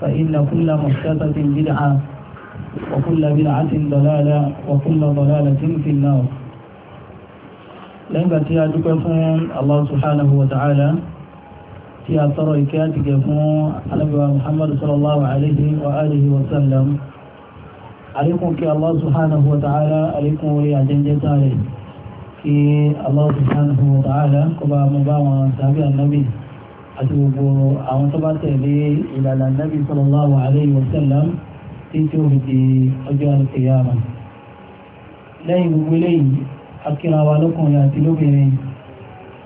فإن كل محدثة بدعة وكل بدعة ضلالة وكل ضلالة في النار lẹ́gbà tí a dúpẹ́ fún Allah subhanahu wa ta'ala tí a tọrọ ìkẹ́ àti gẹ̀ fún alábíwa Muhammadu sallallahu alaihi wa alihi wa sallam alékún kí Allah subhanahu wa ta'ala alékún orí àjẹ́jẹ́ tààrẹ kí Allah subhanahu wa ta'ala kọba mọ̀ bá wọn tàbí annabi àti gbogbo àwọn tó bá tẹ̀lé ìlànà nàbì sallallahu alayhi wa sallam títí òfin di ọjọ́ àlùkìyàmà lẹ́yìn gbogbo eléyìí akíra wa lọ́kùnrin àti lóbìnrin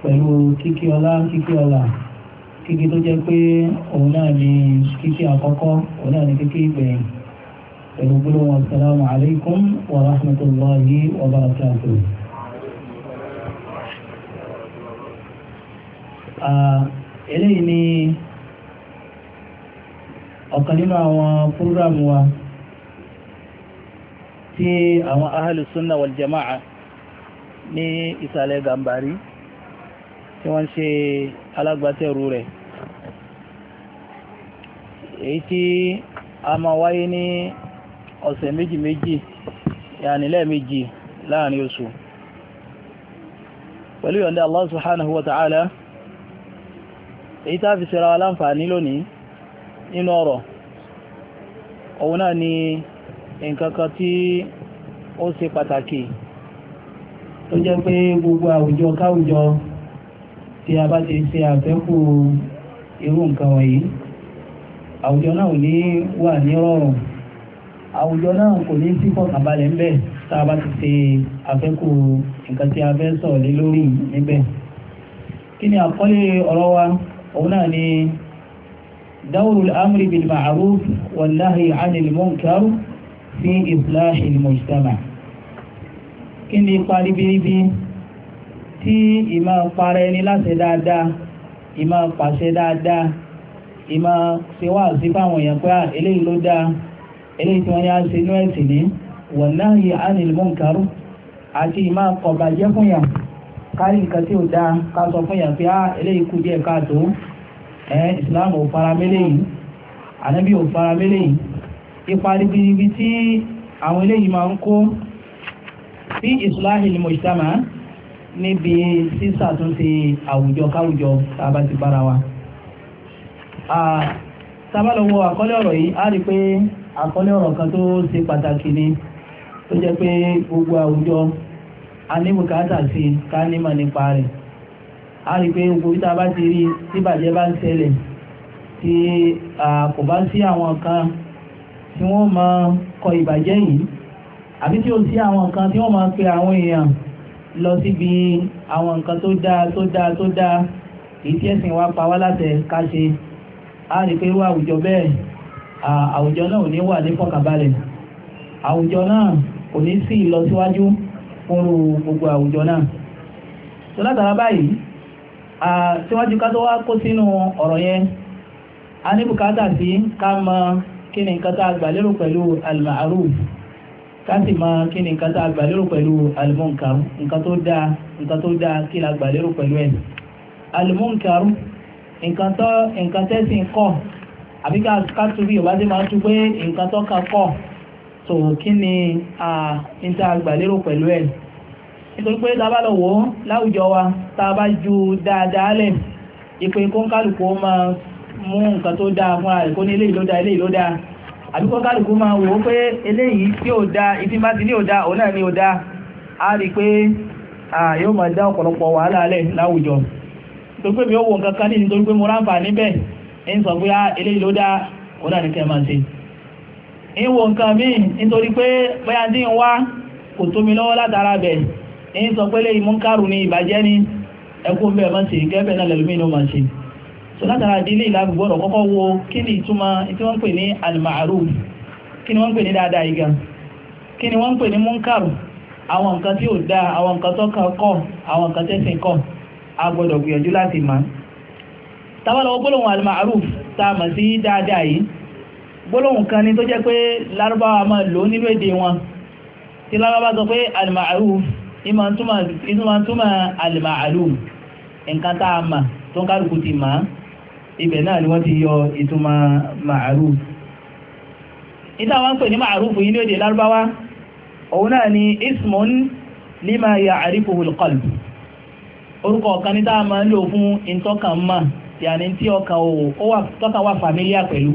pẹ̀lú kíkí ọlá kíkí ọlá kíkí tó jẹ́ pé òun náà ni kíkí àkọ́kọ́ òun náà ni kíkí ìgbẹ̀yìn pẹ̀lú gbólóhùn assalamu alaykum wa rahmatullahi eléyìí ni ọ̀kan nínú àwọn púrógrámù wa tí àwọn ahàlù súnnà wal jama'a ní ìsàlẹ̀ gàmbàrí tí wọ́n ṣe alágbàtẹ̀rù rẹ̀ èyí tí a máa wáyé ní ọ̀sẹ̀ méjì méjì yàní lẹ́ẹ̀mejì láàrin oṣù pẹ̀lú yọ̀ndẹ̀ Allah subhanahu wa ta'ala èyí tá fi ṣera aláǹfààní lónìí nínú ọ̀rọ̀ òun náà ni nǹkankan tí ó ṣe pàtàkì tó jẹ́ pé gbogbo àwùjọ káwùjọ tí a bá ti ṣe àfẹ́kù irú nǹkan wọ̀nyí àwùjọ náà ò ní wà ní rọrùn àwùjọ náà kò ní sí fọkànbalẹ̀ ń bẹ̀ tá a bá ti ṣe àfẹ́kù nǹkan tí a fẹ́ sọ̀rọ̀ lé lórí níbẹ̀ kí ni àkọlé ọ̀rọ̀ wa òun náà ni dawrul amri bil ma'ruf wal nahyi 'anil munkar fi islahil mujtama kí ni paribiribi tí ìmọ̀ parẹ́ ni láṣẹ dáadáa ìmọ̀ pàṣẹ dáadáa ìmọ̀ ṣe wá sí fáwọn èèyàn pé eléyìí ló dáa eléyìí tí wọ́n yá ṣe inú ẹ̀sìn ní wal nahyi 'anil munkar àti ìmọ̀ kọ̀bàjẹ́ fún yàn kárí nǹkan tí ò dáa ká sọ fún yàn pé á ah, eléyìí kú díẹ̀ káàtó ẹ̀ ìsìláàmù ò fara mẹ́lẹ̀ yìí ànábì ò fara mẹ́lẹ̀ yìí ipa ribiribi tí àwọn eléyìí máa ń kó sí ìsìláàhì ni mọ̀ṣítàmá níbi sísàtúnṣe àwùjọ káwùjọ tàbá ti bára wa tábàlọ́wọ́ àkọlé ọ̀rọ̀ yìí á rí pé àkọlé ọ̀rọ̀ kan tó ṣe pàtàkì a ní bùkátà sí ká nímọ̀ nípa rẹ̀ a rí pé gbogbo tá a bá ti rí tí bàjẹ́ bá ń ṣẹlẹ̀ tí kò bá sí àwọn kan tí wọ́n máa kọ ìbàjẹ́ yìí àbí tí ó sí àwọn kan tí wọ́n máa pe àwọn èèyàn lọ síbi àwọn nǹkan tó dáa tó dáa tó dáa èyí tí ẹ̀sìn wa pa wá láti ká ṣe a rí pé irú àwùjọ bẹ́ẹ̀ àwùjọ náà ò ní wà ní fọkànbalẹ̀ àwùjọ náà kò ní sí ìlọsíwájú fúnrú gbogbo àwùjọ náà tó látara báyìí síwájú ká tó wá kó sínú ọ̀rọ̀ yẹn a ní bùkátà sí ká mọ kí ni nǹkan tá a gbà lérò pẹ̀lú al-ma'ruf ká sì mọ kí ni nǹkan tá pẹ̀lú al-munkar tó dáa nǹkan tó dáa kí la gbà pẹ̀lú ẹ̀ al-munkar nǹkan tó nǹkan tẹ́sìn máa tún pé nǹkan tó kà so kí ni ìta pẹ̀lú ẹ̀ nítorí pé ta lọ láwùjọ wa ta bá ju dáadáa lẹ̀ ìpè kọ́ńkálùkù ma mú nǹkan tó dáa fún ààrẹ kó ní eléyìí ló dáa eléyìí àbí wò pé eléyìí tí ò dáa ibi bá ti ní ò òun náà a rí pé yóò máa dá ọ̀pọ̀lọpọ̀ wàhálà lẹ̀ láwùjọ nítorí pé mi nǹkan kan ní nítorí pé mo ráǹfà níbẹ̀ ń sọ eléyìí ló òun ìwò nǹkan míì nítorí pé bóyá tí ń wá kò tó mi lọ́wọ́ látara bẹ̀ ní sọ pé lè múnkàrù ní ìbàjẹ́ ní ẹkú bẹ̀rẹ̀ mọ́ sí gẹ́bẹ̀ náà lẹ́lùmí ní màá so látara dílé ìlàgbọ́dọ̀ kọ́kọ́ wo kí ni ìtumọ̀ tí wọ́n pè ní alìmàárù kí ni wọ́n pè ní dáadáa ìgà kí ni wọ́n pè ní múnkàrù àwọn nǹkan tí ò da àwọn nǹkan tó kan kọ́ àwọn nǹkan tẹ́sìn kọ́ a gbọ́dọ̀ gbìyànjú láti mọ̀ tábàlọ́wọ́ gbólóhùn alìmàárù tá a gbólóhùn kan ní tó jẹ́ pé lárúbáwá máa lò nínú èdè wọn tí lárúbá sọ pé al-ma'ruf ìmọ̀ túnmọ̀ al-ma'lum nǹkan tá a mà tó ń kálukú ti mà ibẹ̀ náà ni wọ́n ti yọ ìtumọ̀ ma'ruf ìta wọ́n pè lima ya'rifuhu al-qalb orúkọ ọ̀kan ní tá a máa ń lò fún ìtọ́kàn mà yàní pẹ̀lú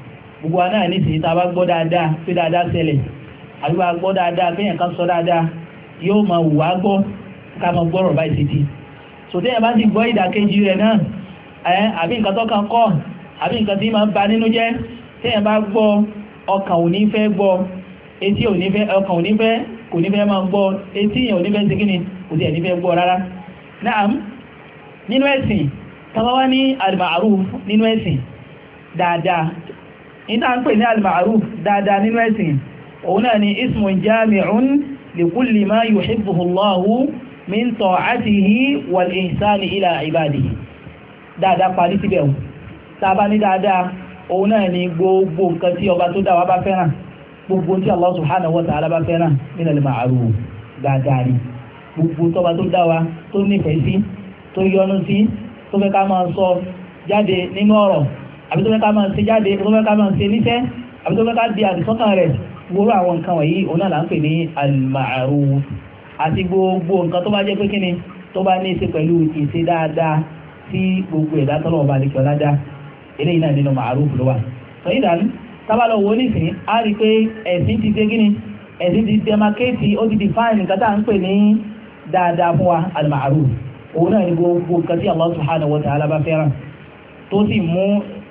gbogbo wa náà nísìnyí tá a bá gbọ́ dáadáa pé dáadáa ṣẹlẹ̀ àbí bá gbọ́ dáadáa pé yẹn kan sọ dáadáa yóò máa wù wá gbọ́ ká máa gbọ́rọ̀ báyìí títí sòtẹ́yìn bá ti gbọ́ ìdàkejì rẹ̀ náà ẹ̀ àbí nǹkan tó kàn kọ́ àbí nǹkan tí máa ń ba nínú jẹ́ tẹ́yìn bá gbọ́ ọkàn ò ní fẹ́ gbọ́ etí ò fẹ́ ọkàn ò fẹ́ kò ní fẹ́ máa gbọ́ etí yẹn ò ní fẹ́ kò tiẹ̀ ní fẹ́ gbọ́ rárá náà nínú ẹ̀sìn tàbá wá ní al-ma'ruf nínú ẹ̀sìn dáadáa iná ń pè ní al-ma'ruf dáadáa nínú ẹ̀sìn òun náà ni ismun jami'un li kulli ma yuhibbuhu Allahu min ta'atihi wal ihsani ila ibadihi dáadáa parí síbẹ̀ ohun tàbá ní dáadáa òun náà ni gbogbo nǹkan tí ọba tó dáwà bá fẹ́ràn gbogbo tí àbí tó fẹ́ ká máa ṣe jáde tó fẹ́ ká máa ṣe níṣẹ́ àbí tó fẹ́ ká al-ma'ruf àti gbogbo nǹkan tó bá jẹ́ pé kíni tó bá ní í ṣe pẹ̀lú ìṣe dáadáa tí gbogbo ẹ̀dá tọ́lọ̀ ọba àlejò ọ̀ládá eléyìí náà nínú ma'ruf ló wà define nǹkan tá à ń pè al-ma'ruf òun náà ni gbogbo Allah subhanahu wa ta'ala bá fẹ́ràn tó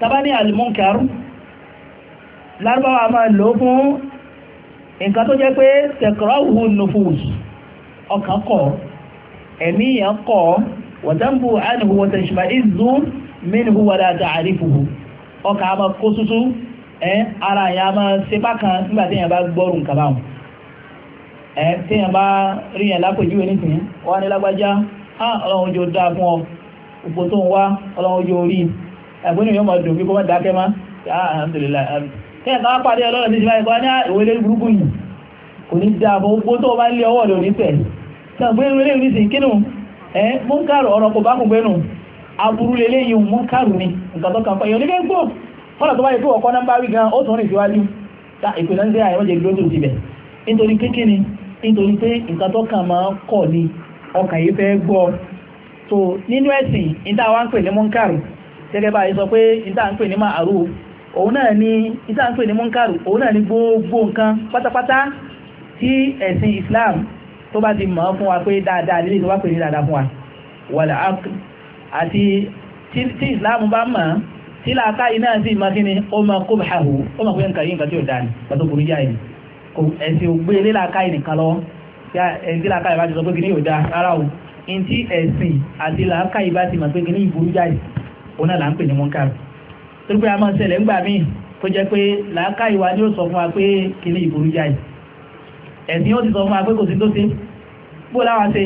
tàbá ní almunkar lárúbáwá máa lò fún nǹkan tó jẹ́ pé tẹ̀kọ̀rọ̀hù nufus ọkàn kọ̀ ẹ̀mí yẹn kọ̀ wọ̀tẹ́mbù ánìhù wọ̀tẹ̀ṣùmá ìzú mínú wàdà tààrífùhù ọkàn a máa kó sútú ẹ́ ara yẹn a máa ṣe bákan nígbàtí yẹn bá gbọ́rùn kàbáhùn ẹ́ tí yẹn bá rí yẹn lápèjúwe nìsín ẹ̀gbọ́n yóò mọ̀ dùn bí kó mọ̀ dákẹ́ má alhamdulillah kẹ́ẹ̀ tó wá pàdé ọlọ́rọ̀ ti ṣíwáyé kan ní ìwé lórí burúkú yìí kò ní dáa bó gbó tó bá lé ọwọ́ rẹ̀ onífẹ̀ sàgbé ìwé lórí sí kínú ẹ mú kàrù ni nǹkan tó kàn fẹ́yìn onífẹ́ gbò kọ́nà tó bá yẹ kó ọkọ nọ́mbà wí gan ó tún rìn síwájú ta ìpínlẹ̀ nítorí kékeré nítorí pé nǹkan tó kàn máa kọ̀ ni ọkàn yìí fẹ́ gbọ́ so nínú ẹ̀sìn ìdáwà ń pè ní mú gẹ́gẹ́ bá sọ pé ìtàǹpè ní màárù òun náà ni ìtàǹpè ní múnkàrù òun náà ni gbogbo nǹkan pátápátá tí ẹ̀sìn Islam tó bá ti mọ̀ fún wa pé dáadáa lílé tó bá pè ní dáadáa fún wa àti tí Islam bá mọ̀ tí láàká iná sí ìmọ̀kíní ó mọ̀ kó bá hù ó mọ̀ pé nǹkan yìí nǹkan tí ó dáa ní pàtó burú jáì ní ẹ̀sìn ògbé lé láàká ìnìkan lọ ẹ̀sìn láàká ìbá ti sọ pé kí ní yóò dáa rárá o in tí ẹ̀sìn àti láàká ìbá ti mọ̀ pé kí ní ìburú jáì Ona náà là ń pè ní munkar tó pé a máa ńgbà míì tó jẹ́ pé làákà ìwà ni ó sọ fún wa pé kíní ìburú jáì ẹ̀sìn ó ti sọ fún wa pé kò sí tó ṣe bó láwọn ṣe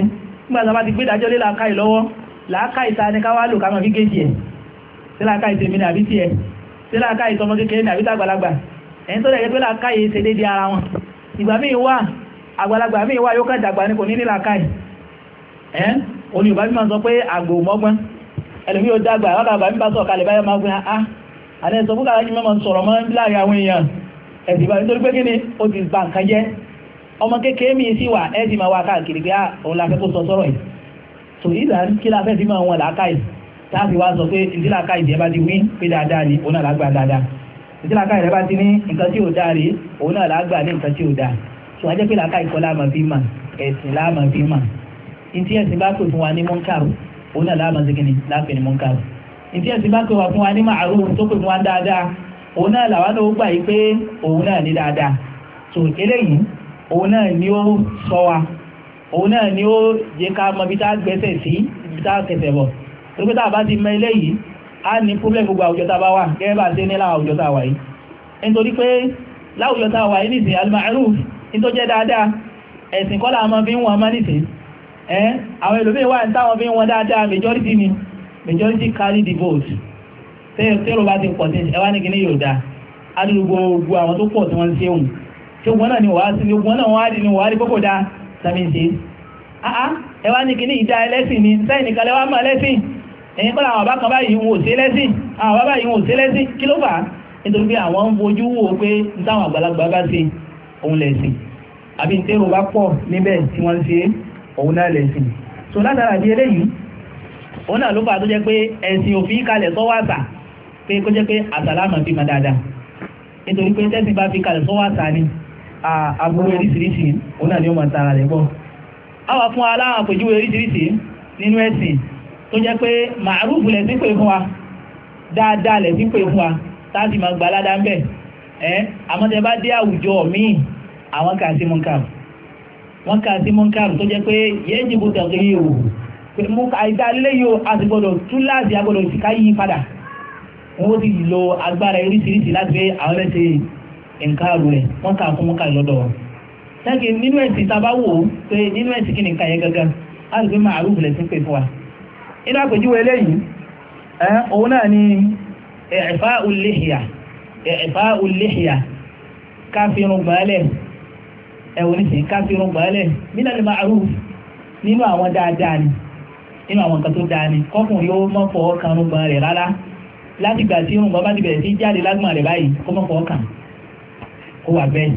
nígbà tá a bá ti gbé ìdájọ́ lé làákà ìlọ́wọ́ làákà ìta ni ká wá lò ká máa fi géèjì ẹ̀ sí làákà ìtẹ̀mí ni àbí tiẹ̀ sí làákà ìtọmọ kékeré ni àbí tàgbàlagbà ẹ̀yìn tó dẹ̀gẹ́ pé làákà yìí ṣe déédéé ni kò ní ní làákà yìí ẹ̀ òní ẹlùmí ó dágbà wọ́n bàbá ń bá ah, sọ kalẹ̀ báyọ́ máa fún àá àlẹ́ sọ fúnkà láti mẹ́mọ̀ sọ̀rọ̀ mọ́ láàrin àwọn èèyàn ẹ̀sì bá nítorí pé kíni ó ti bà nǹkan ah, so ìlà kí la fẹ́ fi máa wọn làákàyè táàfi wá sọ pé ìdílàkàyè jẹ́ bá ni òun náà lágbà dáadáa ìdílàkàyè rẹ bá ti ní nǹkan tí ò dáa rèé òun so wájẹ́ pé làákàyè kọ́ láàmà fi mà ẹ̀sìn láàmà fi mà ìtí ẹ̀sìn bá pè fún wa ní mọ́ńkàrù òun náà láàmà sí kíni láàpẹni munkar ìtí ẹ̀sìn bá pèwà fún wa ní ma'ruf tó pè fún wa dáadáa òun náà làwọn náà ó gbà yí pé òun náà ní dáadáa tó eléyìí òun náà ni ó sọ wa òun náà ni ó jẹ ká mọ bí tá gbẹ́sẹ̀ sí bí tá kẹsẹ̀ bọ̀ tó pé tá a bá ti mọ eléyìí a ní problem gbogbo àwùjọ tá a bá wà gẹ́gẹ́ bá a ṣe ní láwọn àwùjọ tá a wà yìí nítorí pé láwùjọ tá a wà yìí nìsín al-ma'ruf ní tó jẹ́ dáadáa ẹ̀sìn kọ́lá máa fi ń ẹ́n àwọn ẹlòmí wà ní táwọn fi ń wọn dáadáa majority ni majority carry the vote tẹ́rọ bá ti pọ̀ sí ẹwà ní kíní yóò dá adúgbò gbogbo àwọn tó pọ̀ tí wọ́n ń ṣe òun tí wọ́n náà ni wàá sí gbogbo náà wọ́n á di ni wàá di kókò dá sami ṣe Ah, ẹwà ní kíní ìdá ẹlẹ́sìn ni sẹ́yìn nìkan lẹ́wà máa lẹ́sìn ẹ̀yìn pẹ́lú àwọn àbákan báyìí wọn ò ṣe lẹ́sìn àwọn bàbá yìí wọn ò ṣe lẹ́sìn kí ló fà á nítorí pé àwọn ń fojú wò pé ní táwọn àbí ní bá pọ̀ níbẹ̀ tí wọ́n ń ṣe é òun náà lẹ́sìn so látara bí eléyìí òun náà ló fà tó jẹ́ pé ẹ̀sìn òfin kalẹ̀ sọ́wọ́ àṣà pé kó jẹ́ pé àṣà fi mọ̀ dáadáa nítorí pé tẹ́sìn bá fi kalẹ̀ sọ́wọ́ àṣà ni òun náà ni ó mọ̀ tara rẹ̀ bọ́ àwa fún aláwọn àpèjúwe n'inu nínú ẹ̀sìn tó jẹ́ pé màárùfù lẹ̀sìn pè fún wa dáadáa fún wa táàsì máa gbà ládàá ń bẹ̀ ẹ́ àmọ́ tẹ bá dé àwùjọ míì àwọn kà sí wọ́n ká sí mọ́nkàrù tó jẹ́ pé yẹ́ jìbò tẹ̀lé ìhò mú àìsá lílé yóò àti gbọ́dọ̀ tún láti agbọ́dọ̀ ìsìká yí padà wọ́n ti lo agbára oríṣiríṣi láti pé àwọn ẹ̀ṣẹ̀ ìǹkàrù rẹ̀ wọ́n ká fún mọ́nkàrù lọ́dọ̀ sẹ́kì nínú ẹ̀sìn tàbá wò ó pé nínú ẹ̀sìn kí ni nǹkan yẹn gangan láti pé màálù bìlẹ̀ sí pé fún wa inú àpèjúwe eléyìí òun náà ni ẹ̀fá ulihya ẹ̀fá ulihya ẹ̀wọ̀n nísìnyí káfíìrún gbọ́ẹ́lẹ̀ mílíọ̀nù márùn nínú àwọn dáadáa ni nínú àwọn nǹkan tó dáa ni kọkùnrin ó mọ́ fọwọ́ kan rúgbọ́n rẹ̀ rárá láti gbà tí irun bàbá ti bẹ̀rẹ̀ sí jáde lágbọ̀n rẹ̀ báyìí kó mọ́ fọwọ́ kan ó wà bẹ́ẹ̀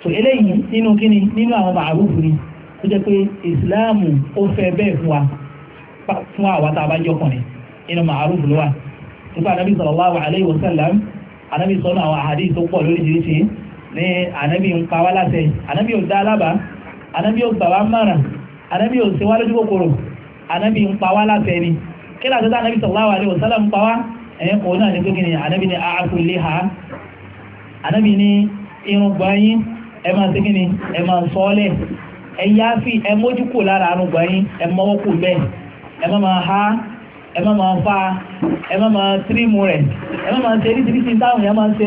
so eléyìí nínú kíni nínú àwọn màrúfù ni tó jẹ́ pé ìsìláàmù ó fẹ́ bẹ́ẹ̀ fún wa fún àwa tá a bá jọkùnrin nínú màrúfù ló wà nípa anábì sallallahu alaihi wasallam anábì sọ́nà àwọn àhàdí tó pọ̀ lóríṣiríṣi ní anabi ń pa wá láṣẹ ànábì ò dá alábà ànábì ò gbà wá mọ́ràn ànábì ò ṣe wá ni kí láti dá ànábì sallallahu alaihi wasallam ń pa wá ẹ̀yìn kò náà ha anabi ní irun ẹ máa kí ni ẹ máa sọ́ọ́lẹ̀ ẹ yááfì ẹ mójú kò lára àrùn gbọ́nyín ẹ mọ́wọ́ kò bẹ́ẹ̀ ẹ má máa há ẹ má máa fa ẹ má máa tírímù rẹ̀ ẹ má máa ṣe eríṣiríṣi táwọn èèyàn ń ṣe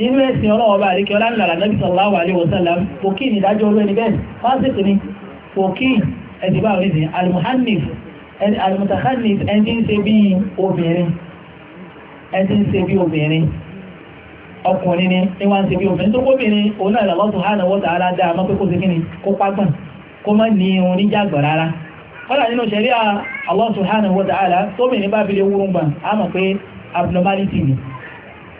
nínú ẹ̀sìn ọlọ́wọ́ àríkẹ́ ọlámìlára nẹ́bí sallallahu alaihi fòkí ní ìdájọ́ olú ẹni bẹ́ẹ̀ fásitì ní fòkí ẹ̀sìn bá alimuhannif ẹni ń ṣe bí obìnrin ẹni ń ṣe bí obìnrin ọkùnrin ni ń bí obìnrin tó kóbìnrin òun náà wa ta'ala dáa mọ́ pé kó ṣe kíni kó pápán kó má ní irun níjàgbọ̀ rárá kọ́lá nínú Allah subhanahu wa ta'ala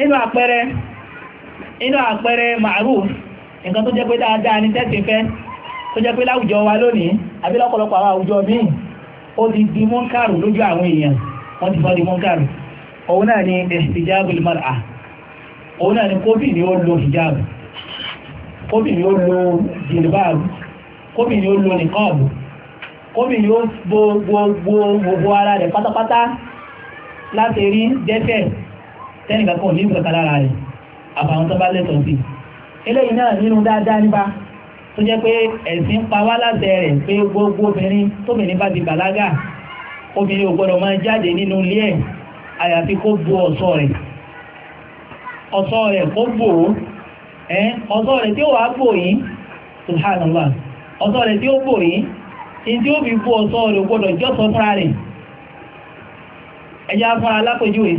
inú àpẹẹrẹ inú àpẹẹrẹ ma'ruf nǹkan tó jẹ́ pé dáadáa ní tẹ́sì fẹ́ tó jẹ́ pé láwùjọ wa lónìí àbí lọ́pọ̀lọpọ̀ àwọn àwùjọ míì ó ti di mọ́ńkàrù lójú àwọn èèyàn wọ́n hijab kóbì ni ó lo kóbì ni ó lo kóbì ni ó gbogbo gbogbo ara rẹ̀ pátápátá tẹ́nìkan kò ní ìgbẹ̀kan lára rẹ̀ àbàwọn tó bá lẹ́tọ̀ sí náà nínú dáadáa nípa tó jẹ́ pé ẹ̀sìn pa wá rẹ̀ pé gbogbo obìnrin tóbìnrin bá ti bàlágà obìnrin ò máa jáde nínú ilé ẹ̀ àyàfi kó bo rẹ̀ rẹ̀ kó bò ó rẹ̀ tí ó wàá bò rẹ̀ tí ó bò tí tí ó fi rẹ̀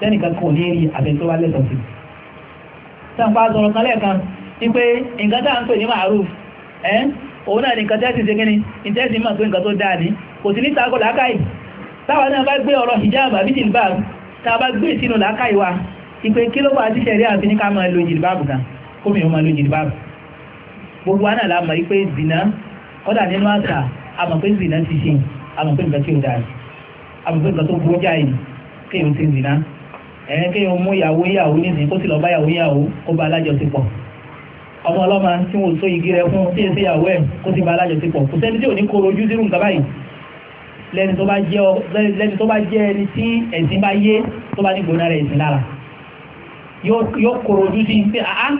tẹ́nìkan kò ní rí àbẹ̀tọ́ wa lẹ́tọ̀ọ́ sí. sàǹpà sọ̀rọ̀ kan lẹ́ẹ̀kan ni pé nǹkan tá à ń pè ní màrúf ẹ́ òun náà ni nǹkan tẹ́sì ṣe kíni ìtẹ́sì mọ̀ pé nǹkan tó dáa ní kò sí ní tako làákàyè táwa náà bá gbé ọ̀rọ̀ hijab àbí jìlbáb tá a bá gbé sínú làákàyè wa ìpè kí ló wà tíṣẹ̀ rí àfi ní ká máa lo jìlbáb kan kó mi ò máa lo jìlbáb gbogbo wa náà la mọ̀ pé zina kọ́dà nínú àṣà a mọ̀ pé zina ti ṣe a mọ̀ pé nǹkan tí ó dáa a mọ̀ pé nǹkan tó burú jáì kéèyàn ti zina ẹ̀yẹn kí o mú ìyàwó ìyàwó nísìnyí kó sì lọ bá ìyàwó ìyàwó kó bá alájọsípọ̀ ọmọ ọlọ́mọ tí wọ́n so igi rẹ fún tí èsì ìyàwó ẹ̀ kó sì bá alájọsípọ̀ kò sẹ́ni tí ò ní kóró ojú sírù nǹkan báyìí lẹ́ni tó bá jẹ́ ẹni tí ẹ̀sìn bá yé tó bá ní gbóná rẹ̀ ẹ̀sìn lára yóò kóró ojú sí pé àá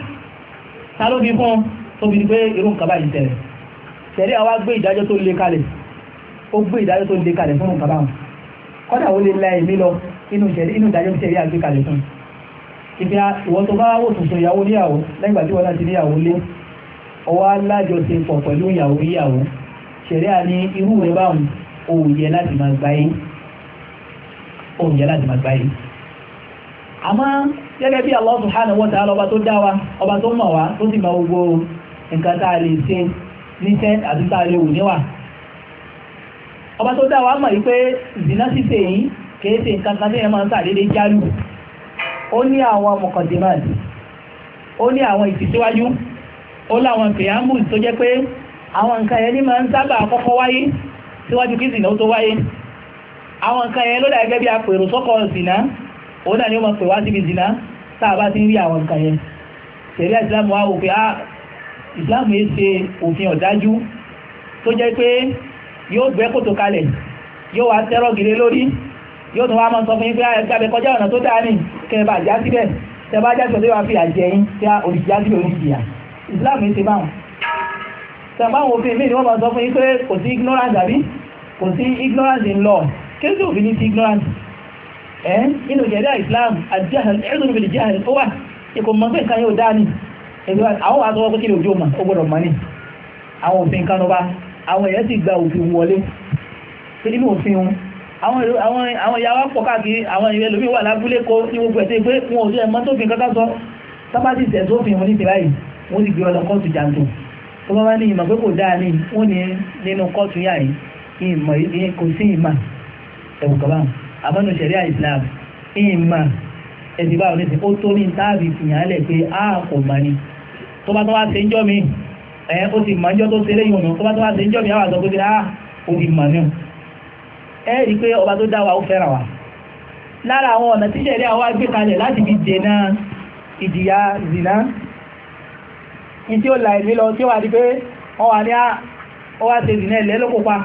ta ló fi fún ọ tó fi gbé irú nǹkan báyìí tẹ̀lẹ̀ tẹ̀lé àwa gbé ìdájọ́ tó le kalẹ̀ ó gbé ìdájọ́ tó le kalẹ̀ fún nǹkan báyìí kọ́dà ó lè la èmi lọ inú ìdájọ́ tẹ̀lé àgbékalẹ̀ fún ìfẹ́ ìwọ́n tó bá wò tuntun ìyàwó níyàwó lẹ́gbà tí wọ́n láti níyàwó lé ọwọ́ alájọṣepọ̀ pẹ̀lú ìyàwó níyàwó ṣẹ̀rí à ní irú rẹ̀ báwọn òòyẹ láti máa gbá yín òòyẹ láti máa gbá yín àmọ́ gẹ́gẹ́ bí Allah subhanahu wa ta'ala ọba tó dá wa ọba tó mọ̀ wá tó sì mọ gbogbo nǹkan tá a lè ṣe níṣẹ́ àti tá a lè wù níwà ọba tó dá wa mọ̀ yí pé ìdìná ṣíṣe yìí kìí ṣe nǹkan kan tí ẹ máa ń sàdédé jálù ó ní àwọn mọ̀kàndínláàdì ó ní àwọn ìfìsíwájú ó láwọn preamble tó jẹ́ pé àwọn nǹkan yẹn ní máa ń sábà kọ́kọ́ wáyé síwájú kí ìsìnà tó wáyé àwọn nǹkan yẹn ló dà bí apèrò sọ́kọ̀ ìsìnà òun náà ni ó máa pè wá síbi ìsìnà tá a bá ti ń rí àwọn nǹkan yẹn ṣẹ̀ríà ìsìlámù wá wò pé ah ìsìlámù yìí ṣe òfin ọ̀dájú tó jẹ́ pé yóò gbẹ́ kòtò kalẹ̀ yóò wá tẹ́rọ gire lórí yóò tún wá mọ́ sọ fún yín pé ẹgbẹ́ kọjá ọ̀nà tó dáa ní kẹba já síbẹ̀ tẹba já síbẹ̀ wá fi àjẹ yín tí a òṣìṣẹ́ síbẹ̀ oníṣìyà Islam ń ṣe báwọn sàbáwọn òfin mí ni wọ́n mọ́ sọ fún yín pé kò sí ignorance àbí kò sí ignorance in law kí ló fi ní sí ignorance ẹ̀ nínú ìjẹ̀dá Islam àjẹ́hàn ẹ̀rùn ìbìlì jẹ́hàn ó wà ikò mọ́ pé nǹkan yóò dáa ní àwọn àtọwọ́ pé kí ni òjò mọ̀ ó gbọ́dọ̀ mọ́ ní àwọn òfin kan ló bá àwọn èèyàn sì gba òfin wọlé tó nínú òfin wọn àwọn ìyá wa pọ̀ káàkiri àwọn ìwé lómi wà lábúlé kó ní gbogbo ẹ̀tẹ́ pé wọn ò sí ẹ̀mọ́ tó fi kankan sọ sábà sì tẹ̀ sófin wọn ní ti báyìí wọ́n sì gbé ọ lọ kóòtù jàǹtò tó bá wá ní ìmọ̀ pé kò dáa ní wọ́n ní nínú kóòtù yà yìí ìmọ̀ yìí kò sí ìmọ̀ ẹ̀wù kaba àbánu sẹ̀ríà Islam ìmọ̀ ẹ̀sìn báwọn ní ti ó tó ní táàbì fìyàn lẹ̀ pé a kò mọ̀ ni tó bá tó wá ṣe ń ẹ̀ ó ti mọ̀ ọjọ́ tó ṣe lẹ́yìn ọ̀nà tó bá tó wá ṣe ń jọ́ mi àwọn àtọ́gbé ah ó fi mọ̀ ní ẹ̀ rí pé ọba tó dá wa ó fẹ́ràn wa lára àwọn ọ̀nà tí ṣẹ̀rí àwọn agbé kalẹ̀ láti fi dènà ìdìyà zìnà ní tí ó la ìlú lọ tí ó wà ní pé wọ́n wà ní ah, ó wá ṣe zìnà ilẹ̀ ló kópa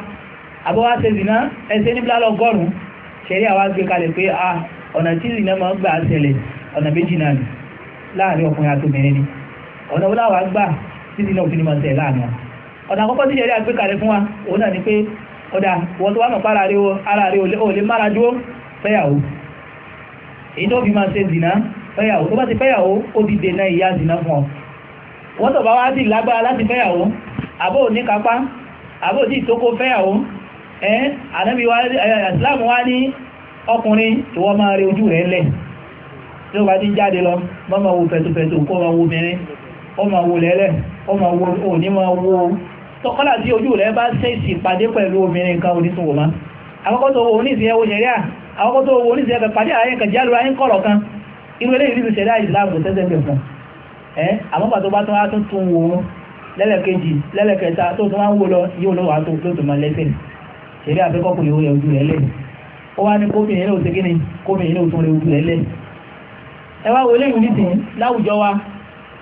àbọ́ wá ṣe zìnà ẹsẹ́ ní bílálọ̀ ọgọ́rùn-ún ṣẹ̀rí àwọn agbé kalẹ̀ pé ah, ọ̀nà tí zìnà máa ń títí náà òfin máa ń tẹ̀ láàánú ọ̀nà àkọ́kọ́ tí ìṣẹ̀lẹ̀ àgbékalẹ̀ fún wa òun náà ni pé ọ̀dà wọ́n tó wá mọ̀ pára rẹ̀ ò lè mára dúró fẹ́yàwó èyí tó fi máa ṣe zìnà fẹ́yàwó tó bá ti fẹ́yàwó ó ti dènà ìyá zìnà fún ọ wọ́n tó bá wá sí lágbára láti fẹ́yàwó àbó ní kápá àbó sí ìtókó fẹ́yàwó ẹ́ ànábì islam wá ní ọkùnrin tí wọ́n máa rẹ ojú rẹ̀ lẹ̀ tí ó bá ti jáde lọ mọ́mọ́ wo fẹ̀tùfẹ̀tù kó wọn wo mẹ́rin ó máa wo lẹ́lẹ̀ ó máa wo òní máa wo tọ́kọ́lá tí ojú rẹ̀ bá sẹ́ẹ̀sì pàdé pẹ̀lú obìnrin nǹkan onítùwò má àkọ́kọ́ tó wo oníṣẹ́ ẹwọ́ ṣẹ̀ríà àkọ́kọ́ tó wo oníṣẹ́ ẹ̀kẹ́ pàdé ààyè kan jálù ayé kọ̀rọ̀ kan irú eléyìí nínú ṣẹ̀ríà ìsìláàmù tẹ́sẹ̀ bẹ̀ kan ẹ́ àmọ́pà tó bá tún wá tún tún wo lẹ́lẹ̀kejì lẹ́lẹ̀kẹta tó tún wá ń wo lọ yóò lọ́wọ́ tó tó tó máa lẹ́sẹ̀ ṣẹ̀ríà fẹ́ kọ́kùn yóò yẹ ojú rẹ̀ lẹ̀ ó wá ní kóbìnrin náà ó ṣe kí ni kóbìnrin náà ó tún rẹ ojú rẹ̀ lẹ̀ ẹ wá wo eléyìí nítìí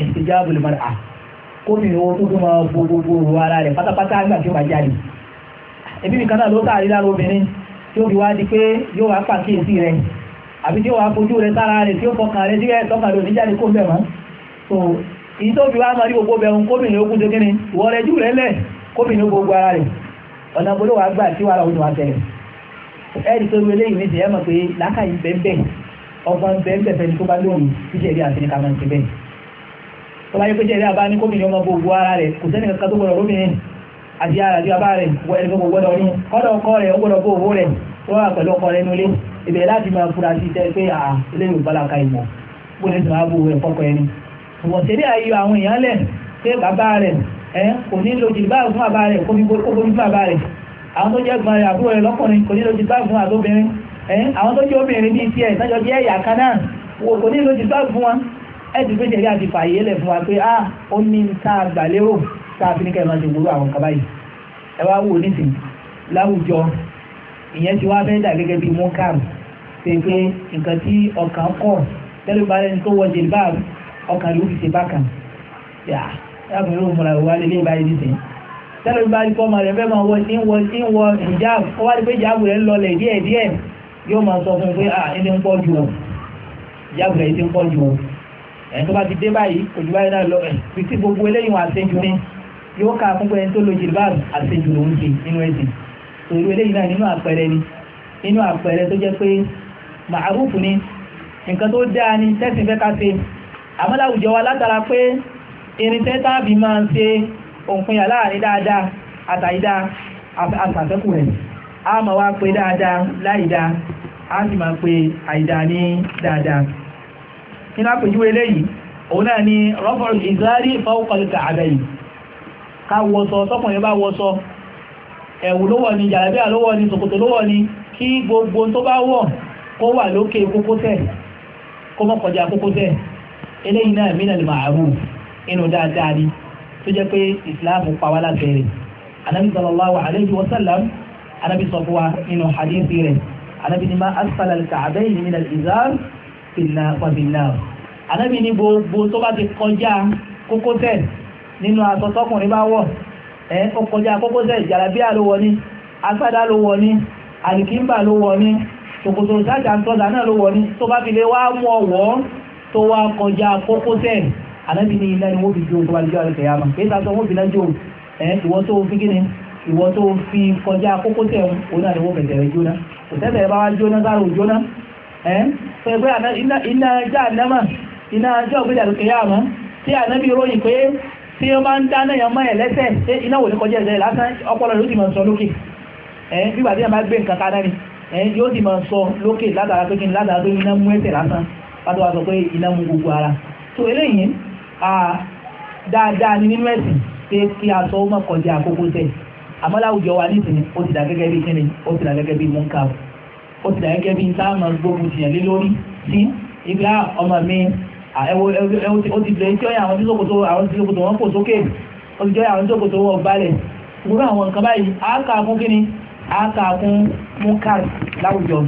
ẹ̀sìjáàbùlù mọ́ra kómi owó tó tó máa bo gbogbo òwò ara rẹ̀ pátápátá nígbà tí ó bá jáde ẹbí mi kanáà ló tààrí lára obìnrin tí ó fi wá di pé yóò wá pàkíyèsí rẹ̀ àbí tí ó wá fojú rẹ̀ sára rẹ̀ tí ó fọkàn rẹ̀ síbẹ̀ tọ́ka lò ní jáde kó bẹ̀ mọ́ so èyí tó fi wá máa rí gbogbo bẹ̀rùn kómìnir ogun tó kíni ìwọ rẹ̀ jù rẹ̀ lẹ̀ kómìnir gbogbo ara rẹ̀ ọ̀nà gbọ́dọ̀ wá gbà tí wàhálà òun wá tẹ̀lẹ̀ ẹ̀rí tó wọlé ìwé ti ẹ̀ mọ̀ pé lákàyè bẹ́ẹ̀ bẹ́ẹ̀ ọgbọ́n bẹ́ẹ̀ bá lóhùn tíjẹ́ bí àti ní ká máa tó bá yẹ pé jẹ́rẹ́ àbá ní kómìnì ọmọ gbogbo ara rẹ̀ kò sẹ́ni kankan tó gbọdọ̀ lómìnì àti ara àti bàbá rẹ̀ ẹni gbogbo gbọdọ̀ ọdún kọ́dọ̀ ọkọ rẹ̀ ó gbọdọ̀ gbogbo rẹ̀ tó wà pẹ̀lú ọkọ rẹ̀ nulẹ̀ ibẹ̀ láti máa fura sí tẹ́ pé à ilé Yorùbá là ka ìmọ̀ bó lè sọ̀rọ̀ àbò rẹ̀ fọ́kọ ẹni wọ́n ṣe ní ayé àwọn èèyàn lẹ̀ pé bàbá rẹ̀ ẹ kò ní lo jìlbá fún bàbá rẹ̀ ẹ̀sì pé jẹ̀rí àti fàyè lẹ̀ fún wa pé a ah, ó ní tá a gbà lérò tá a fi ní kẹ́ máa ṣe gbogbo àwọn kaba yìí ẹ wá wò nísìn láwùjọ ìyẹn ti wá fẹ́ dà gẹ́gẹ́ bí mọ́kàm ṣe pé nǹkan tí ọkàn kọ̀ tẹ́lẹ̀ bá lẹ́ni tó wọ jẹ̀rí bá ọkàn ló fi ṣe bákan yà láàbùn yóò múra wá lé báyìí nísìn tẹ́lẹ̀ bá rí fọ́ọ̀mà rẹ̀ fẹ́ máa wọ tí ń wọ tí ẹni tó bá ti dé báyìí òjú báyìí náà lọ ẹ̀ tí gbogbo eléyìí wọn àṣejù ni yóò ká fún ẹni tó lo jìlbáàbù àṣejù lòún ṣe nínú ẹ̀sìn torí eléyìí náà nínú àpẹẹrẹ ni nínú àpẹẹrẹ tó jẹ́ pé màárùfù ni nǹkan tó dáa ni tẹ́sìn fẹ́ ká ṣe àmọ́ láwùjọ wa látara pé irinṣẹ́ táàbì máa ń ṣe òǹpinya láàrin dáadáa àtàyídá àtàfẹ́kù rẹ̀ a máa wá pé dáadáa láìdá a sì máa pé àìdá ní dáadáa nínú àpèjúwe eléyìí òun náà ni rọ́bọ̀rù ìzárí fọ́ọ̀kọ̀lùkà àbẹ̀yìn ká wọ́sọ tọ́kùnrin bá wọ́sọ ẹ̀wù ló wọ̀ ni jàlábíà ló wọ̀ ni ṣòkòtò ló wọ̀ ni kí gbogbo tó bá wọ̀ kó wà lókè kókósẹ̀ kó mọ́ kọjá kókósẹ̀ eléyìí náà mínà lè màárù inú dáadáa ni tó fìlàpàbìlà anábì ní gbogbo tó bá ti kọjá kókósẹ̀ nínú aṣọ tọkùnrin bá wọ̀ ẹ́ ó kọjá kókósẹ̀ jàlábíà ló wọ̀ ní agbádá ló wọ̀ ní àlìkímbà ló wọ̀ ní tòkòtò sájà ń tọ́jà náà ló wọ̀ ní tó bá fi lè wá mú ọwọ́ tó wá kọjá kókósẹ̀ anábì ní iná ni wọ́n fi ju tó bá lè jọ àrẹ kẹyàmà kí sàtọ́ wọ́n fi náà ẹ́ ìwọ tó fi kíni ìwọ tó fi kọjá kókósẹ̀ òun náà ni iná iná ẹjá òbí àlùkìyàmọ́ tí ànẹ́bí ròyìn pé tí ó máa ń dáná ẹ̀yàn mọ́ ẹ̀lẹ́sẹ̀ iná wò ní kọjá ẹ̀sẹ̀ lásán ọpọlọ ló ti mọ̀ sọ lókè ẹ̀yìn bí wàdí àmà gbé nǹkan kaná ni ẹ̀yìn yóò ti mọ̀ sọ lókè látara pé kí ni látara pé iná mú ẹ̀sẹ̀ lásán látọ̀ pé iná mú gbogbo ara a ó ti dàgẹ́gẹ́ bí táàmà gbógun tìyàn lé lórí sí igbá ah, ọmọ mi ó ti bẹ̀rẹ̀ tí ó yà àwọn tí àwọn tí wọn kò sókè ó ti àwọn tí wọn gbogbo àwọn nǹkan báyìí fún kíni fún láwùjọ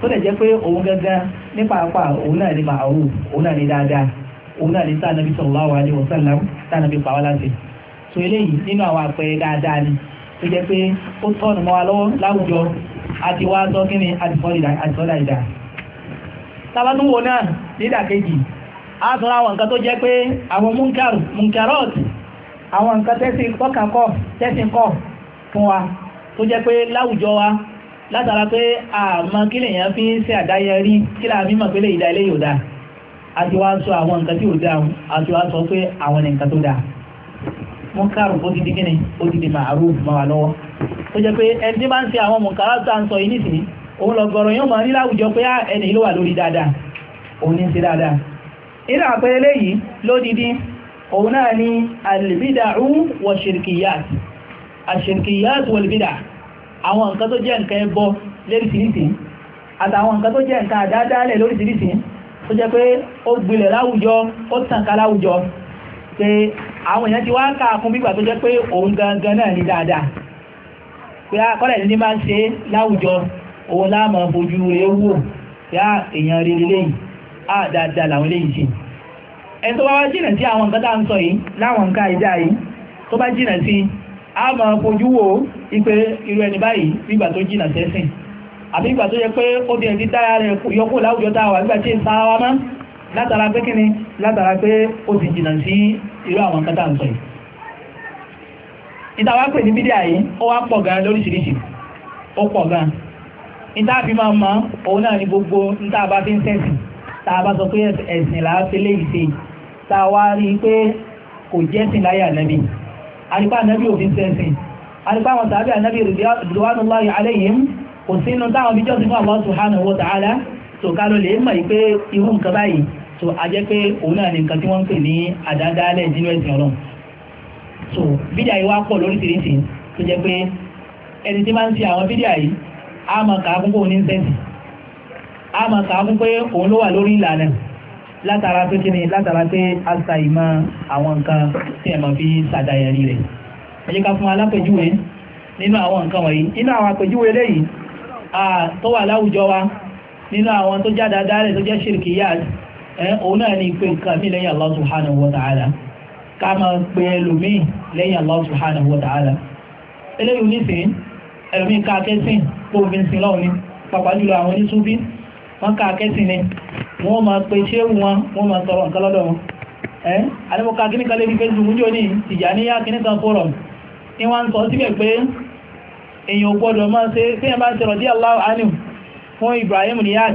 tó lè jẹ́ pé òun ní pàápàá òun náà ní màáwù òun náà ní dáadáa òun náà ní àti wá sọ kí ni àtìsọ́lá ìdá tàbátún wo náà nídà kejì a tún àwọn nǹkan tó jẹ́ pé àwọn munkar munkarot àwọn nǹkan tẹ́sí kọ́kànkọ́ tẹ́sí kọ́ fún wa tó jẹ́ pé láwùjọ wa látara pé àmọ́ kí lè yàn fi ń ṣe àdáyẹrí kí là mímọ̀ pé lè ìdá ilé yóò dáa àti wá sọ àwọn nǹkan tí ò dáa àti wá sọ pé àwọn nǹkan tó dáa mọ́kàrùn ó dìdí gíní ó dìdí màárùn ma wà lọ́wọ́ tó jẹ́ pé ẹni tí máa ń ṣe àwọn mọ̀kàrà tó ń sọ yìí nìsìn òun lọ gọ̀rọ̀ yóò máa rí láwùjọ pé ah, ẹni ló wà lórí dáadáa òun ní ṣe dáadáa irú àpẹẹrẹ léyìí lódìdí òun náà ni albida'u wa shirkiyat ashirkiyat wal bid'a àwọn nǹkan tó jẹ́ nǹkan ẹbọ lóríṣiríṣi àtàwọn nǹkan tó jẹ́ nǹkan àdáadáalẹ̀ lóríṣiríṣi tó jẹ́ pé ó gbilẹ̀ láwùjọ ó tàn ká láwùjọ pé àwọn èèyàn ti wá ń káà fún bígbà tó jẹ́ pé òun gangan náà ní dáadáa pé akọ́lẹ̀ ah, ní máa ń ṣe láwùjọ owó láàmà fojú ewu yá ah, èèyàn rere léyìí á ah, dáadáa làwọn léyìí ṣe ẹni tó bá wá jìnà sí àwọn nǹkan sọ yìí láwọn nǹkan ìdá yìí tó bá jìnà sí á máa fojú wo ipe irú ẹni báyìí bígbà tó jìnà sẹ́sìn àbí ìgbà tó yẹ pé ó bí ẹni dára rẹ̀ yọkó láwùjọ táwà nígbà tí ń sára wa máa látara pé kíni látara pé ó ti jìnà sí irú àwọn nǹkan ń sọ yìí ìtawà pè ní yìí ó wá pọ̀ gan lóríṣiríṣi ó pọ̀ gan ìta fi máa ma òun náà ni gbogbo níta bá fi ń sẹ́sìn a bá sọ pé ẹ̀sìn là á fi léyìí sí wá rí i pé kò jẹ́sìn láyé ànábì ànábì sẹ́sìn àwọn ànábì kò sínú táwọn bíjọ́sìn fún tòkálò lè mọ̀ pé irú nǹkan báyìí so a jẹ́ pé òun náà ni nǹkan tí wọ́n ń pè ní àdádálẹ̀ nínú ẹ̀sìn ọlọ́run so bídíà yìí wá pọ̀ lóríṣiríṣi tó jẹ́ pé ẹni tí máa ń ṣe àwọn bídíà yìí a máa kà á kún pé òun ní sẹ́ǹsì a máa kà á kún pé òun ló wà lórí ìlànà látara pé kíni látara pé a sa ìmọ̀ àwọn nǹkan tí ẹ̀ máa fi ṣàdáyẹrí rẹ̀ ẹ jẹ́ ká fún alápèjúwe nínú àwọn nǹkan wọ̀nyí nínú àwọn àpèjúwe léyìí tó wà láwùjọ wa nínú àwọn tó jáde adáálẹ̀ tó jẹ́ ṣìrìkì yáàdì òun náà ni pé nǹkan mí lẹ́yìn Allah subhanahu wa ká máa pe ẹlòmíì lẹ́yìn Allah subhanahu wa eléyìí onísìn ẹlòmíì ká akẹ́sìn kófin sin lọ́wọ́ ni pàápàá jùlọ àwọn oníṣúbí wọ́n ká akẹ́sìn ni wọ́n máa pe ṣé wọn wọ́n máa ma nǹkan lọ́dọ̀ wọn ẹ́ àdébọ̀ká kíní kan lérí Facebook jò ní Tìjàníyà kíní ni wọ́n ń sọ síbẹ̀ pé èèyàn gbọ́dọ̀ máa ṣe fẹ́yàn bá ń fún Ibrahim Niyaz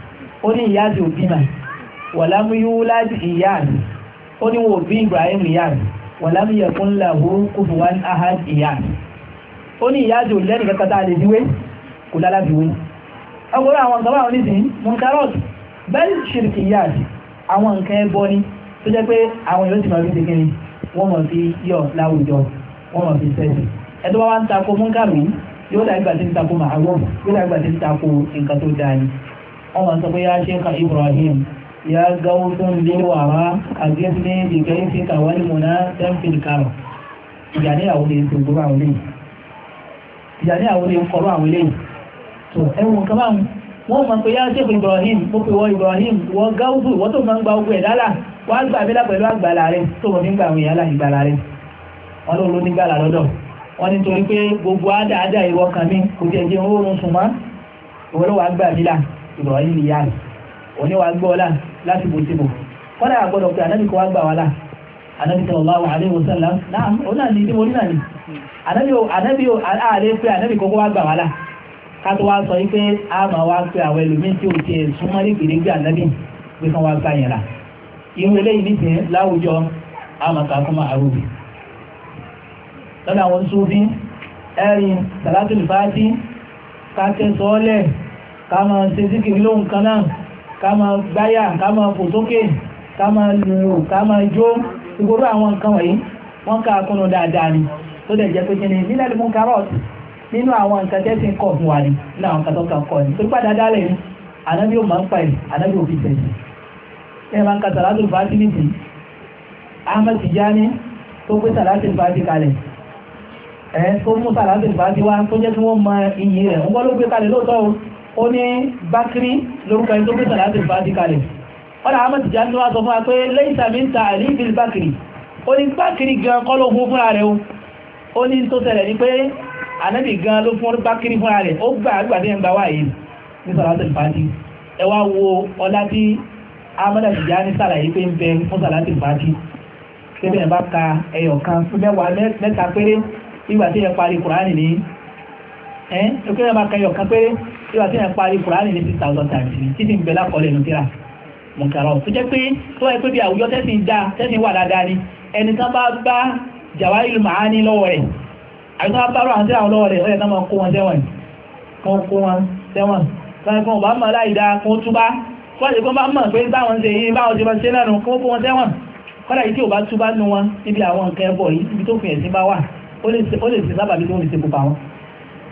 ó ní ìyáàdì òbí mà wàlámú yúláàdì ìyáàdì ó ní wọn òbí Ibrahim ìyáàdì wàlámú yẹ̀kún làwó kúfù wá ahad ìyáàdì ó ní ìyáàdì òlẹ́nì kankan tá a lè diwé kò lálábìwé ọgbọ́n àwọn nǹkan báwọn nísìnyí munkarot bẹ́ẹ̀ ṣìrìkì ìyáàdì àwọn nǹkan ẹbọ ni tó jẹ́ pé àwọn yóò ti máa fi ṣèkínni wọ́n mọ̀ fi yọ láwùjọ wọ́n mọ̀ fi sẹ́sì ẹ̀tọ́ bá wá ń takò múnkàrù yóò dàgbà tí ń takò màá wọ́n yóò dàgbà tí ń takò nǹkan tó dáa yìí ọmọ sọ pé yá ṣéka Ibrahim ya gáwọ́sán lé wàrá àgbẹ́sílẹ̀ ìgbẹ́ ìfẹ́ka wà ní mọ̀ná tẹ́mfìl karọ̀ ìjàdé àwọn ilé ìṣòro àwọn ilé ìjàdé àwọn ilé ìkọ̀rọ̀ àwọn ilé tó ẹwùn kaba wọ́n mọ̀ pé yá ṣéka Ibrahim ó pè wọ́n Ibrahim wọ́n gáwọ́sù wọ́n tó máa ń gba ogun ẹ̀dálà wọ́n á gbà mílá pẹ̀lú àgbàlá rẹ̀ tó wọ́n nígbà àwọn ìyálà ìgbàlá rẹ̀ ọlọ́run ló ní gbà ìrọ̀lẹ́ ìyá rẹ̀ òní wa gbọ́ ọlá láti bò síbò kọ́dà àgbọ̀dọ̀ pé ànábì kọ́ wá a máa tí ò tiẹ̀ súnmọ́ pé kán wá gbà yẹn lá irú eléyìí ní tiẹ̀ láwùjọ àwọn sọ́ọ́lẹ̀ ká máa ṣe síkìrì lóhùn kan náà ká máa gbáyà ká máa fò sókè ká máa lùrù ká máa jó ìgboro àwọn nǹkan wọ̀nyí wọ́n ká akọ́nà dáadáa ni tó dẹ̀ jẹ́ pé kí ni nílẹ̀ ló mú carrot nínú àwọn nǹkan tẹ́sí ń kọ̀ fún wa ni nínú àwọn nǹkan tó kà kọ́ ni tó padà dálẹ̀ ni ànábì ò máa ń pa ẹ̀ ànábì ò fi tẹ̀sí ẹ̀ máa ń ka sàlátù fàájì nìsín Ahmed Tijani tó gbé sàlátù fàájì kalẹ̀ ẹ̀ tó mú sàlátù fàájì wá tó jẹ́ kí wọ́n mọ iyì rẹ̀ ń gbọ́ ló gbé kalẹ̀ lóòótọ́ ó ní bakri lórúkọ ẹni tó pèsè láti fàájì kalẹ̀ wọ́n láàá mọ̀tí já ní wá sọ fún wa pé lẹ́ìsà mi ń ta àlífil bakri ó ní bakri gan kọ́ ló fún fúnra rẹ̀ ó ní tó ṣẹlẹ̀ ní pé anábì gan ló fún bakri fúnra rẹ̀ ó gbà àgbà tí ń bá wà yìí ní sàlátì fàájì ẹ wá wo ọlá tí amọ́dà ti já ní sàlàyé pé ń bẹ fún sàlátì fàájì tẹ́lẹ̀ bá ka ẹyọ̀ kan fún mẹ́wàá mẹ́ta péré nígbà tí ẹ parí kùránì ní ẹ́ ẹ̀kọ́ yẹn bá kẹyọ̀ kan pé yóò àti yẹn parí kùránì ní six thousand times ní títí ń bẹ lákọọ́lẹ̀ nù kíra mọ̀kàrọ̀ tó jẹ́ pé tó wáyé pé bí àwùjọ tẹ́sìn dá tẹ́sìn wà dáadáa ni ẹni tán bá bá jàwáìlú màání lọ́wọ́ rẹ̀ àti tán bá bá àwọn tíra lọ́wọ́ rẹ̀ ó yẹ tán máa kó wọn sẹ́wọ̀n kan kó wọn sẹ́wọ̀n kan kan ọba mọ̀ láì dáa kan túbá wọ́n ti kọ́ bá mọ̀ pé báwọn ṣe yí báwọn ṣe máa ṣe lẹ́nu kó kó wọn sẹ́wọ̀n kọ́dà yìí tí ò bá túbá nu wọn níbi àwọn nǹkan ẹbọ yìí ibi tó fi ẹ̀sìn bá wà ó lè ṣe sábàbí tó fi ṣe pupa wọn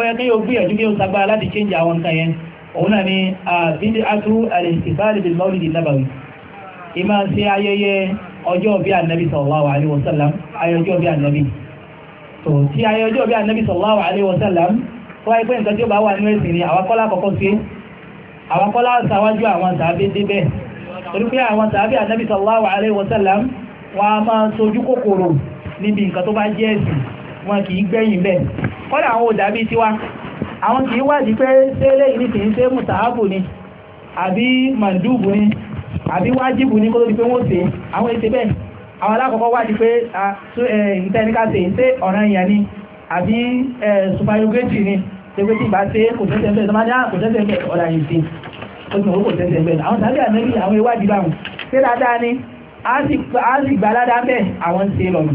ọyẹ́ kí yóò gbìyànjú alaihi wasallam ayọjọ́ bí ànábì tó tí ayọjọ́ bí ànábì alaihi wasallam tó wáyé pé nǹkan tí ó bá wà nínú ẹ̀sìn ni àwakọ́lá kọ́kọ́ sí àwakọ́lá sàwájú àwọn sàábé débẹ̀ torí alaihi wasallam wọn a máa sojú kòkòrò níbi nǹkan tó bá jẹ́ ẹ̀sìn wọn kì í gbẹ̀yìn bẹ́ẹ̀ kọ́dà àwọn òdàbí tiwa àwọn kì í wádìí pé sẹ́lẹ̀ yìí kì í ṣe mùsàábù ni àbí màndúbù ni àbí wájìbù ni kó tó di pé wọ́n ṣe àwọn èsè bẹ́ẹ̀ àwọn alákọ̀ọ́kọ́ wádìí pé ìtẹ́nikáṣe ṣe ọ̀ràn ìyà ni àbí supayogeti ni tẹ́gbẹ́ tí ìbá ṣe kò tẹ́sẹ̀ bẹ́ẹ̀ tọ́mádé ah, kò tẹ́sẹ̀ bẹ́ẹ̀ ọ̀rà yìí sí oṣù kò tẹ́sẹ̀ bẹ́ẹ̀ àwọn tàbí àmẹ́rí àwọn ìwádìí báwọn ṣé dáadáa ni a sì gbà ládàá bẹ́ẹ̀ àwọn ṣe lọ́nà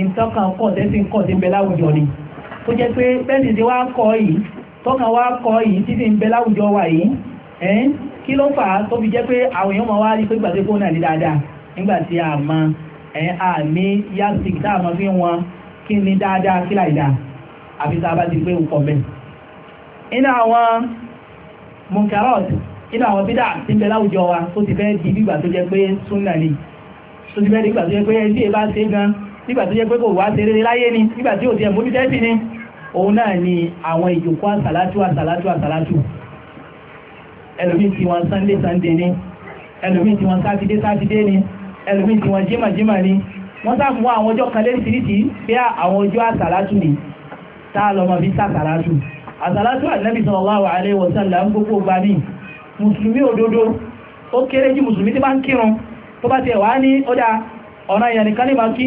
ìntọ́kàn kọ̀ tẹ́sí kọ̀ sí bẹ láwùjọ ni tó jẹ́ pé bẹ́ẹ̀ni tí wá kọ́ yìí tọ́kàn wá kọ́ yìí títí ń bẹ láwùjọ wà yìí ẹ́n kí ló fà á tó fi jẹ́ pé àwọn èèyàn máa wá rí pé gbàgbé fóònù àlè dáadáa nígbà tí a mọ ẹ́n àmì yastik tá a mọ fi wọn kí ni dáadáa kí láì dáa àfi tá a bá ti pé òkọ̀ bẹ́ẹ̀. inú àwọn munkarot inú àwọn bídà tí ń bẹ láwùjọ wa tó ti fẹ́ di bí ìgbà tó jẹ́ pé súnà ni tó ti fẹ́ di ìgbà tó jẹ́ pé ẹni tí èèyàn bá ṣe gan-an nígbà tó jẹ́ pé kò wá ṣeré láyé ni nígbà tí ò ti ẹ̀mú títẹ́sì ni òun náà ni àwọn ìjòkó àsàlátù àsàlátù àsàlátù ẹlòmí tí wọ́n sunday sunday ni ẹlòmí tí wọ́n sátidé sátidé ni ẹlòmí tí wọ́n jímà ni wọ́n sáàmù àwọn ọjọ́ kan léríṣiríṣi pé àwọn ọjọ́ àsàlátù ni tá a lọ́mọ fi sàsàlátù àsàlátù ànábì sallallahu alaihi wasallam gbogbo gba ní mùsùlùmí òdodo ó kéré jù mùsùlùmí tí bá ń kírun tó bá tiẹ̀ wá ní ó dá ọ̀nà ìyànìkan ní máa kí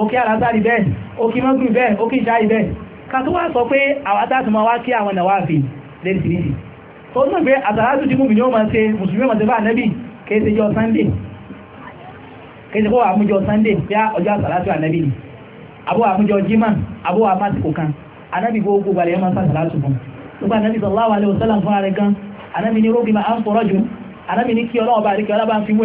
òkè àlásàrì bẹ́ẹ̀ òkè mọ́gùn bẹ́ẹ̀ òkè ìṣáì bẹ́ẹ̀ ká tó wá sọ pé àwátàtù ma wá kí àwọn nàwáàfì lẹ́rìsìrìsì tó ń gbé àtàlátù tí múmi yóò sunday kéèṣe kó sunday bí ọjọ́ àtàlátù ànẹ́bì ni àbó àmújọ jimá àbó àmásìkò kan ànẹ́bì gbogbo balẹ̀ máa sàtàlátù fún gbogbo ànẹ́bì sallallahu alaihi wasallam fúnra rẹ̀ gan ànẹ́bì ní rógbìmá à ń fọ́rọ́jù ànẹ́bì ní kí ọlọ́ọ̀bá fi mú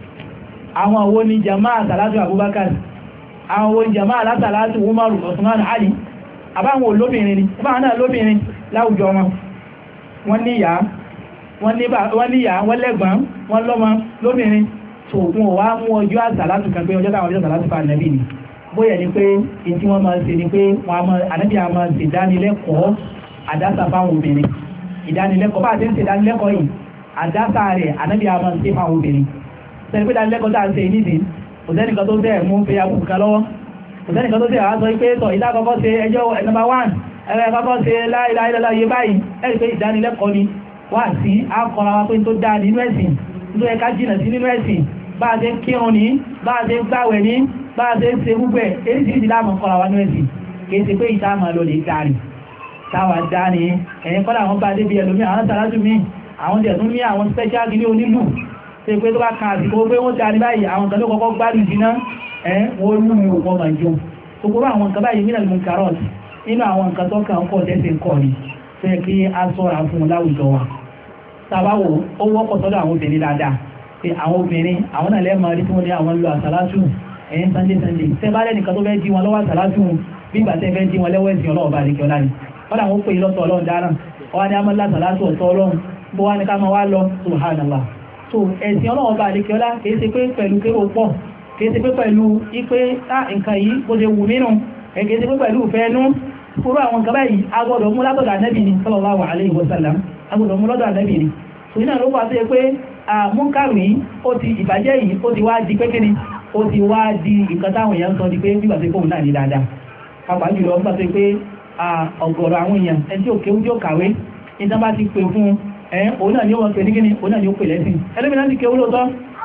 àwọn owó ní jama'a salatu abubakar àwọn owó ní jama'a látàlátù umaru osman ali àbáwọn olóbìnrin ni àbáwọn náà lóbìnrin láwùjọ wọn wọ́n níyà wọ́n níyà wọ́n lẹ́gbọ́n wọ́n lọ́mọ lóbìnrin tó wọn wá mú ọjọ́ àsàlátù kan pé ọjọ́ táwọn ọjọ́ àsàlátù fa ànẹ́bì ni bóyẹ̀ ni pé èyí tí wọ́n máa ṣe ni pé ànẹ́bì a máa ṣe ìdánilẹ́kọ̀ọ́ àdásà fáwọn obìnrin ìdánilẹ́kọ̀ọ́ bá a ti ń ṣe ìdánilẹ́kọ̀ọ́ rẹ̀ ànẹ́bì a fáwọn obìnrin tẹ̀lifíta lẹ́kọ̀ọ́ tàà ṣe nídìí kò sẹ́nìkan tó tẹ̀ mú fi àbùkà lọ́wọ́ kò sẹ́nìkan tó tẹ̀ wá sọ pé tọ̀ ìlà àkọ́kọ́ ṣe ẹjọ́ number one ẹ̀rẹ́ àkọ́kọ́ ṣe láìláìlọ́lá iye báyìí ẹ̀rì pé ìdánilẹ́kọ̀ọ́ ni wà sí akọ̀ra wa pé tó dáa nínú ẹ̀sìn tó ẹ̀ka jìnà sí nínú ẹ̀sìn bá a ṣe ń kírun ní bá a ṣe ń gbàwẹ̀ ní bá a ṣe ń ṣe gbogbo ẹ̀ eréṣiríṣi láàmú kọ́ra wa nínú ẹ̀sìn kìí ṣe pé ìta àmà lọ lè gàrì táwa dá ni ẹ̀yìn kọ́lá àwọn bá a débi ẹlòmí àwọn sàrájú mi àwọn jẹ̀tún ní àwọn special gíní onílù tí pé tó bá kan àti gbogbo wọ́n darí báyìí àwọn kan ló kọ́kọ́ gbádùn jìnnà ẹ̀ wọ́n lù mí òkọ́ mà jọ gbogbo àwọn nǹkan báyìí mí nàìjíríà carrot nínú àwọn nǹkan tó kàn kọ́ tẹ́sẹ̀ kọ́ ni tó yẹ kí a sọ́ra fún láwùjọ wa tàbáwò ó wọ́pọ̀ sọ́dọ̀ àwọn obìnrin dáadáa pé àwọn obìnrin àwọn náà lẹ́ẹ̀mọ́ rí tí wọ́n ní àwọn lu àsálásù ẹ̀yìn sunday sunday tẹ́ bá lẹ́nìkan tó fẹ́ di wọn ni wọ́n làwọn ó pè ní ká máa wá lọ subhanallah so ẹ̀sìn ọlọ́wọ́ bá àdékẹ́ ọlá kìí ṣe pé pẹ̀lú kéwò pọ̀ kìí ṣe pé pẹ̀lú ipé tá nǹkan yìí bó ṣe wù nínú ẹ̀kìí ṣe pé pẹ̀lú fẹ́ẹ́nú kúrò àwọn nǹkan báyìí agbọ́dọ̀ mú látọ̀dọ̀ ànábì ni sallallahu alaihi wasallam agbọ́dọ̀ mú lọ́dọ̀ ànábì ni so iná ló wà tó yẹ pé àmúkàrù yìí ó ti ìbàjẹ́ yìí ó ti wá di pé kíni ó ti wá di nǹkan táwọn èèyàn sọ di pé nígbà tó kóhùn náà ní dáadáa pàápàá jùlọ nígbà tó pé ọ̀gọ̀rọ̀ àwọn èèyàn ẹni tí ò kéwú tí ó kàwé ní tán bá ti pè fún ẹ̀yìn òun náà ni ó wọ́n pè ní gíní òun náà ni ó pè lẹ́sìn ẹlẹ́mì láti ké olóòtọ́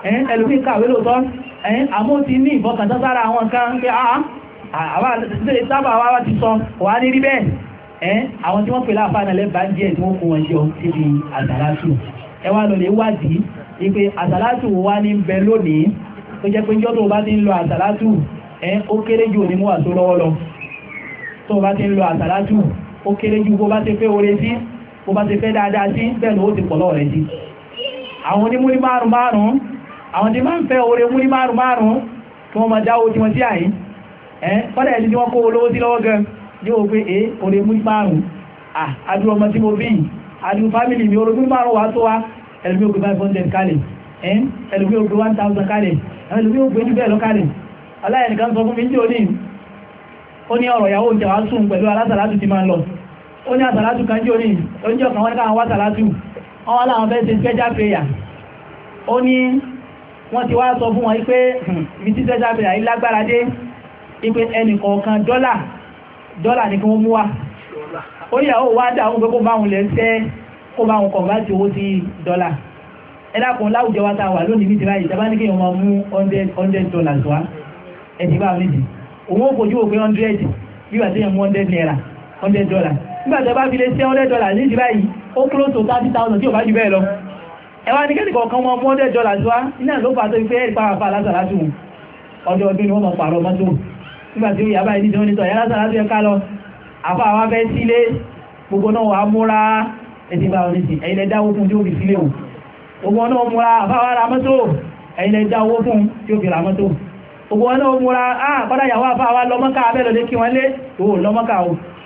ẹ̀yìn ẹlùmí kàwé lóòtọ́ ẹ̀yìn àmó ti ní ìfọkàn sára àwọn kan pé sábà wá ti sọ wà ní rí bẹ́ẹ̀ ẹ̀yìn àwọn tí wọ́n pè láàfáà náà lẹ́bàá díẹ̀ tí wọ́n kó wọn jọ síbi àdàlátù ẹ wá lọ lè wádìí wípé àdàlátù wá ní bẹ lónìí tó jẹ́ pé jọ́ tó bá ti ń lọ àdàlátù ẹ̀ ó kéré jù ní mú àtó lọ́wọ́ lọ tó bá ti ń lọ àdàlátù ó kéré jù bó bá ti pé oore sí bó bá ti fẹ́ dáadáa sí bẹ́ẹ̀ ló ti pọ̀lọ́ rẹ̀ sí àwọn onímúrí márùn márùn àwọn tí máa ń fẹ́ oore múrí márùn márùn tí wọ́n máa dáwó tí wọ́n sí àyí ẹ́ fọ́dà ẹni tí wọ́n kó olówó sí lọ́wọ́ gan ní o pé ee oore múrí márùn àdúrà ọmọ tí mo bí àdúrà fámìlì mi oore múrí márùn wá tó wá ẹlùmí ògbé 500 kalẹ̀ ẹlùmí ògbé 1000 kalẹ̀ ẹlùmí ògbé jù bẹ́ẹ̀ lọ kalẹ̀ aláyẹnìkan sọ fún mi ní òní ó ní ọ̀rọ̀ ìyàwó ìjàwá sùn pẹ̀lú alásàlátù ti máa ń lọ ó ní àsàlátù kan jí orí oúnjẹ ọ̀kan wọ́n káwọn wá sàlátù wọ́n láwọn fẹ́ ṣe special prayer ó ní wọ́n ti wá sọ fún wọn pé hmm, ibi special prayer yìí lágbára dé pé ẹnì kọ̀ọ̀kan dọ́là dọ́là ní kí wọ́n mú wa ó ní àwọn wá dá àwọn pé kó bá wọn lè ṣẹ́ kó bá wọn kọ̀ọ̀bá ti owó sí dọ́là ẹ̀dàkùn láwùjọ wa ta wà lónìí nítorí àyè ìjọba ní kí wọ́n mú hundred dollars wá ẹ̀dì bá wọn nídìí òun ó fojú òpin hundred bí wà sí ẹ̀mú hundred naira hundred dollars nígbàtẹ̀ bá fi lé sí hundred dollar ní ìdí báyìí ó kúrò tó thirty thousand tí ò bá jù bẹ́ẹ̀ lọ ẹwà ní kẹ́lì kọ̀ọ̀kan wọn fún hundred dollar tí wá iná ló fà tó fẹ́ ìpa àfà lásàlásù ọjọ́ ọdún ni wọ́n mọ̀ pààrọ̀ mọ́tò nígbàtí ó yà báyìí ní ìdíwọ́n nítọ̀ ẹ̀yà lásàlásù yẹ ká lọ àfà wa fẹ́ sílé gbogbo náà wà múra ẹ̀sìn bá oníṣì ẹ̀yìn mọ́tò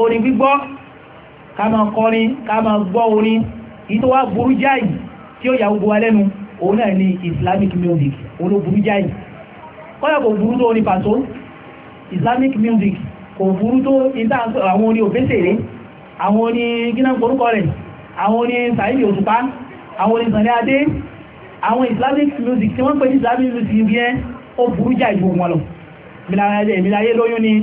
orin gbígbọ́ ká máa kọrin ká máa gbọ́ orin ìtò wá burú jáì tí ó yà gbogbo wa òun náà ni islamic music oló burú jáì kọ́lá kò burú tó orin pàtó islamic music kò burú tó àwọn orin òfésèré àwọn orin gínà korúkọ rẹ̀ àwọn orin sàílì òtùpá àwọn orin sàní adé àwọn islamic music tí wọ́n pè islamic music yẹn ó burú jáì gbogbo wọn lọ mílàyé lóyún ni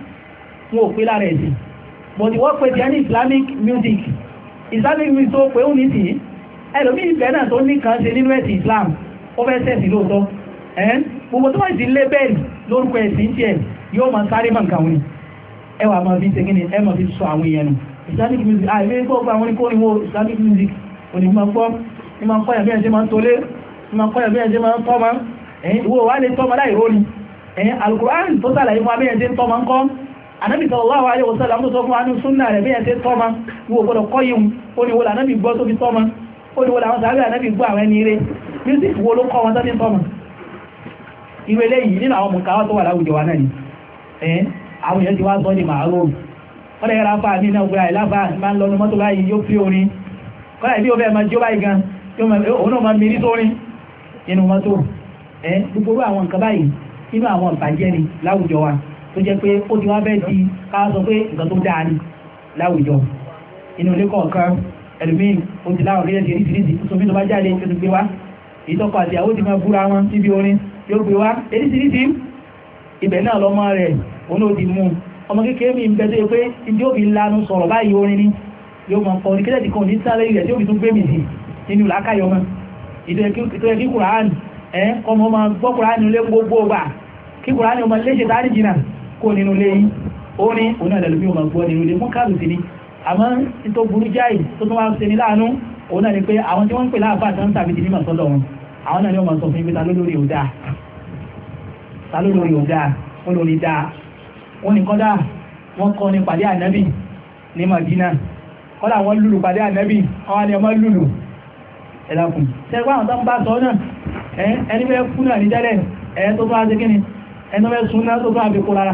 wọn ò pé lára ẹ̀sìn but wọ́n pè tiẹ̀ ní islamic music islamic music tó pé ó ní tì í ẹlòmíì ìfẹ́ náà tó ní kan ṣe nínú ẹ̀sìn islam ó fẹ́ sẹ̀sì lóòótọ́ ẹ̀ẹ́n gbogbo tó wọ́n ti lé bẹ́ẹ̀lì lórúkọ ẹ̀sìn tiẹ̀ yóò máa sáré mọ̀ nǹkan wọn ẹ wà máa fi ṣe kí ni ẹ máa fi sọ àwọn èèyàn nù islamic music àìwé gbogbo àwọn oníkórin wo islamic music òní máa gbọ́ ní máa kọ́yà bí ẹ ṣe máa ń tolé ní máa kọ́yà bí ẹ ṣe máa ń tọ́mọ ẹ̀yìn ìwò wà lè tọ́mọ láì róni ẹ̀yìn alukur'an tó sàlàyé fún abẹ́yẹn ṣe ń ń kọ́ anábì sallallahu alaihi wasallam sọ fún anú súnnà rẹ̀ bí ẹ̀ tẹ́ tọ́mọ ní ògbọ́dọ̀ kọ́yùn ó ní wọ́n anábì gbọ́ tó fi tọ́mọ ó ní wọ́n àwọn sàárẹ̀ anábì gbọ́ àwọn ẹni rẹ̀ music wo ló kọ́ wọn tó fi tọ́mọ irú eléyìí nínú àwọn mùkàwá tó wà láwùjọ wa náà ni àwọn èèyàn ti wá sọ ní màárùn wọ́n lè yára fáà ní iná ògbé àìláfà máa ń lọ ní mọ́tò báyìí yóò fi orin kọ́lá ìbí òfẹ́ máa jó báyìí gan òun náà máa mi nítorí inú mọ́tò gbogbo àwọn nǹkan báyìí inú àwọn ìbàjẹ́ ni láwùjọ wa tó jẹ́ pé ó ti wá bẹ́ di ká sọ pé nǹkan tó dáa ni láwùjọ inú ilé kọ̀ọ̀kan ẹlòmíì ó ti láwọn orílẹ̀ èdè oríṣiríṣi tó fi tó bá jáde tó ti gbé wá ìtọ́kọ àti àwọn ti máa búra wọn níbi orin yóò gbé wá oríṣiríṣi ibẹ̀ náà lọ́mọ rẹ̀ òun ó ti mú ọmọ kékeré mi ń bẹ tó yẹ pé ibi ó ni yóò mọ̀ kọ́ kí kùránì ẹ̀ gbogbo ọgbà kí kùránì ọmọ léṣe tá kó nínú ilé yìí orin òun náà lẹ́lùmí ọmọ gbọ́ nínú ilé mú káàlù sí ni àmọ́ tó burú jáì tó tún wá ṣe ní láàánú òun náà ni pé àwọn tí wọ́n ń pè láàbà tó ń tàbí ti mímọ̀ sọ́dọ̀ náà ni ní kọ́dá Madina kọ́dá wọ́n lùlù pàdé ànábì ọwá ni ọmọ lùlù ẹ̀dàkùn tẹ́gbà àwọn tó ń bá sọ náà ẹni fẹ́ kú náà ní tẹ́lẹ̀ ẹ̀ tó tó wá sí kíni ẹni tó fẹ́ náà tó tó àbíkó rárá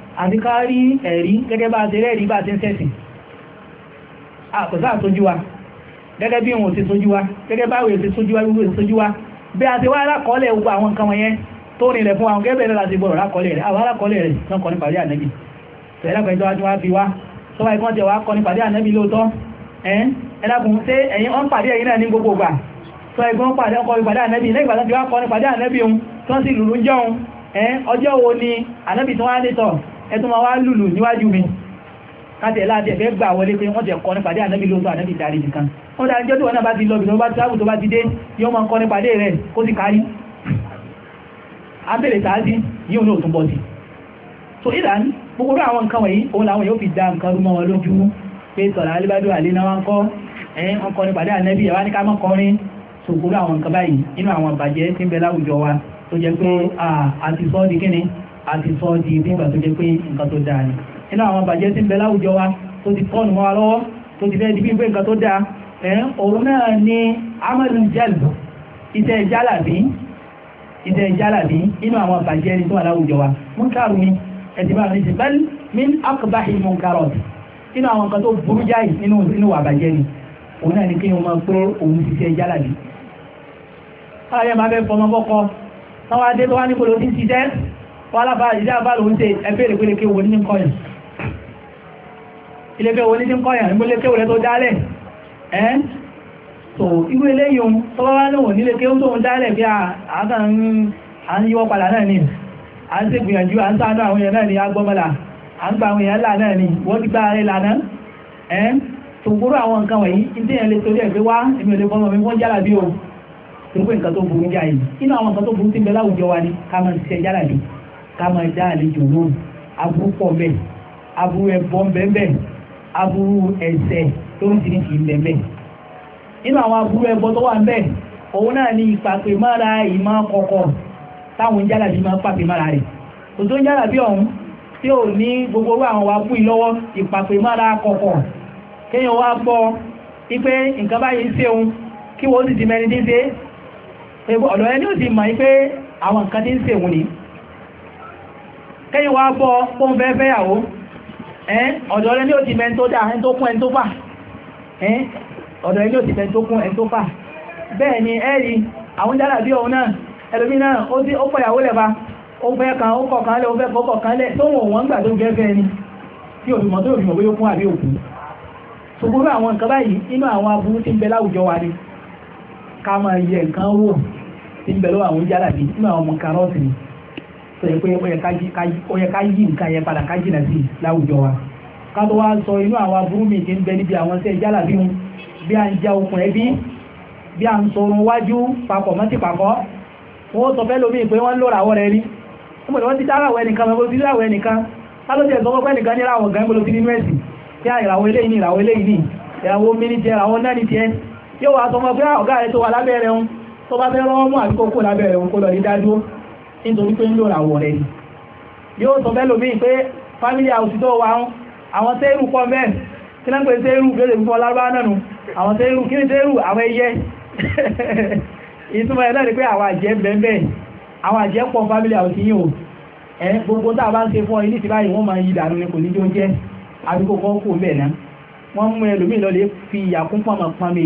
àti ká rí ẹ̀rí gẹ́gẹ́ bá ṣe rẹ́rí bá ṣe ń sẹ́sìn àkọ̀sá àtójú wa gẹ́gẹ́ bí wọn ṣe tójú wa gẹ́gẹ́ bá wèé ṣe tójú wa gbogbo ṣe tójú wa bí a ṣe wá alákọọ́lẹ̀ gbogbo àwọn nǹkan wọ̀nyẹn tó rìnlẹ̀ fún àwọn gẹ́gẹ́ bẹ̀rẹ̀ láti gbọ́rọ̀ alákọọ́lẹ̀ rẹ̀ àwọn alákọọ́lẹ̀ rẹ̀ tán kọ nípa ilé ànẹ́bì tẹ̀lẹ́kọ̀ẹ́ tó wá tí wá fi wá tó bá ikán tẹ̀ wá kọ nípa ilé ànẹ́bì lóòótọ́ ẹ̀dàkùn tẹ́ ẹ̀yìn ọ́n ọjọ́ wo ni ànẹ́bì tó wá nítọ̀ ẹ̀tún ma wá lùlù níwájú mi káti ẹ̀ láti ẹ̀fẹ́ gbà wọlé pé wọ́n ti ẹ̀kọ́ nípàdé ànábì lóòótọ́ ànábì darí nìkan ó dáa jọ́ tí wọ́n náà bá ti lọ bìtọ́ bá ti sáàbù tó bá ti dé yóò máa kọ́ nípàdé rẹ̀ kó ti kárí abẹ́rẹ̀ sáájú yóò náà tún bọ́ sí so ìlànà gbogbo àwọn nǹkan wọ̀nyí òun làwọn yóò fi da nǹkan rú mọ́ wọn lójú pé sọ̀rọ̀ alíbádó àléná wá ń kọ́ ẹ̀yìn wọn kọ́ so gbogbo àwọn nǹkan báyìí inú àwọn ìbàjẹ́ tí ń bẹ láwùjọ wa tó jẹ́ pé àti àti sọ di nígbà tó jẹ́ pé nǹkan tó dáa ni àwọn bàjẹ́ tí ń bẹ láwùjọ wa tó ti kọ́nù wọn lọ́wọ́ tó ti fẹ́ di pé nǹkan tó dáa ọ̀rọ̀ náà ni amadu jalb iṣẹ́ jálàbí iṣẹ́ jálàbí àwọn bàjẹ́ ni tó wà láwùjọ wa mú káàrù mi ẹ̀sìn bá mi ti bẹ́ẹ̀ àwọn nǹkan tó burú jáì nínú bàjẹ́ ni òun náà ni kí máa pé òun ti ṣe jálàbí pálábà ìdí àbálò ń tẹ ẹgbẹ́rẹ̀ pé lékè wọ́n ní kọ́yàn ilékè wọ́n ní kọ́yàn ní lékè wọ́n tó dálẹ̀ ẹ́ tó irú eléyìí ohun tó bá wá lóhùn ní lékè tó ni a ń ṣègbìyànjú a ń ni agbọ́mọlà a ń gba àwọn ni wọ́n ti gbá rẹ̀ lànà ẹ́ tó gbóró àwọn nǹkan wọ̀nyí ní èèyàn lè torí ẹ̀ pé wá èmi ò lè fọmọ mi wọ́n jálà bí o tó burú jáì nínú àwọn nǹkan tó burú ti bẹ láwùjọ wa ni ká máa ṣiṣẹ́ jálà bí Kama máa dá àlejò lóhùn aburú pọ̀ bẹ́ẹ̀ aburú ẹ̀bọ̀n bẹ́ẹ̀ aburú ẹ̀sẹ̀ tó ń tìrì sí ilẹ̀ bẹ́ẹ̀. nínú àwọn aburú ẹ̀bọ̀n tó wà bẹ́ẹ̀ òun náà ni ìpàpè mára ìmọ̀ kọ̀kọ̀ táwọn jálàbí máa pàpè mára rẹ̀ kò tó ń jálàbí ọ̀hún tí ò ní gbogbo orú àwọn wa fún ìlọ́wọ́ ìpàpè mára kọ̀kọ̀ kéèyàn wá gbọ́ ipé nǹkan báyìí ń ṣe òun kí wọ́n sì ti mẹ́rin dín ṣe ọ̀dọ̀ ẹni ò sì mọ̀ ipé àwọn nǹkan tí ń ṣe òun kẹ́yìn wá bọ́ fún fẹ́fẹ́ yàwó ọ̀dọ̀ ní ti tó dáa tó kún tó fà ọ̀dọ̀ ní ni ẹ́rì àwọn jálà bí òun náà ẹlòmí náà ó tí ó ó fẹ́ kan ó kọ̀kan ni tí tó bóyó fún àbí òkú ṣùgbọ́n àwọn nǹkan báyìí inú àwọn aburú ni ká máa yẹ nǹkan tó yẹ pé ó yẹ ká yí nǹkan yẹn padà ká jìnà sí láwùjọ wa ká tó wá sọ inú àwọn aburú mi ti ń bẹ níbi àwọn iṣẹ́ ìjálà bí wọn bí a ń ja okùn ẹbí bí a ń sorun wájú papọ̀ mọ́tì papọ̀ wọ́n sọ fẹ́ lómi pé wọ́n lóra àwọ̀ rẹ̀ rí wọ́n mọ̀ wọ́n ti dára àwọ̀ ẹnìkan mọ̀ sí ìràwọ̀ ẹnìkan lálọ́sẹ̀ ìsọwọ́ pẹ́ nìkan ní ìràwọ̀ gan gbọ́lọ́ sí nínú ẹ̀sìn tí a ìràwọ̀ eléyìí ní ìràwọ̀ eléyìí nítorí pé ń lò ràwọ̀ rẹ̀ ni yóò sọ bẹ́ẹ̀ lómi pé family house tó wà ń àwọn tẹ́rù pọ̀ mẹ́ kí náà pé tẹ́rù lóde fífọ́ lárúbá náà nù àwọn tẹ́rù kí ní tẹ́rù àwọn ẹyẹ ìtumọ̀ ẹ̀ náà ni pé àwọn àjẹ́ bẹ́ẹ̀ àwọn àjẹ́ pọ̀ family house yìí o ẹ̀ gbogbo tá a bá ń ṣe fún ọ ilé ìtìbáyì wọ́n máa yí dànù ni kò ní jó jẹ́ àdúgbò kan kò bẹ́ẹ̀ náà wọ́n family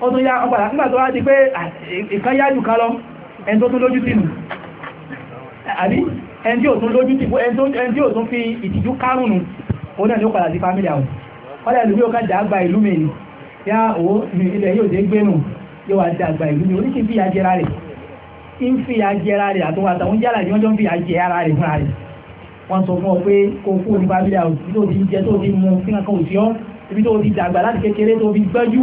ọdún ya ọpàdà nígbà tó wá di pé ìkan yá jù ká lọ ẹni tó tún lójú tì nù àbí ẹni tí ò tún lójú tì ẹni tí ò tún fi ìtìjú kárùn-ún òun náà ni ó padà sí family àwọn ọdẹ ìlú yóò ká dà gba ìlú mi yá òó ilẹ̀ yóò dé gbénu yóò wá dà gba ìlú mi oníkì fi àjẹra rẹ̀ ń fi àjẹra rẹ̀ àtọwọ́ àtàwọn jálà ni wọ́n jọ ń fi àjẹra rẹ̀ fúnra rẹ̀ wọ́n sọ fún ọ pé kò fún òní family àwọn ibi tó ti jẹ tó ti mu fínà kan òsì tó ti dàgbà láti kékeré tó fi gbẹ́jú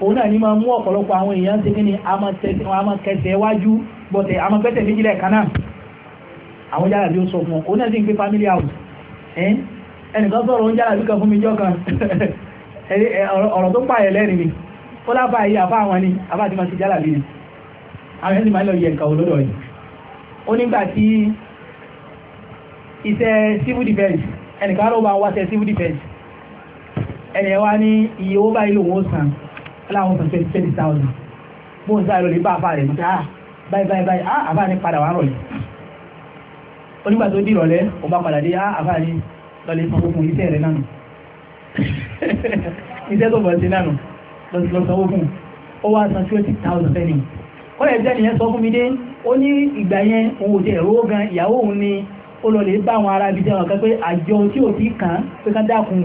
òun náà ní máa mú ọ̀pọ̀lọpọ̀ àwọn èèyàn ṣe kíni amọ̀kẹsẹ̀ wájú bọ̀tẹ̀ amọ̀kẹsẹ̀ méjìlẹ̀ kan náà àwọn jára bí ó sọ fún òun náà sì ń pé family house ẹnìkan sọ̀rọ̀ oúnjẹ àbí kan fún mi jọ kan ọ̀rọ̀ tó pààyẹ lẹ́rìn mi ó lábà yí àbá àwọn ni àbá ti máa ti jálà bí ni àwọn ẹni máa ń lọ yẹ nǹkan olódò yìí ó nígbà tí iṣẹ́ civil defense ẹnìkan ló bá ń wáṣẹ civil defense ẹnìyẹn wá ní iye owó báyìí lòun ó aláwọ̀ fẹ́ twenty twenty thousand mo ń sáré lórí bá àfa rẹ̀ níta ah, báyìí báyìí báyìí ah àfa ni padà wà rọ̀lẹ́ onígbà tó dìrọ̀lẹ́ ó bá padà dé ah àfa ni lọ́lẹ́ sanwó fún iṣẹ́ rẹ̀ nánu iṣẹ́ tó bọ̀ sí nánu lọ sanwó fún ó wá san twenty thousand fẹ́ni ó yẹ jẹ́ nìyẹn sọ fún mi dé ó ní ìgbà yẹn òun ò jẹ́ ẹ̀rọ gan ìyàwó òun ni ó lọ lè bá àwọn ará ibi jẹ́ wọn kan pé àjọ tí ò ti kàn án pé ká dákun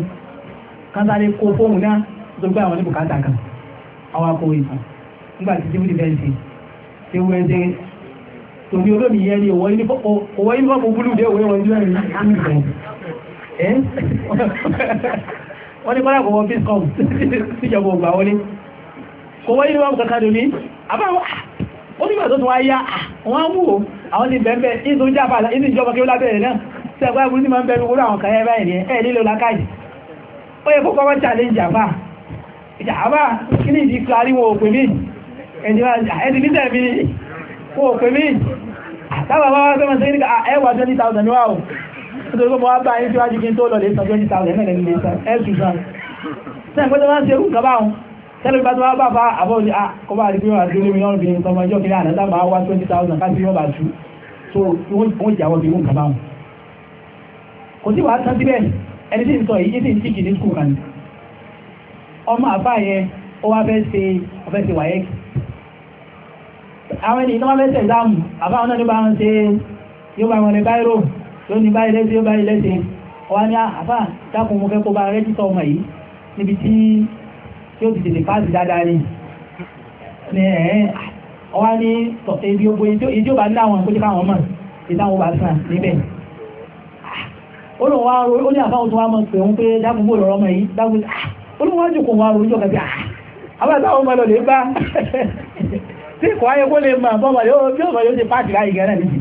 kan sáré kó fóun náà tó gbé àwọn oníbùkátà kan àwọn akọ̀wé ìfún nígbà tí jíbìlì fẹ́ ṣe ṣe wọ́n ṣe tòbí olómi yẹn ni òwò yúnífọ́ọ̀mù búlù dé òwe wọn lẹ́rìn wọ́n ní kọ́lá kọ̀wọ́ fíìs kọ́m síjọba ògbà wọlé kọ̀wọ́ yúnífọ́ọ̀mù kankan lómi àbáwọ̀ ó nígbà tó tún wá yá wọ́n mú o àwọn ti bẹ̀ẹ̀bẹ̀ ìsò ń jábà ìsì ìjọba kí ó lábẹ̀rẹ̀ náà tí ẹgbẹ́ ìgbìmọ̀ ń bẹ̀rù owó àwọn kan yẹ́ báyìí ẹ̀ nílò lákàyè ó yẹ kó kọ́kọ́ challenge àbá ìjàmbá kí ní ìdí flarí wọn òpè mí ẹni ní tẹ̀mí wọn òpè mí sábàbá wá sọ́mọ̀ sí ẹwà 20,000 níwá o nítorí gbogbo wá bá yí síwájú kí n tó lọ lè sọ 20,000 mẹ́rin lè sọ ẹ̀sùn sọ ẹni tí ń sọ èyí tí ń tíkì ní skul kan ni ọmọ àfá yẹn ó wá fẹ́ ṣe ọ̀fẹ́ ṣe wáyé àwọn ènìyàn wọ́n fẹ́ ṣe ìdáàmù àfá wọn náà ní bá wọn ṣe yóò bá wọn lè báyìí rò yóò ní báyìí lẹ́sẹ̀ yóò báyìí lẹ́sẹ̀ wọ́n ní ah, àfá dákun mo fẹ́ kó bá rẹ́jísọ̀ ọmọ yìí níbi tí yóò ti tètè fáàsì dáadáa ni ní ẹ̀ẹ́ ọwá ní ibi ogbò ìdí ò bá ní àwọn ìkójíká àwọn ọmọ ìdáwọn bá sàn níbẹ̀ ah. ó lọ wá ó ní àfáwọn tó wá mọ̀ pé òun pé dákun bò lọ́rọ́ yìí dákun ah. olùwájú kò wọ́n àrùjọ kàbí àbátáwọn ọmọ lọ́lẹ̀ bá tí kò ayé kó lè máa bọ́mọ̀ yóò bí ọmọ yóò ti pàtì láì gẹ̀rẹ́ nìyí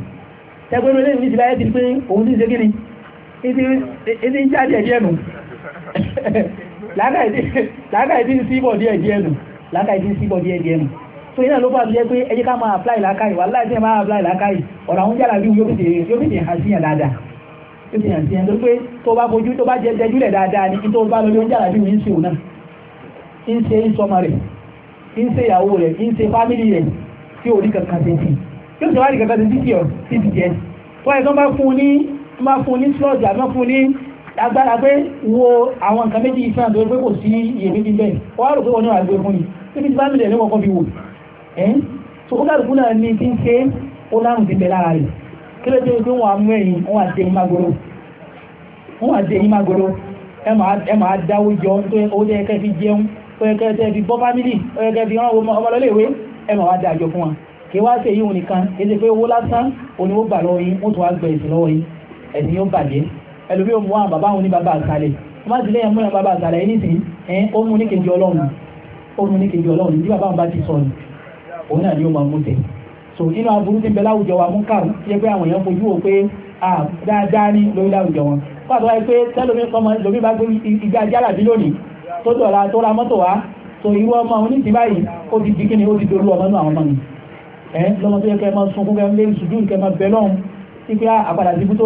tẹgbẹ́rẹ́ lè nìyí láyé ti pé òun ti ṣe gíní ìdí jáde ẹ̀díẹ̀ nù láàkàí tí ń síbọ̀ díẹ̀ díẹ̀ nù láàkàí tí ń síbọ̀ díẹ̀ díẹ̀ nù so iná ló bá ti jẹ́ pé ẹjẹ́ ìsìn àti ẹni tó pé tó bá fojú tó bá jẹ jẹjúlẹ̀ dáadáa ní tó bá lórí oúnjẹ àlàbí mi ń sìn náà ń ṣe ń sọmọ rẹ̀ ń ṣe ìyàwó rẹ̀ ń ṣe fámìlì rẹ̀ tí ò ní kankan ṣe sí yóò ṣe wá ní kankan ṣe sí kí ọ sí ti jẹ tó ẹ̀ tó bá fún ní má fún ní slọ́ọ̀dì àmọ́ fún ní agbára pé wo àwọn nǹkan méjì ìfẹ́ àti pé kò sí iyèméjì bẹ́ẹ̀ wọ́n á rò pé wọ́n náà gbé fún mi níbi tí fámìlì rẹ̀ ní wọ́n kọ́ fi wò ẹ́ ó dàrú náà ní ti ń ṣe ó lárùn ti bẹ lára rẹ̀ kí ló dé ojú wọn amú ẹ̀yìn wọn àti ẹ̀yìn magoro wọn àti ẹ̀yìn magoro ẹ máa dáwó jọ tó ó dé ẹkẹ fi jẹun ó yẹ kẹ́ fi bọ́ fámílì ó yẹ kẹ́ fi rán ọmọlọ́lẹ́wé ẹ máa wá dá àjọ fún wọn kí wá ṣe yíò nìkan kí ṣe pé owó lásán òní ó gbà lọ́wọ́ yín ó tún wá gbẹ ìsìn lọ́wọ́ yín ẹ̀sìn yóò bàjẹ́ ẹlòmí ò mú àwọn bàbá òun ní bàbá àṣàlẹ̀ wọ́n bá ti lẹ́yìn múlẹ̀ bàbá àṣàlẹ̀ yìí nìsín ẹ̀ ó mú ní kejì ọlọ́run ó mú ní kejì ọlọ́run bí bàbá òun bá ti sọ̀rọ̀ náà ni ó máa mú tẹ̀ so nínú aburú ti ń bẹ láwùjọ wa mú kàrù tí yẹ pé àwọn èèyàn fojú wò pé dáadáa ní lórí láwùjọ wọn pàtó wáyé pé tẹ́lómi ọmọ lómi bá gbé igá jálà lónìí tó dọ̀la tó ra mọ́tò wá so irú ọmọ oníṣìí báyìí ó ti di kíni ó ti dolú ọmọ náà àwọn ọmọ mi ẹ lọ́mọ tó yẹ kẹ́ máa sunkún kẹ́ lé ìṣújú kẹ́ máa bẹ lọ́hùn sí pé àpàdà síbú ni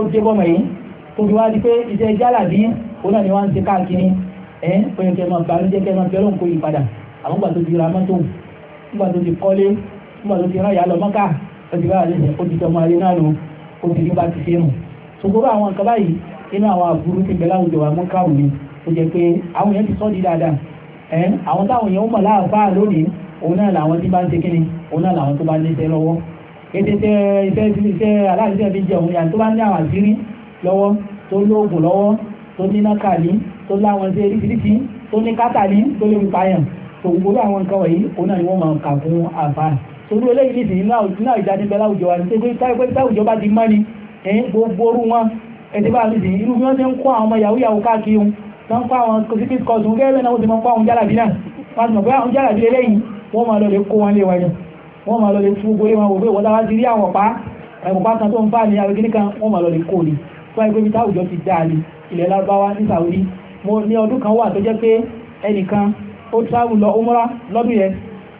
wọ́n ń ṣe káàkiri ẹ ó yẹ kẹ́ máa bàánú jẹ́ kẹ́ máa bẹ lọ́hùn kó nígbà tó ti rán ìyá lọ mọ́kà ó ti bá wà lẹ́sẹ̀ ó ti tọmọ ayé náà nù ó ti rí bá ti ṣe nù ṣògbóró àwọn nǹkan báyìí inú àwọn àbúrú ti bẹ láwùjọ wa mọ́kà wù mí ó jẹ pé àwọn èèyàn ti sọ́ di dáadáa ẹ àwọn táwọn èèyàn ń mọ̀ láàfáà lónìí òun náà làwọn tí bá ń ṣe kíni òun náà làwọn tó bá ń léṣẹ́ lọ́wọ́ kété iṣẹ́ iṣẹ́ aláàríṣẹ́ fi jẹun yàtọ̀ tó bá ní àwọn àṣírí lọ́wọ́ tó lóògùn lọ́wọ́ tó ní nákàlí tó láwọn iṣẹ́ oríṣiríṣi tó ní kátàlí tó lè fi payàn tó gbogbo àwọn nǹkan wọ̀nyí òun náà ni wọ́n máa kà àfáà torí eléyìí nìsí náà ìjáde bẹ láwùjọ wa ní pé táwùjọ bá ti mọ́ ni ẹ̀yìn gbogbo orú wọn ẹ̀tí bá ní sí irú bí wọ́n ti ń kó àwọn ọmọ yahoo yahoo káàkiri wọn tó ń kó àwọn secret cause wọn gẹ́gẹ́ náà ó ti mọ́ kó àwọn jálàbí náà wọ́n ti mọ̀ pé àwọn jálàbí eléyìí wọ́n máa lọ lè kó wọn lé wáyé wọ́n máa lọ lè tú gbogbo wọn wò pé wọ́n táwa ti rí àwọn ọ̀pá ẹ̀kọ̀pá kan tó ń fà ní abẹ́gẹ́ nìkan wọ́n máa lọ lè kó ni fún ẹgbẹ́ bíi táwùjọ ti dáa ni ilẹ̀ lárúbáwá ní Saudi mo ní ọdún kan wà tó jẹ́ pé ẹnìkan ó travel lọ umrah lọ́dún yẹn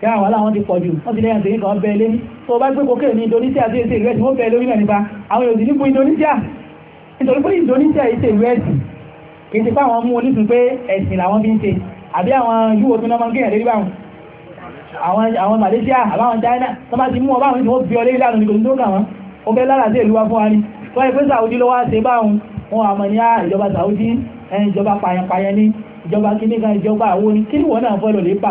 kí àwọn aláwọn ti pọ̀jù wọ́n ti lẹ́yìn ìsìnkà ọbẹ̀ ilé tó bá gbé kókè ní Indonesia tí èsè ìrẹsì wọ́n bẹ̀ẹ́ lórí mẹ́rin bá àwọn èrò ìdíbò Indonesia nítorí pé Indonesia èsè ìrẹsì kì í ti fáwọn mú oníṣùn pé ẹ̀sìn làwọn fi ń ṣe àbí àwọn yúwo tó náà máa ń gẹ̀yàn lérí báwọn àwọn Malaysia àbáwọn China tó bá ti mú ọba àwọn ìdíwọ́ bí ọ lérí lánàá nítorí tó kà wọ́n ó fẹ́ lára sí ìlú wa fún wa ni tó yẹ pé Saudi ló wá ṣe báwọn wọn àmọ́ ní ah, ìjọba Saudi ẹni ìjọba payanpayan ní ìjọba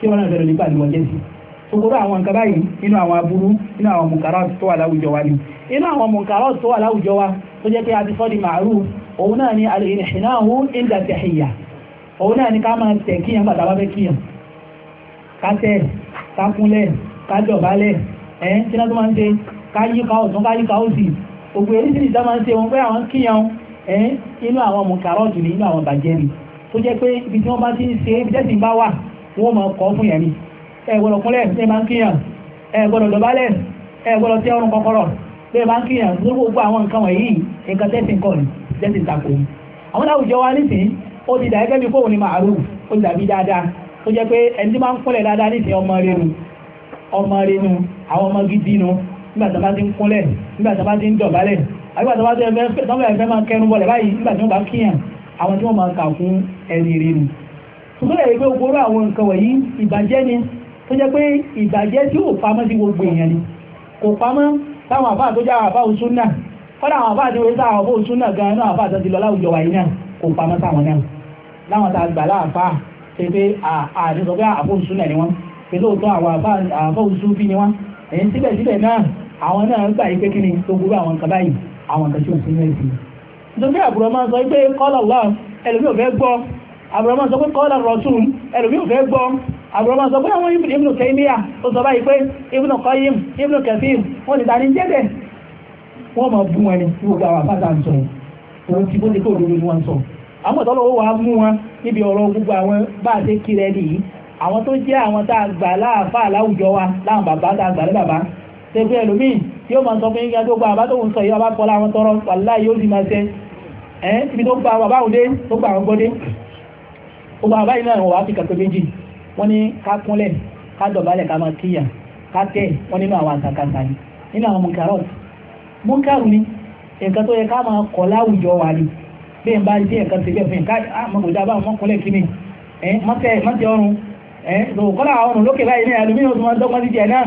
kí wọ́n náà bẹ̀rẹ̀ nípa àlùwọ̀n sí sokoro àwọn nǹkan báyìí nínú àwọn aburú nínú àwọn mùkàrà tó wà láwùjọ wa ni inú àwọn mùkàrà tó wà láwùjọ wa tó jẹ́ pé a ti sọ́ di màálù òun náà ni òun náà ni ká máa tẹ̀ bàtà bá fẹ́ ká tẹ̀ ká kúnlẹ̀ ká ẹ̀ tó máa ń ṣe ká ká àwọn ọ̀tún ti wọ́n máa kọ́ fún yẹn ni ẹ gbọ́dọ̀ kúnlẹ̀ ṣe máa ń kíyàn ẹ gbọ́dọ̀ dọ̀bálẹ̀ ẹ gbọ́dọ̀ tẹ́ ọrùn kọ́kọ́rọ́ bẹ́ẹ̀ máa ń kíyàn ní gbogbo àwọn nǹkan wọ̀nyí nǹkan tẹ́sìn kọ́ ni tẹ́sìn tako ni àwọn àwùjọ wa nísìn ó ti dàgẹ́ bí fóun ni màálù ó ti dàbí dáadáa ó jẹ́ pé ẹni tí máa ń kúnlẹ̀ dáadáa nísìn ọmọ rẹ nu ọmọ rẹ nu àwọn ọmọ gidi nu nígbà tí a bá ti ń kúnlẹ̀ nígbà tí a bá ti ń dọ̀bálẹ̀ àgbà tí a bá ti ń fẹ́ máa kẹrun bọ̀lẹ̀ báyìí nígbà tí wọ́n bá kíyàn àwọn tí wọ́n máa ṣùgbọ́n ẹ̀rí pé gbogbo àwọn nǹkan wọ̀nyí ìbàjẹ́ ni tó jẹ́ pé ìbàjẹ́ tí ó pamọ́ sí gbogbo èèyàn ni kò pamọ́ táwọn àfáà tó jáwà àfáà òsún náà kọ́dà àwọn àfáà tí ó sáà àfáà òsún náà gan náà àfáà tó lọ láwùjọ wà náà kò pamọ́ sáwọn náà láwọn tá a gbà láàfáà ṣe pé àti sọ pé àfáà òsún náà ni wọ́n pé lóòótọ́ àwọn àfáà òsún bí ni wọ́n èyí síbẹ̀síbẹ̀ náà àwọn náà ń gbà ni tó gbogbo àwọn nǹkan báyìí àwọn nǹkan tí ò sí mẹ́rin sí i. nítorí àbúrò máa ń àbúrọ̀mọ́ sọ pé kọ́lá rọ̀tún ẹlùmí ò fẹ́ gbọ́ àbúrọ̀mọ́ sọ pé àwọn Ibn Taymiyyah ó sọ báyìí pé Ibn Qayyim Ibn Kathir wọ́n ti dání jẹ́dẹ̀ wọ́n mọ̀ bú wọn ni gbogbo àwọn àbáta ń sọ òun ti bó ti kó òdodo ni wọ́n sọ àwọn tọ́lọ́ ó wà á mú wọn níbi ọ̀rọ̀ gbogbo àwọn bá a ṣe kiri ẹni yìí àwọn tó jẹ́ àwọn tá a gbà láàfáà láwùjọ wa láwọn bàbá tá a gbà ní bàbá tẹ́gbẹ́ ẹlòmíì tí ó máa sọ fún ìgbà tó gba àbá tó ń sọ ìyá bá fọlá àwọn tọrọ wàláhì yóò sì máa ṣe ẹ́ ibi tó gba bàbá òde tó gba àwọn gbọ́dé ó bá báyìí náà wọ́n wá fi kàtó méjì wọ́n ní ká kúnlẹ̀ ká dọ̀bálẹ̀ ká máa kíyà ká tẹ̀ wọ́n nínú àwọn àtàkàtà ni nínú àwọn munkarot munkaru ni nǹkan tó yẹ ká máa kọ̀ láwùjọ wà ní bí n bá rí sí nǹkan ti bẹ́ẹ̀ fún yín ká àmọ̀kòjá ah, bá wọn kúnlẹ̀ kí ni ẹ̀ mọ́tẹ̀ ọrùn ẹ̀ lòkọ́lá ọrùn lókè báyìí ní ẹlòmíràn tó máa dọ́gbọ́n sí jẹ náà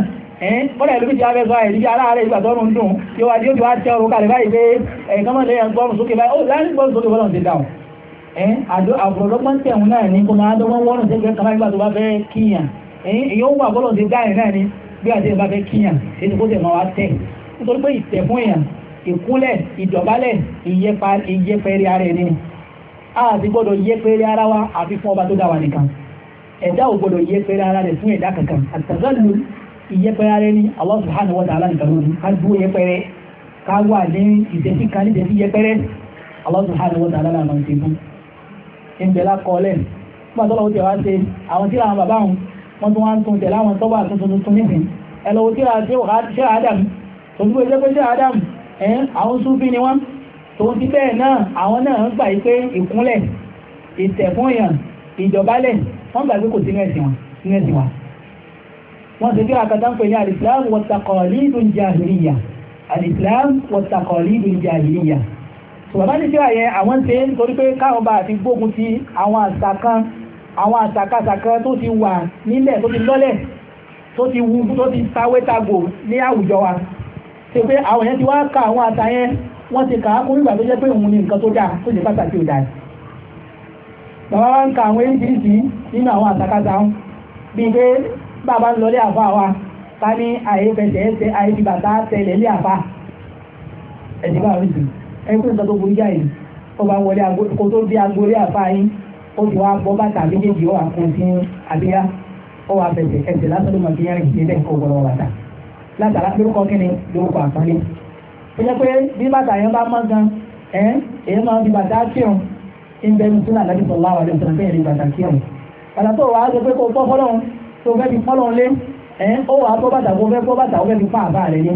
kọ́lẹ̀ ìlú méjì abẹ́sọ́ àìrí bí aláàrẹ̀ ìgbà tọ́rún dùn yóò wá tí ó ti wá tẹ́ ọrùn kalẹ̀ báyìí pé ẹ̀kọ́mọ̀lẹ́yàn gbọ́rùn sókè báyìí ó láàrín gbọ́rùn sókè bọ́lọ̀ ti dáhùn àgbọ̀lọ́gbọ́n tẹ̀hún náà ní kó máa dọ́gbọ́n ẹgbẹ́ bá fẹ́ kíyàn èyí ó wà bọ́lọ̀ sí náà ní bí àti ẹ̀bá fẹ́ kíyàn ètò kó tẹ̀mọ̀ wá tẹ̀ nítorí pé ìtẹ̀ fún èèyàn ìdọ̀bálẹ̀ ara ẹni a gbọ́dọ̀ ara wa àfi fún ọba tó dá wa nìkan ẹ̀dá ò gbọ́dọ̀ ara rẹ̀ fún ẹ̀dá kankan ń bẹ̀lá kọlẹ̀ pàtọ́lọ́wọ́ tẹ̀ wá ṣe àwọn tíra àwọn bàbá wọn wọ́n tún wá ń tún tẹ̀lá àwọn tọ́bà tuntun tuntun nìsín ẹlọ́wọ́ tíra ṣe adam tó ń gbé pé ṣe adam ẹ̀yìn àwọn súnfí ni wọ́n tó ti bẹ́ẹ̀ náà àwọn náà ń gbà pé ìkúnlẹ̀ ìtẹ̀fún èèyàn ìjọbalẹ̀ wọ́n gbà pé kò sínú ẹ̀sìn wọn wọ́n ti bí àkàtà ń pè ní al-Islam wa taqalidul jahiliya al-Islam wa taqalidul jahiliya bàbá ní tíra yẹn àwọn ṣe ń torí pé káwọn bá àti gbógun ti àwọn àṣàkan àwọn àṣàkáṣàkan tó ti wà nílẹ̀ tó ti lọ́lẹ̀ tó ti wù tó ti tawé tagbò ní àwùjọ wa ṣe pé àwọn yẹn ti wá ka àwọn àṣà yẹn wọ́n ti kà á kún ìgbà tó jẹ́ pé òun ni nǹkan tó dáa tó ṣe pàtàkì ò dáa bàbá wa ń ka àwọn oríṣiríṣi nínú àwọn àṣàkáṣà ń bíi pé bàbá ń lọlé àfa wa ká ní àyè fẹsẹ̀ ẹsẹ̀ àyè fi bàtà tẹlẹ̀ lé àfa ẹ̀sìn bá rí sí i ẹni pé nǹkan burú jáì tó bá wọlé kó tó dé agboolé àfáàyín ó ti wá bọ́ bàtà méjèèjì ó wà kún sí abíyá ó wà fẹsẹ̀ ẹsẹ̀ lásán ló máa fi yẹn kó bàtà látara lórúkọ lórúkọ ó pé bí bàtà yẹn bá mọ́ gan máa fi bàtà kírun ń bẹ́ẹ̀ sọ̀rọ̀ bẹ́ẹ̀ rí bàtà kírun bàtà tó wàá sọ pé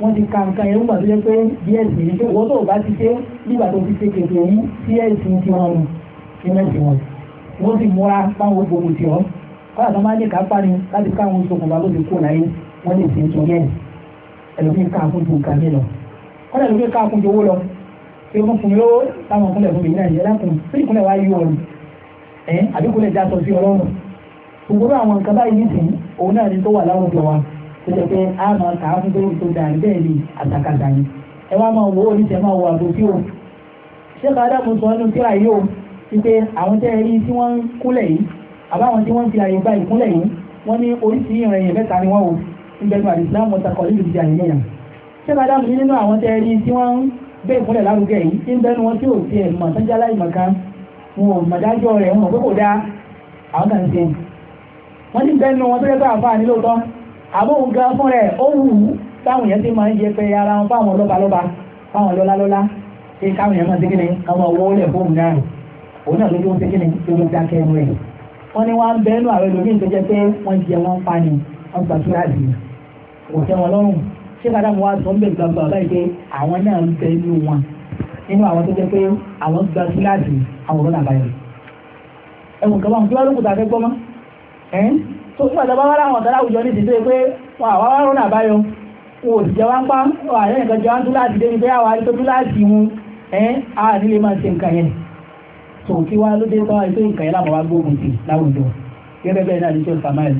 wọ́n ti ka nǹkan ẹ̀rú gbàdúrà pé díẹ̀ sí i wọ́n tó bá ti ṣe nígbà tó fi ṣe kèké yín díẹ̀ sí ti wọn nù ní mẹ́sì wọn wọ́n sì múra fáwọn gbogbo tí ọ́ kọ́lá tó máa ń lè ká páni láti káwọn ìṣokùnfà ló ti kú láyé wọ́n lè ṣe ìtọ́ yẹn ẹlòmíì ká fún ju nǹkan mi lọ kọ́lá ẹlòmíì ká fún ju lọ pé wọ́n fún mi lówó táwọn kúnlẹ̀ fún mi náà yẹ lákùn tẹ̀lé pé a máa kà á fún pé tó dà ní bẹ́ẹ̀ ni àtàkàtà ni ẹ wá máa wo oníṣẹ́ máa wo àbòsí o ṣé kàdá mo sọ nínú kíra yìí o ti pé àwọn tẹ́ ẹ rí tí wọ́n ń kúlẹ̀ yìí àbáwọn tí wọ́n fi àyè gba ìkúnlẹ̀ yìí wọ́n ní oríṣiríṣi ìrìn èèyàn mẹ́ta ni wọ́n wò níbẹ̀ nípa ìsìlámù ọ̀tàkọ̀ lílu ti àyè yẹn ṣé kàdá mo nínú àwọn tẹ́ ẹ rí tí wọ́n gbé ìkúnlẹ̀ lárugẹ yìí ń bẹ́nu wọn tí ò tiẹ̀ mọ̀ sọ́jà láìmọ̀kan wọn ò mọ̀dájọ́ rẹ̀ wọn ò pé kò dáa àwọn kan ṣe wọ́n ní bẹ́nu wọn tó yẹ àbóhùn gan fún rẹ̀ ó wù ú táwọn èèyàn ti máa ń yẹ pé ara wọn fáwọn lọ́balọ́ba fáwọn lọ́lálọ́lá ṣe káwọn èèyàn máa ṣe kíni káwọn owó lẹ̀ fóun náà òun náà lójú ń ṣe kíni lójú ń dákẹ́ ẹnu rẹ̀ wọ́n ní wọ́n á bẹ́ẹ̀ nù àwọn ẹlòmíín tó jẹ́ pé wọ́n jẹ wọ́n ń pani wọ́n gbàdúrà sí i kò tẹ́ wọn lọ́rùn ṣé kàdá mo wá sọ ń bẹ̀ gbàgbà báyìí pé àwọn náà ń bẹ inú wọn nínú àwọn tó jẹ́ pé àwọn gba síláàsì àwọn ọ̀rọ̀ làbáyọ̀ ẹ̀wọ̀n kan bá wọn tó ń pàtàkì wá láwọn ọ̀dọ́ láwùjọ ní ìdílé pé wà wá wá rọ́nà àbáyọ wọn ò sì jẹ́ wá ń pa wà lẹ́yìn kan jẹ́ wá ń tú láti dé ní pé àwa tó tú láti wọn ẹ́ a nílé máa ṣe nǹkan yẹn tó kí wá ló dé tọ́wọ́ ìpé nǹkan yẹn láwọn wá gbóògùn sí láwùjọ gẹ́gẹ́ bẹ́ẹ̀ náà ní sọ samuel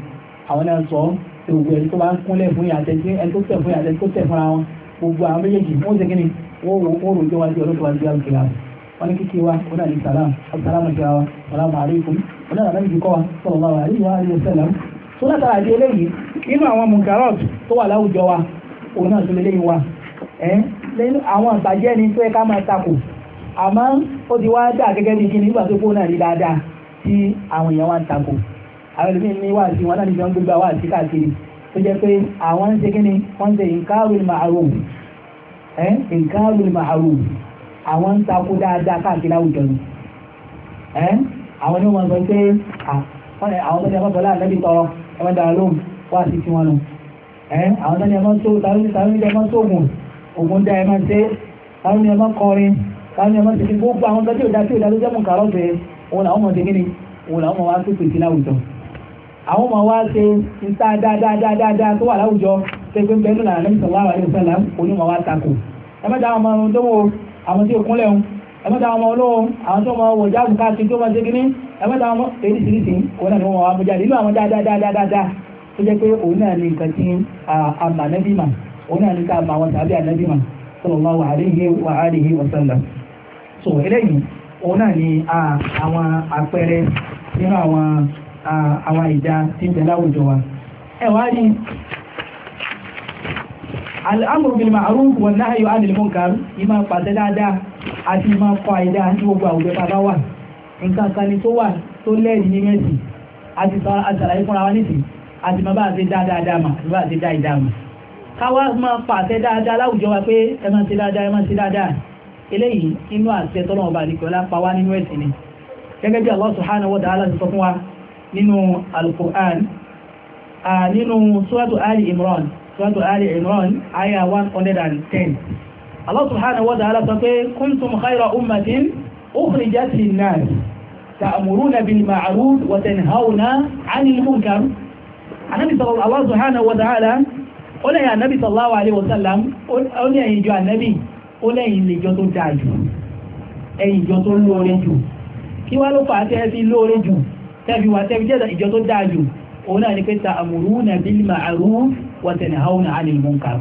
àwọn náà sọ gbogbo ẹni tó bá ń kúnlẹ̀ fún ìyàtẹ̀ tí ẹni tó tẹ̀ fún ìyàtẹ̀ tó tẹ̀ fúnra wọn gbogbo àwọn méjèèjì wọ́n ṣe kíni wọ́n rò ó rò jọ wájú ọlọ́pàá ju àgbèrè àwọn wọn ní kíkí wa ó náà ní sàlámù àbúsàlámù àti àwọn sàlámù àríkùn ọ̀nà àbẹ́bí kọ́ wa sallallahu alaihi wa alihi wasallam tó látara àti eléyìí nínú àwọn munkarot tó wà láwùjọ wa òun náà tó lé léyìí wa ẹ́ lẹ́nu àwọn àbàjẹ́ ni tó yẹ ká máa takò àmọ́ ó ti wá dà gẹ́gẹ́ bí kíni nígbà tó kó náà rí dáadáa tí àwọn èèyàn wá ń takò àwọn ẹlòmíín ní wá sí wọn náà níbi wọn gbégbá wá sí káàkiri tó jẹ́ pé àwọn ń ṣe kíni wọ́n ń ṣe inkarul ma'ruf ẹ́ inkarul ma'ruf àwọn ń takò dáadáa káàkiri láwùjọ ni àwọn ní wọn sọ pé àwọn tó ní ẹmọ́ bọ́lá àlẹ́bí tọrọ ẹmọ́ dára lóhùn wá sí tí wọn nù àwọn tó ní ẹmọ́ tó tàbí ní ẹmọ́ sóògùn ògùn dá ẹmọ́ ṣe tàbí ní ẹmọ́ kọrin tàbí ní ẹmọ́ ṣe gbogbo àwọn tó tí ò dá tí ò dá ló jẹ́ mú kàrọ́ pé òun làwọn mọ̀ dégínì òun làwọn mọ̀ wá tó pèsè láwùjọ àwọn mọ̀ wá ṣe ìta dáadáa tó wà láwùjọ tẹgbẹ́ bẹ́ẹ̀ nù làlẹ́ ẹmẹ́ta ọmọ olóhun àwọn tó ọmọ wọ jáàbù káàkiri tó máa ṣe ọmọ eríṣiríṣi òun náà ni wọ́n wá jáde àwọn dáadáadáadáa tó jẹ́ pé òun náà ni nǹkan tí àmà nẹ́bí mà òun náà ni ká àmà àwọn tàbí ànẹ́bí mà sallallahu alaihi wa alihi wa sallam so eléyìí òun náà àti máa fa ìdá àti gbogbo àwùjọ bàbá wà nǹkan kan ni tó wà tó lẹ́ẹ̀dì ní mẹ́sì àti sàlàyé fúnra wa nìsí àti máa bá àti dáadáa mà àti bá àti dá ìdá mà káwá máa fa àṣẹ dáadáa láwùjọ wa pé ẹ máa ṣe dáadáa ẹ máa ṣe dáadáa eléyìí inú àṣẹ tọ́lọ́wọ́ bá nìkan lápá wá nínú ẹ̀sìn ni gẹ́gẹ́ bí Allah subhanahu wa ta'ala ti sọ fún wa nínú al-Qur'an nínú suratu Ali Imran suratu Ali Imran aya 110 Allah subhanahu wa ta'ala sọ pé kuntum khayra ummatin ukhrijat lin-nas ta'muruna bil ma'ruf wa tanhauna 'anil munkar Ànábì sallallahu Allah subhanahu wa ta'ala ó lẹ́yìn Ànábì sallallahu alaihi wa sallam ó lẹ́yìn ìjọ Ànábì ó lẹ́yìn ìlẹ́jọ́ tó dáa wà tẹ́fi jẹ́ ìjọ tó dáa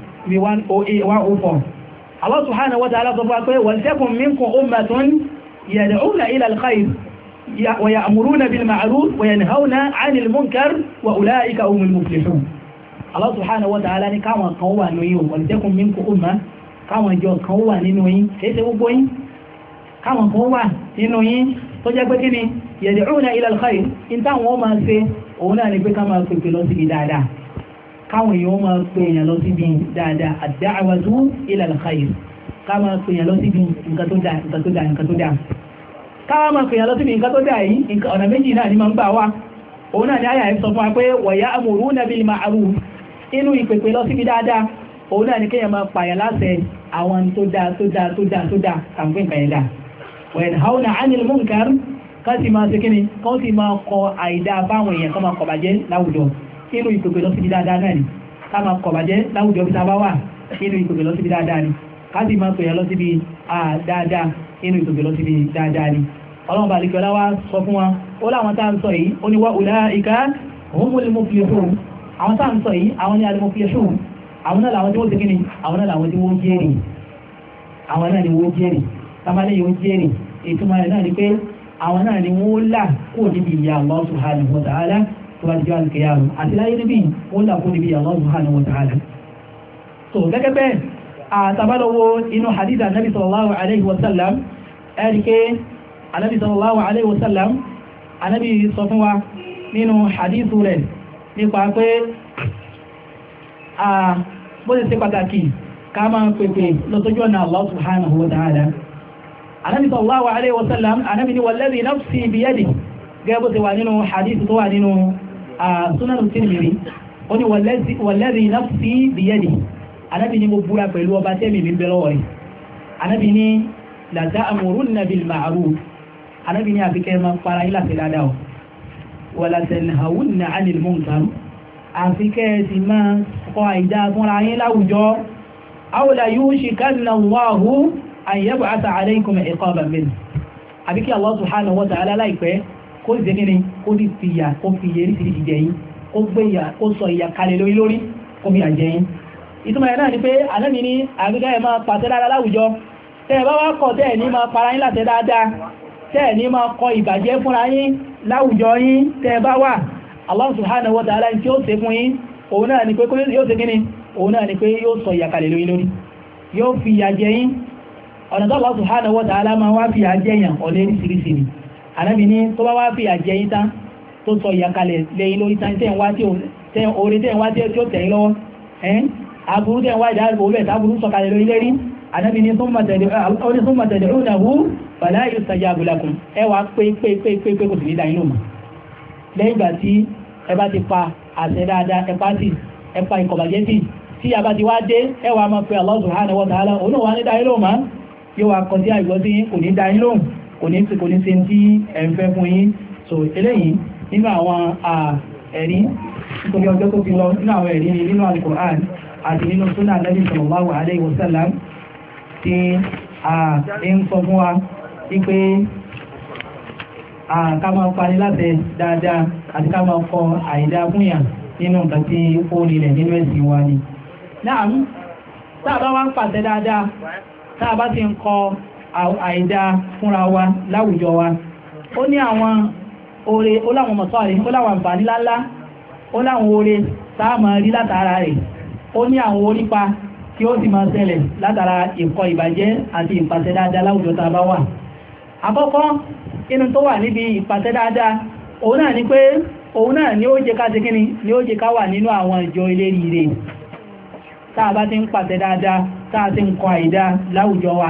bí 104 e- Allah subhanahu wa ta'ala sọ fún pé wal takun minkum ummatun yad'una ila al-khayr wa ya'muruna bil ma'ruf wa yanhauna 'anil munkar wa ulaika humul muflihun Allah subhanahu wa ta'ala ní káwọn kan wà nínú yín wal takun minkum umma káwọn jọ kan wà nínú yín kéèsè gbogbo yín káwọn kan wà nínú yín tó jẹ́ pé kí ni yad'una ila al-khayr in táwọn ó máa ṣe òun náà ni pé ká máa pèpè lọ sí dáadáa káwọn èèyàn máa pè èèyàn lọ síbi dáadáa ad-da'watu ila al-khayr ká máa pè èèyàn lọ síbi nǹkan tó dáa nǹkan tó dáa nǹkan tó dáa ká máa pè èèyàn lọ síbi nǹkan tó dáa yìí ọ̀nà méjì náà ni máa ń gbà wá òun náà ni àyà ẹ̀ sọ fún wa pé wa ya'muruna bil ma'ruf inú ìpèpè lọ síbi dáadáa òun náà ni kéèyàn máa pààyàn láṣẹ àwọn tó dáa tó dáa tó dáa tó dáa tàbí nǹkan yẹn dáa wa yanhauna 'anil munkar ká sì máa ṣe kíni kó sì máa kọ àìdáa fáwọn èèyàn kó máa kọ̀ bàjẹ́ láwùjọ inú ìpèpè lọ síbi dáadáa náà ni ká máa kọ̀bàjẹ́ láwùjọ bí ta bá wà inú ìpèpè lọ síbi dáadáa ni ká sì máa pèyàn lọ síbi dáadáa inú ìpèpè lọ síbi dáadáa ni ọlọ́run bá wa ó láwọn tá à ń sọ yìí ó ní wá òlà ìka òun mú lè mú fi hù àwọn tá à ń sọ yìí àwọn ní alimọ̀ fi hù àwọn náà làwọn tí wọ́n ti kíni àwọn ìtumọ̀ rẹ̀ náà ni pé àwọn náà ni wọ́n là kó níbi ìyá Allah subhanahu wa ta'ala tó bá jẹ́ alìkìyàmù àti láyé níbi wọ́n dà fún níbi Allah subhanahu wa ta'ala so gẹ́gẹ́ bẹ́ẹ̀ àtàbálọ́wọ́ inú hadith anabi sallallahu alayhi wa sallam ẹ̀ríkẹ́ anabi sallallahu alayhi wa sallam anabi sọ fún wa nínú hadith rẹ̀ nípa pé bó ti ṣe pàtàkì ká máa pèpè lọ́sọ́jú ọ̀nà Allah subhanahu wa ta'ala anabi sallallahu alayhi wa sallam anabi ni wallazi nafsi biyadihi gẹ́gẹ́ bó ti wà nínú hadith tó wà nínú Ah, súnánù tìrìmìrì ó ní wọ̀lẹ́rì nafsi bìyẹ́dì anábì ní mo búra pẹ̀lú ọba tẹ́mì mi bẹ lọ́wọ́ rẹ̀ anábì ní làtà àmúrún nàbì màrú anábì ní àfikẹ́ máa para yín láti dáadáa o wàlàtẹ̀nàhàwùn nà ánìl mọ́ǹkàrú àfikẹ́ ti máa kọ́ àìdá fúnra yín láwùjọ àwòlà yóò ṣe kánà wáhù àyẹ̀bù àtà kó sì dẹ́kẹ́ni kó sì fi ìyà kó fi iye oríṣiríṣi jẹ yín kó gbé ìyà kó sọ ìyà kalẹ̀ lórí lórí kó fi àjẹ yín ìtumọ̀ ẹ̀ náà ni pé àlẹ́mi ní àgbéga ẹ̀ máa pàṣẹ dáadáa láwùjọ tẹ́ ẹ bá wá kọ̀ tẹ́ ẹ̀ ní máa para yín láṣẹ dáadáa tẹ́ ẹ̀ ní máa kọ ìbàjẹ́ fúnra yín láwùjọ yín tẹ́ ẹ bá wà Allah subhanahu wa ta'ala tí ó ṣe fún yín òun náà ni pé yóò ṣe kíni òun náà ni pé yóò sọ ìyà kalẹ̀ lórí lórí yóò fi ìyà jẹ yín ọ̀nà tó Allah subhanahu wa ta'ala máa wá fi ìyà jẹ yàn ọ̀lẹ́ ní sírísìí ànábì ní tó bá wá fi àjẹ yín tán tó sọ ìyàkalẹ̀ lẹ́yìn lórí tán tẹ́ ń wá tí orí tẹ́ wá tí ó tẹ̀yìn lọ́wọ́ ẹ́n aburú tẹ́ wá ìdáàbò bẹ̀ táburú sọ̀kalẹ̀ lórí lérí ànábì ní tó mọ̀tẹ̀lẹ̀ ònàwó pàlá ìrìsàjà pé pé pé ti a ti kò ní sí kò tí ẹ̀fẹ́ fún yín so eléyìí nínú àwọn ẹ̀rí nítorí ọjọ́ tó fi lọ nínú àwọn ẹ̀rí ni nínú Al-Qur'an àti nínú súnà Nabi sallallahu alaihi wasallam tí a ń sọ fún wa wípé ká máa pani láti dáadáa àti ká kọ àìdá fún nínú nǹkan tí ó nílẹ̀ wa ni. náà tá a àìdá fúnra wa láwùjọ wa ó ní àwọn oore ó láwọn ọmọ mọ̀sọ́rẹ̀ ó láwọn àǹfààní láńlá ó láwọn oore sáàmà rí látara rẹ̀ ó ní àwọn orípa tí ó sì máa ṣẹlẹ̀ látara ìkọ ìbàjẹ́ àti ìpàṣẹ dáadáa láwùjọ tá wà àkọ́kọ́ inú tó wà níbi ìpàṣẹ dáadáa òun náà ni pé òun náà ni ó jẹ ká tekíní ni ó jẹ ká wà nínú àwọn ìjọ eléríire tá a bá ti ń pàṣẹ dáadáa tá a ti ń kọ àìdá láwùjọ wa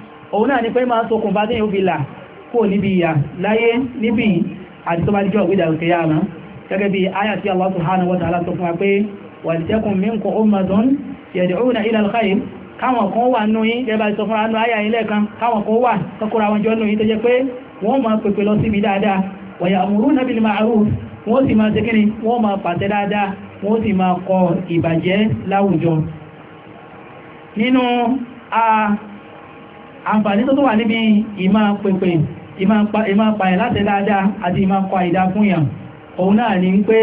òun náà ni pé máa sókùn bá tíyàn fi là kó níbi ìyà láyé níbi àti tó bá yà mọ́ gẹ́gẹ́ bí ayà tí Allah subhanahu wa ta'ala sọ fún wa pé walitakun ila al-khayr káwọn kan wà nù yí gẹ́gẹ́ bá sọ fún anú ayà ilẹ̀ kan káwọn kan wà kọ́kọ́rọ̀ àwọn jọ nù yí tó jẹ́ pé wọ́n máa pèpè lọ a àǹfààní tó tó wà níbi ìmá pèpè ìmá pààyàn láti dáadáa àti ìmá kọ àìdá fún yàn òun náà ni pé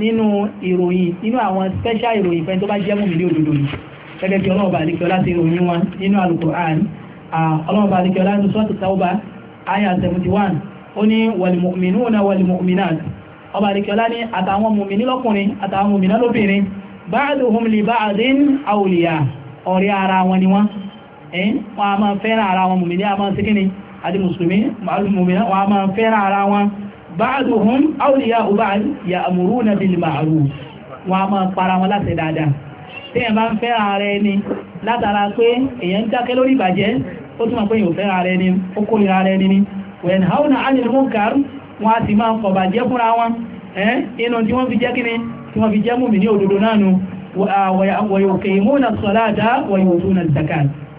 nínú ìròyìn nínú àwọn special ìròyìn fẹ́ tó bá jẹ́ mùmí ní òdodo yìí gẹ́gẹ́ bí ọlọ́ọ̀bà àdìkẹ́ láti ìròyìn wọn nínú Al-Qur'an ọlọ́ọ̀bà àdìkẹ́ láti sọ́ọ̀tù Tawba aya 71 ó ní wal-mu'minuna wal-mu'minat ọba àdìkẹ́ lá ní àtàwọn mùmí nílọ́kùnrin àtàwọn mùmí nálóbìnrin ba'duhum li ba'din awliya ọ̀rẹ́ ara wọn ni wọ́n wọ́n a máa fẹ́ràn ara wọn mùmìnì a máa ṣe kíni àti mùsùlùmí mùmìnì wọ́n a máa fẹ́ràn ara wọn ba'duhum awliya'u ba'd ya'muruna bil ma'ruf wọ́n a máa para wọn láti dáadáa tí ẹ̀ bá ń fẹ́ràn ara ẹni látara pé èèyàn ń dákẹ́ lórí ìbàjẹ́ ó túnmọ̀ pé èèyàn fẹ́ràn ara ẹni ó kórìíra ara ẹni ni wẹ̀n haúnà ánìlú munkar wọ́n a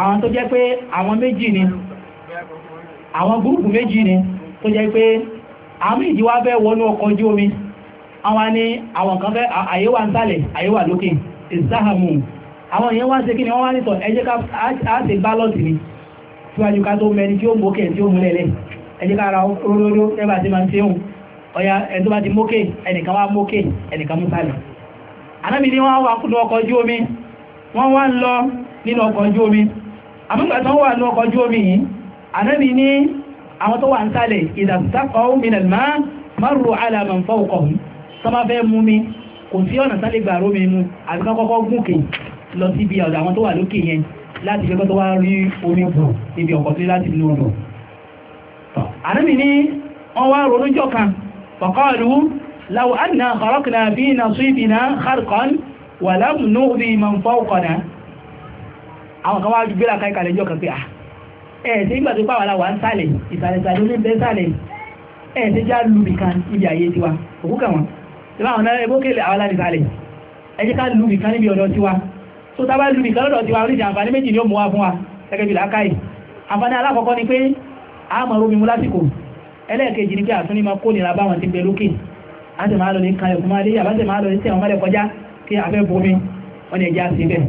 àwọn tó jẹ́ pé àwọn méjì ni àwọn gúrùpù méjì ni tó jẹ́ pé àwọn méjì wá fẹ́ wọnú ọkọ̀ ojú omi àwọn ni àwọn kan fẹ́ àyè wà nsàlẹ̀ àyè lókè ìsáhàmù àwọn èèyàn wá ṣe kí ni wọ́n wá nìtọ̀ ẹ jẹ́ ká á ṣe bálọ̀tì ni síwájú ká tó mẹ́ni tí ó mókè tí ó múlẹ̀lẹ̀ ẹ ká ra róróró ẹbà tí ma ń tíhùn ọya ẹ̀tọ́ bá ti mókè ẹnìkan wá mókè ẹnìkan mú sálẹ̀ anábìlí wọ́n wá kúrò ọkọ̀ ojú omi wọ́n wá ń lọ nínú ọkọ̀ ojú omi àmúgbà tó wà ní ọkọ̀ ojú omi yìí anábi ní àwọn tó wà ń sálẹ̀ ìdàtàkọ̀ minal ma marru ala man fawqahum tó bá fẹ́ mú mi kò sí ọ̀nà sálẹ̀ gbà rómi mú àti kọ́kọ́ gúnkè lọ sí ibi àwọn tó wà lókè yẹn láti fẹ́ tó wá rí omi bù níbi ọkọ̀ tó láti lò rọ̀ àwọn kan wá gbé làkà ìkàlẹ̀ jọ kan pé à ah, ẹ̀ ṣe ìgbà tó pàwọ́ la wà ń sàlẹ̀ ìsàlẹ̀ ìsàlẹ̀ ló ń bẹ sàlẹ̀ ẹ̀ ṣe já lu nìkan ibi àyè tiwa òkú kàn wọ́n ṣe bá àwọn náà ebó kéle àwọn láti sàlẹ̀ ẹ jẹ́ ká lu nìkan níbi ni ó mú wa fún ni pé a máa ni pé àtúní máa kó nira lọ ní kan ẹ̀kún máa lé àbájẹ́ lọ ní tẹ̀wọ̀n mọ́lẹ̀ kọjá kí afẹ́ bomi wọn ni ẹja sí bẹ́ẹ̀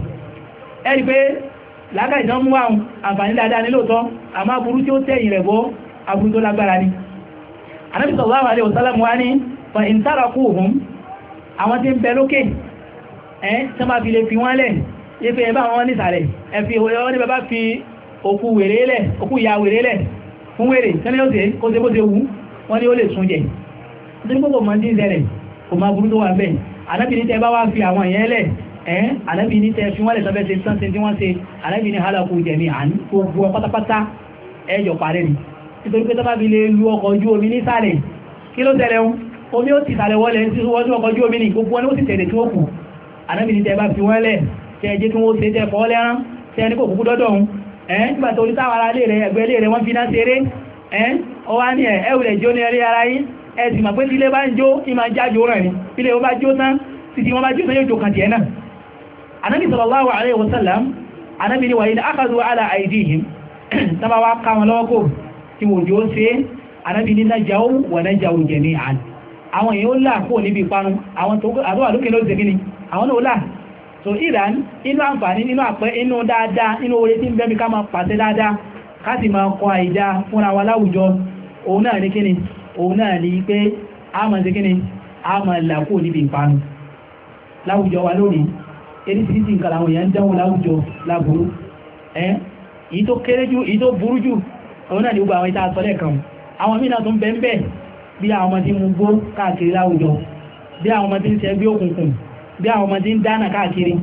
ẹ̀rí pé láàkà ìdán mú àwọn àǹfààní dáadáa ní lóòtọ́ àmá burú tí ó tẹ́yìn rẹ̀ bọ́ aburú tó lágbára ni Ànábì sallallahu alaihi wasallam wá ní fa in tarakuhum àwọn tí ń bẹ lókè ẹ́ tí wọ́n bá fi lè fi wọ́n lẹ̀ ife ẹ̀bá wọn nísàlẹ̀ ẹ̀fì ìwòyọ́ ní bàbá fi òkú wèrè lẹ̀ òkú ìyá wèrè lẹ̀ ní ìṣẹ̀lẹ̀ bá fi àwọn ìyẹn lẹ̀ ẹ́n alábi ní tẹ́ fi wọ́n lè sọ bẹ́ẹ̀ tán tí wọ́n ṣe alábi ní hálàkù jẹ̀mí à ní gbogbo pátápátá ẹjọ̀ parẹ́ ni nítorí pé tọ́bá fi lè lu ọkọ̀ ojú omi ní sàlẹ̀ kí ló tẹ̀lé ń omi ó ti sàlẹ̀ wọlé sí wọ́n ọkọ̀ ojú omi ní gbogbo wọn ó ti tẹ̀lé tí ó kù alábi ní tẹ́ bá fi wọ́n lẹ̀ tẹ́ ẹjẹ́ kí wọ́n ṣe tẹ́ fọ́ lẹ́rán tẹ́ ní kò kúkú dọ́dọ̀ ń ẹ́n nígbà tó oríta ara lè rẹ ẹgbẹ́ lè rẹ wọ́n fi ná ṣeré ẹ́n ọ wá ní ẹ̀ ẹ̀wùlẹ̀ jó ní ẹrí ara yín ẹ̀ sì mà pé tí ilé bá ń jó ìmà jájó rẹ̀ ilé wọn bá jó tán títí wọn bá jó tán yóò jó kàn tiẹ̀ náà anábi sallallahu alaihi wasallam anábi ni wà ní akadu ala aidihim tàbá wá káwọn lọ́kò tí wọ́n jọ ṣe anábi ní nájáwó wà nájáwó jami'an àwọn èèyàn lá kó níbi ìparun àwọn tó àdúwà lókè ló zèmí ni àwọn náà lá so ìdán inú àǹfààní inú àpẹ inú dáadáa inú orí tí ń bẹ́mi ká máa pàṣẹ dáadáa ká sì máa kọ àìdá fúnra wa láwùjọ òun náà ní kíni òun náà ní pé a máa ṣe kíni a máa là kó níbi ìparun láwùjọ wa lónìí eré títí nǹkan àwọn èèyàn dánwò láwùjọ láburú ẹ́ èyí tó kéré jù èyí tó burú jù òun náà ni gbogbo àwọn ìta àsọlẹ̀ kan àwọn míì náà tó ń bẹ́ ń bẹ́ bí àwọn ọmọ tí ń gbó káàkiri láwùjọ bí àwọn ọmọ tí ń ṣẹgbẹ́ òkùnkùn bí àwọn ọmọ tí ń dáná káàkiri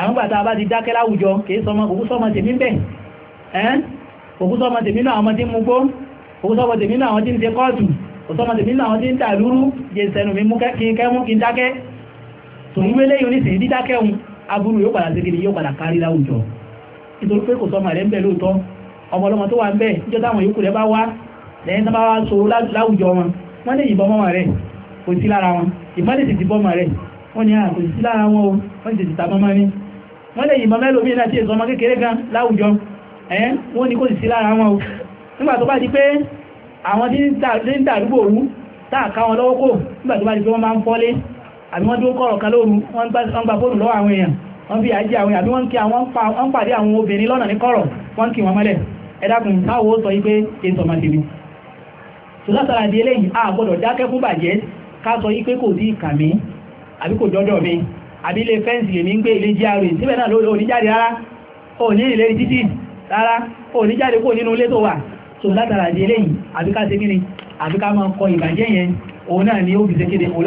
àwọn gbàtà bá ti dákẹ́ láwùjọ kìí sọmọ òkú sọmọ tèmi ń bẹ̀ wélé yóò ní sí dídákẹ́ ohun aburú yóò padà ni yóò padà kárí láwùjọ nítorí pé kò sọ màrẹ́ ń bẹ̀ lóòótọ́ ọmọ ọlọ́mọ tó wà ń bẹ̀ níjọ́ táwọn yòókù rẹ̀ bá wá lẹ́yìn tó bá wá so láwùjọ wọn wọ́n lè yìnbọn mọ́mọ́ rẹ̀ kò sí lára wọn ìbọn lè tètè bọ́mọ rẹ̀ wọ́n ní àkò sí lára wọn o wọ́n tètè tà mọ́mọ́ ní wọ́n lè yìnbọn mẹ́lòmíì láti èso ọmọ kékeré kan láwùjọ ẹ̀ wọ́n ní kò sí lára wọn o nígbà tó bá di pé àwọn tí ń dàrúgbò àbí wọ́n dúró kọ̀rọ̀ kan lóru wọ́n gba fóònù lọ́wọ́ àwọn èèyàn wọ́n fi àjẹ́ àwọn àbí wọ́n kí àwọn pàdé àwọn obìnrin lọ́nà ní kọ̀rọ̀ wọ́n kí wọn mọ́lẹ̀ ẹ dákun sọ wípé ètò ọmọ tèmi di eléyìí a gbọ́dọ̀ dákẹ́ fún bàjẹ́ ká sọ wípé kò sí ìkà mi àbí kò jọ́dọ̀ mi àbí ilé fẹ́ǹsì lèmi ń gbé ilé síbẹ̀ náà lórí oníjáde rárá òní rárá oníjáde kò nínú ilé tó wà di eléyìí kọ ìbàjẹ́ yẹn òun náà ni ó fi ṣe kéde òun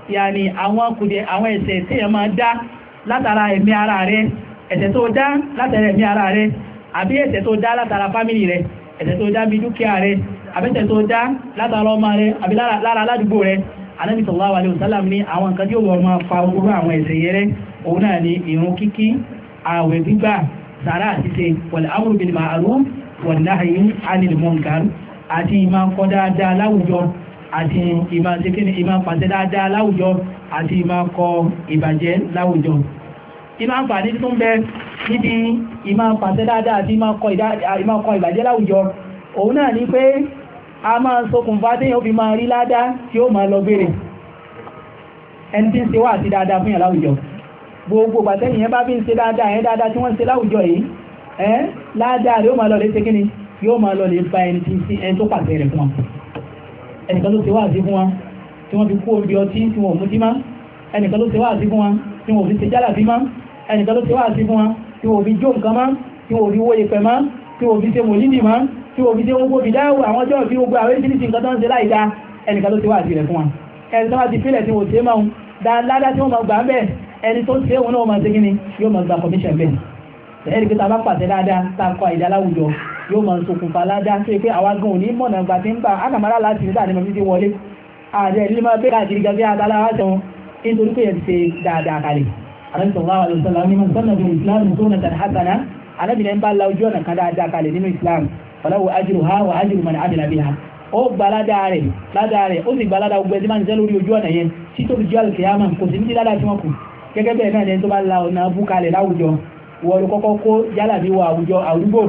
yàní àwọn kùdẹ̀ àwọn ẹ̀ṣẹ̀ tí ẹ máa dá látara ẹ̀mí ara rẹ̀ ẹ̀ṣẹ̀ tó dá látara ẹ̀mí ara rẹ̀ àbí ẹ̀ṣẹ̀ tó dá látara fámìlì rẹ̀ ẹ̀ṣẹ̀ tó dá bí dúkìá rẹ̀ àbẹ́ṣẹ̀ tó dá látara ọmọ rẹ̀ àbí lára aládùúgbò rẹ̀ Ànábì sallallahu alaihi wasallam ní àwọn nǹkan tí ó wọ máa fa orú àwọn ẹ̀ṣẹ̀ yẹn rẹ̀ òun náà ni ìrun kíkí ààwẹ̀ gbígbà sàrá àtìṣe wal amru bil ma'ruf wan nahyi 'anil munkar àti ìmọ̀ kọ́ dáadáa láwùjọ àti ìmá síkíní ìmá pàṣẹ dáadáa láwùjọ àti ìmá kọ ìbàjẹ́ láwùjọ ìmá ń fàní tún bẹ níbi ìmá pàṣẹ dáadáa àti ìmá kọ ìbàjẹ́ láwùjọ òun náà ní pé a máa ṣokùnfà tí yóò fi máa rí ládá tí ó máa lọ bèèrè ẹni tí ń ṣe wá àti dáadáa fún yà láwùjọ gbogbo pàtẹ́yìn yẹn bá fi ń ṣe dáadáa yẹn dáadáa tí wọ́n ń ṣe láwùjọ yìí ẹ́ ládá rẹ̀ ó máa lọ lè ṣe kíni yóò máa lọ lè bá ẹni tó pàṣẹ rẹ̀ fún wọn ẹnìkan ló ṣe wáàsí fún wa tí wọ́n fi kú orí ọtí tí wọ́n mú dímá ẹnìkan ló ṣe wáàsí fún wa tí wọ́n fi ṣe jálà bímá ẹnìkan ló ṣe wáàsí fún wa tí wọ́n fi jó nǹkan má tí wọ́n fi wó ipẹ̀ má tí wọ́n fi ṣe mòlídì má tí wọ́n fi ṣe gbogbo ìdáwò àwọn ọjọ́ fi gbogbo àwọn ìṣiríṣi nǹkan tó ń ṣe láìda ẹnìkan ló ṣe wáàsí rẹ̀ fún wa ẹni tó wá ti fílẹ̀ tí wọ́n ṣe máa ni yóò máa gba ẹ̀rí pé tàbá pàṣẹ dáadáa tàkọ àìdá láwùjọ yóò máa ṣokùnfà ládá tó pé àwa gan òní mọ̀nà ìgbà tí ń bá àkàmárà láti ní tàbí mọ̀fíì wọlé ààrẹ ìlú máa bẹ́ẹ̀ káàkiri gan bí adálá wá sẹ́wọ̀n nítorí pé ẹ̀rí ṣe dáadáa kalẹ̀ alábìsọ̀lá wa islam tó nà tàn hasana alábìnrin bá la ojú ọ̀nà kan dáadáa kalẹ̀ nínú islam wàláwo ajiru ha wà ajiru mọ̀nà àmì làbí ha ó gba ládàá rẹ̀ ládàá rẹ̀ ó sì gba ládàá gbogbo ẹni máa ń sẹ́ lórí ojú ọ̀nà yẹn tí tóbi jẹ́ àlùkè yá la ọ̀nà wọ́n ló kọ́kọ́ kó yálà bí wọ àwùjọ àrúgbò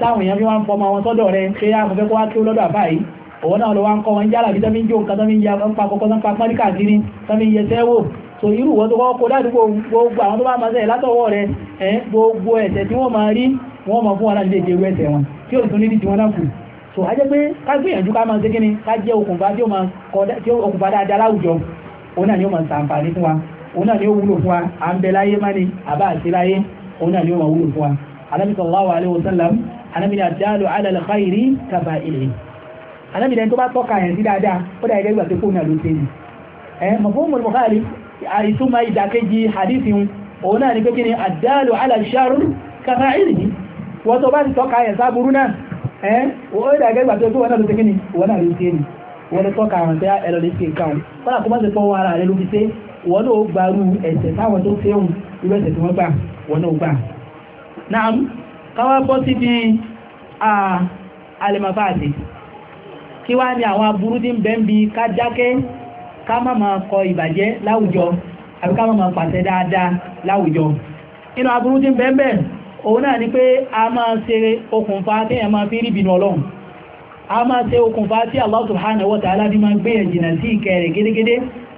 táwọn èèyàn fi wá ń fọmọ wọn sọ́dọ̀ rẹ pé a kò fẹ́ kó wá kí ó lọ́dọ̀ àbá yìí òun náà lọ wá ń kọ́ wọn yálà bí tọ́mí ń jó nǹkan tọ́mí ń ya ń pa kọ́kọ́ tọ́mí pa pọ́n káàkiri tọ́mí ń yẹ sẹ́wò so irú wọ́n tó kọ́ kó ládùúgbò gbogbo àwọn tó bá máa sẹ́yìn látọwọ́ rẹ gbogbo ẹ̀ṣẹ̀ tí wọ́n máa rí wọ́n máa fún wọn láti lè jẹ́ irú ẹ̀ṣẹ̀ wọn tí ó tún ní ti wọn náà kù so a jẹ́ pé ká gbìyànjú ká máa ṣe kíni ká jẹ́ okùnfà tí ó okùnfà dáadáa láwùjọ òun náà ni ó máa ṣàǹfààní wúlò fún wa à ń bẹ láyé má àbá àti láyé òun náà ni ó máa wúlò fún wa anábì sallallahu alaihi wasallam anábì ni àdáàlù ala al-khairi kaba ilẹ̀ anábì ni tó bá tọ́ka yẹn sí dáadáa ó dà ẹgbẹ́ ìgbàgbé fóònù àlọ́ tẹ́lẹ̀ ẹ mọ̀fóònù mọ̀kálí àìsúnmọ̀ ìdàkejì hadithi òun náà ni pé kí ni àdáàlù ala al-sharr kaba ilẹ̀ wọ́n tó bá ti tọ́ka yẹn sáburú náà ẹ ó dà ẹgbẹ́ ìgbàgbé fóònù àlọ́ tẹ́lẹ̀ wọ́n náà gbarú ẹ̀sẹ̀ táwọn tó fẹ́hùn irú ẹ̀sẹ̀ tí wọ́n gbà wọ́n náà gbà náà káwá bọ́ sí bí alẹ́mọ̀fáàtì kí wá ní àwọn aburú bi ká dákẹ́ ká má kọ ìbàjẹ́ láwùjọ àbí ká má máa pàṣẹ dáadáa láwùjọ inú aburú tí ń òun náà ni pé a máa ṣe okùnfà tí máa fi rí ọlọ́run a máa ṣe okùnfà tí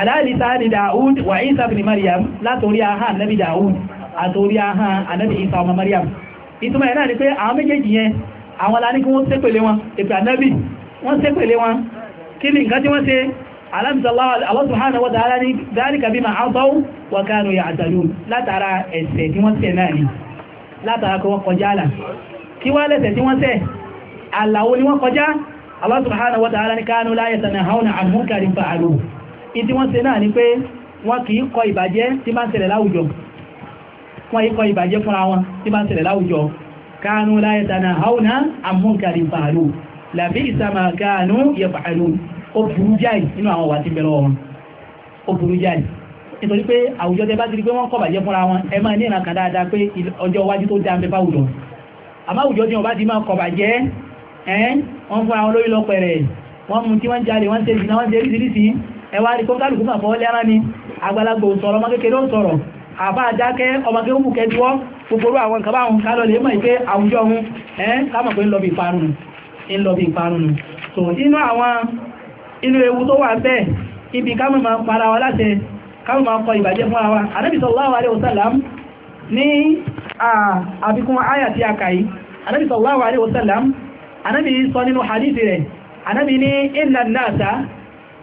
aláàlìta ni Dawud wà Isa bin Maryam látorí ahá nabi Dawud àtorí ahá anabi Isa ọmọ Maryam ìtumọ̀ ẹ̀ náà ni pé àwọn méjèèjì yẹn àwọn la ní kí wọ́n ṣépèlé wọn èpè ànábì wọ́n ṣépèlé wọn kí ni nǹkan tí wọ́n ṣe Allah subhanahu wa ta'ala ní dhalika bima asaw wa kanu ya'tadun látara ẹ̀ṣẹ̀ tí wọ́n ṣẹ̀ náà ni látara kí wọ́n kọjá àlà ìdí wọ́n ṣe náà ni pé wọ́n kìí kọ ìbàjẹ́ tí máa ń ṣẹlẹ̀ láwùjọ wọ́n yí kọ ìbàjẹ́ fúnra wọn tí máa ń ṣẹlẹ̀ láwùjọ kánú láyẹ̀tànà haúnà àmúkàrí fàálù làbí ìsàmà kánú yẹ fàálù ó burú jáì nínú àwọn wà tí bẹ̀rẹ̀ wọn ó burú jáì nítorí pé àwùjọ tẹ bá ti rí pé wọ́n kọ ìbàjẹ́ fúnra wọn ẹ máa ní ìrànkà dáadáa pé ọjọ́ iwájú tó dáa ń mú tí wọ́n jalè wọ́n ṣe ìsìná wọ́n ṣe oríṣiríṣi ẹwà rí kó kálùkù máa fọwọ́ lẹ́rán ni àgbàlagbà ò sọ̀rọ̀ ọmọ kékeré ò sọ̀rọ̀ àbá àjákẹ́ ọmọ kí ó mú kẹjúwọ́ gbogbo àwọn nǹkan báwọn kálọ̀ lè mọ̀ ìpé àwùjọ ohun ẹ́ kámọ̀ pé ń lọ bí ìparun ń lọ bí ìparun so inú àwọn inú ewu tó wà bẹ́ẹ̀ ibi kámọ̀ máa para wa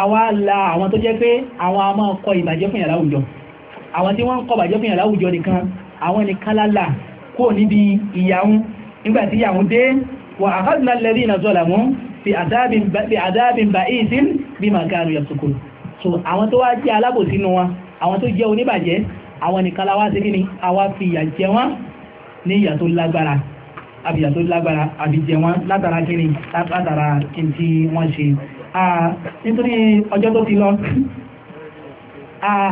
àwa la àwọn tó jẹ́ pé àwọn a máa kọ ìbàjẹ́ fún yàrá àwùjọ àwọn tí wọ́n ń kọ ìbàjẹ́ fún yàrá àwùjọ nìkan àwọn nìkan lálà kó níbi ìyàwó nígbàtí ìyàwó dé wà àkádùnà lẹ́rí so àwọn tó wá jẹ́ alábòsí nù wọn àwọn tó jẹ́ oníbàjẹ́ àwọn nìkan láwá sí kíni àwa fi ìyà jẹ wọn ní lágbára àbìyà tó lágbára àbìjẹ látara kíni látara kí wọ́n ṣe nítorí ọjọ́ tó ti lọ ah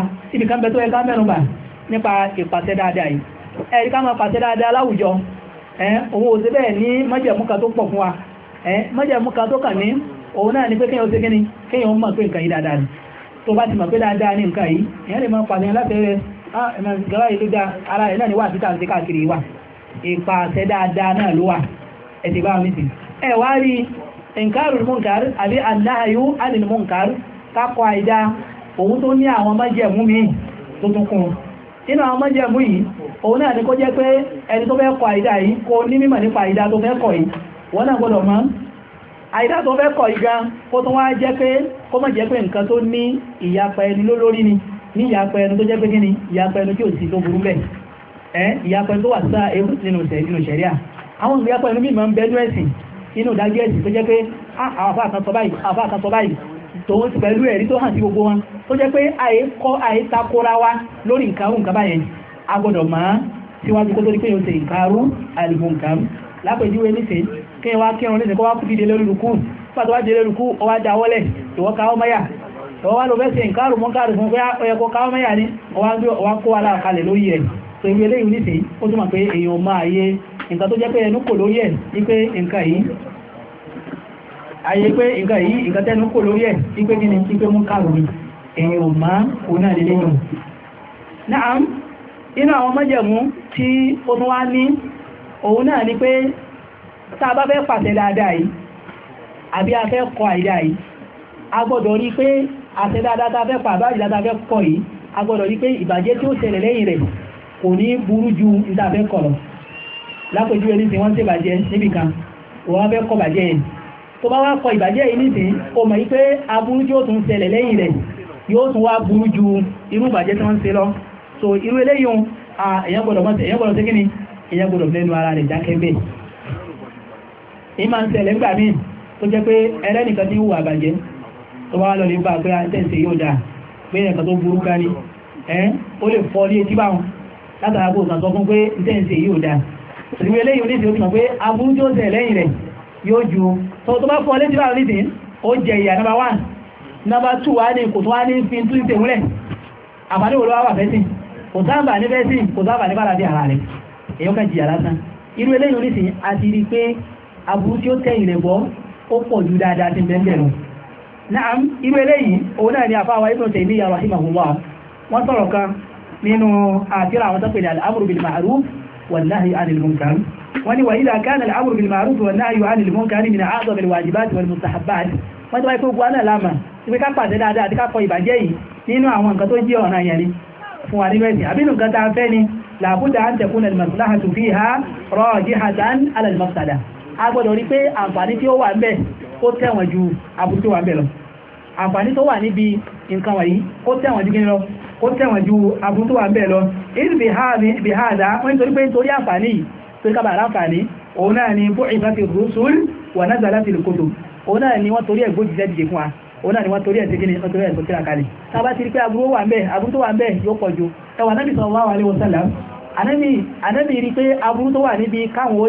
kan bẹ̀tọ́ ẹ̀ká mẹ́rùnbà nípa ìpàṣẹ dáadáa yìí ẹ̀rí máa pàṣẹ dáadáa láwùjọ òun ò sí bẹ́ẹ̀ ní májẹ̀múka tó pọ̀ fún wa májẹ̀múka tó kà ní òun náà ni pé kéèyàn ó sí kíni ó mọ̀ pé nǹkan yìí dáadáa ni tó bá ti mọ̀ pé dáadáa ní nǹkan yìí èèyàn lè máa pàṣẹ ni wà títà káàkiri wà dáadáa náà ló inkarul munkar àbí annahayu anil munkar kápọ̀ àìdá òun tó ní àwọn májẹ̀mú mi tó tún kún inú àwọn májẹ̀mú yìí òun náà ni kó jẹ́ pé ẹni tó fẹ́ kọ àìdá yìí kó ní mímọ̀ nípa àìdá tó fẹ́ kọ yìí wọ́n náà gbọ́dọ̀ mọ̀ àìdá tó fẹ́ kọ ìgá kó tó wá jẹ́ pé kó má jẹ́ pé nǹkan tó ní ìyapa ẹni lólórí ni ní ìyapa ẹni tó jẹ́ pé kíni ìyapa ẹni tí ò sí tó burú bẹ̀ ẹ́ ìyapa ẹni tó wà sáà nínú ṣẹ̀ríà àwọn ìyapa ẹni mímọ̀ ń bẹ́nu ẹ̀sìn inú ìdájọ́ ẹ̀sìn tó jẹ́ pé ah, àwọn afáàkan sọ báyìí tòun ti pẹ̀lú ẹ̀rí tó hàn sí gbogbo wọn tó jẹ́ pé àyè kọ́ àyè takora wa lórí nǹkan nǹkan báyẹn a gbọ́dọ̀ mọ̀ síwájú kó tó di pé yóò ṣe ìkarú àìlùmọ̀ nǹkan lápèjúwe nísìn kí wá kírun nísìn kó wá kú dìde lórí rukú pàtó wá dìde lórí rukú ọwá já wọlẹ̀ ìwọ káwọ́ mẹ́yà ìwọ wá ló fẹ́ ṣe nǹkan àrùmọ́ káàrù fún pé ọyẹ ah, kó káwọ́ mẹ́yà ni ọwá kó aláàkalẹ̀ lórí rẹ̀ pẹ̀lú eléyìí nísìn ó túmọ̀ pé èèyàn máa yé nǹkan tó jẹ́ pé ẹnu kò lórí ẹ̀ wípé nǹkan yìí ayé pé nǹkan yìí nǹkan tẹ́nu kò lórí ẹ̀ wípé kí ni wípé mú kàrò mi èyàn ò má òun náà lélẹ́ yìí náà inú àwọn májẹ̀mú tí ó tún wá ní òun náà ni pé tá a bá fẹ́ pàṣẹ dáadáa yìí àbí a fẹ́ kọ àìdá yìí a gbọ́dọ̀ rí pé àṣẹ dáadáa ta fẹ́ pa àbá ìdáta fẹ́ kọ yìí a gbọ́dọ̀ rí pé ìbàjẹ́ tí ó ṣẹlẹ̀ lẹ́yìn rẹ̀ kò ní burú ju ìdáfẹ́ kọ̀ lọ lápẹjú ẹni tí wọ́n ń ṣèbàjẹ́ níbì kan wọ́n kọ bàjẹ́ yẹn tó bá wá kọ ìbàjẹ́ yìí nìsín o mọ̀ pé aburú tí ó tún ṣẹlẹ̀ lẹ́yìn rẹ̀ yóò tún wá burú ju irú ìbàjẹ́ tí wọ́n so irú eléyìí èèyàn gbọ́dọ̀ mọ́tẹ̀ èèyàn tẹ́kíní èèyàn gbọ́dọ̀ ara rẹ̀ dákẹ́ bẹ́ẹ̀ ìmá ń ṣẹlẹ̀ ń wà tó pé ìrú eléyìí oníṣẹ́ ó ti mọ̀ pé aburú tí ó tẹ̀ lẹ́yìn rẹ̀ yóò ju tó tó bá fún ọlé tí bá rí dín ó jẹ ìyà nọmba wán nọmba tù wá ní kò tó wá ní fi tún ìtẹ̀ múlẹ̀ àfàní wo ló wà fẹ́ sí kò sáàbà ní fẹ́ sí kò sáàbà ní bára bí ara rẹ̀ èyí ká jìyà lásán ìrú eléyìí oníṣẹ́ a ti rí pé aburú tí ó tẹ̀yìn rẹ̀ bọ́ ó pọ̀ ju dáadáa ti bẹ́ẹ̀ lọ naam irú eléyìí òun náà ni àfáwà Ibn Taymiyyah rahimahullah wọ́n sọ̀rọ̀ kan nínú àtìrà àwọn tó pè ní al والنهي عن المنكر وني وإذا كان الأمر بالمعروف والنهي عن المنكر من أعظم الواجبات والمستحبات wọ́n tó wáyé fún gbọ́nà lámà tí wé ká pàtẹ́ dáadáa àti kápọ̀ ìbàjẹ́ yìí nínú àwọn nǹkan tó jí ọ̀nà yẹn ni fún wa nínú ẹ̀sìn àbínú nǹkan ta fẹ́ ni làbúdà ń tẹ̀kún al-maslahatu fiha rajihatan ala al-mafsada a gbọ́dọ̀ rí pé àǹfààní tí ó wà ńbẹ̀ ó tẹ̀wọ̀n ju àbúrú tó wà ńbẹ̀ lọ àǹfààní tó wà níbi nǹkan wọ̀nyí ó tẹ̀wọ̀n ju kí ni lọ kó tẹ̀wọ̀n ju aburú tó wà ń bẹ̀ lọ ìlú bihada wọ́n nítorí pé nítorí àǹfààní yìí pé kábà láǹfààní òun náà ni bó ìfà ti rúṣùl wà náà zàlá lùkòtò òun náà ni wọ́n torí ẹ̀gbó jíjẹ́ dìde fún wa òun náà ni wọ́n torí ẹ̀sẹ̀ gíní wọ́n torí ẹ̀sẹ̀ kíra kalẹ̀ tábà ti rí pé aburú wà ń bẹ̀ aburú tó wà ń bẹ̀ yóò pọ̀ ju ẹwà náà sọ wá wà ní wọ́sálà anábì rí pé aburú tó wà níbi káwọn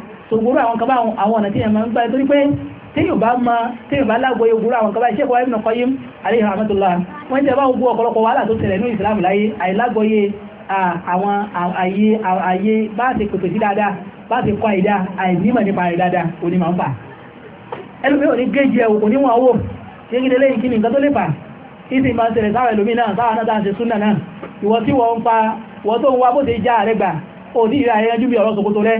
ògbúrú àwọn kaba àwọn ọ̀nà tí yẹn máa ń gbá torí pé tí yóò bá ma tí yóò bá lágbo ògbúrú àwọn kaba iṣẹ́ kọ́wàá Ibn Qayyim alayhi rahmatullah wọ́n jẹ́ bá gbogbo ọ̀pọ̀lọpọ̀ wàhálà tó tẹ̀lẹ̀ ní Islam láyé àìlágbóyé àwọn àyè àyè bá ti pèpè sí dáadáa bá ti kọ́ àìdá àìnímọ̀ nípa ni nǹkan tó lè fà ìsì máa ń tẹ̀lẹ̀ sáwọn ẹlòmí náà sáwọn náà ṣe súnà náà ìwọ tí wọ́n ń pa wọ́n tó ń wá bó já rẹ̀ gbà òní ìrà ẹ̀yẹn jú bí ọ̀rọ̀ sòkòtò rẹ̀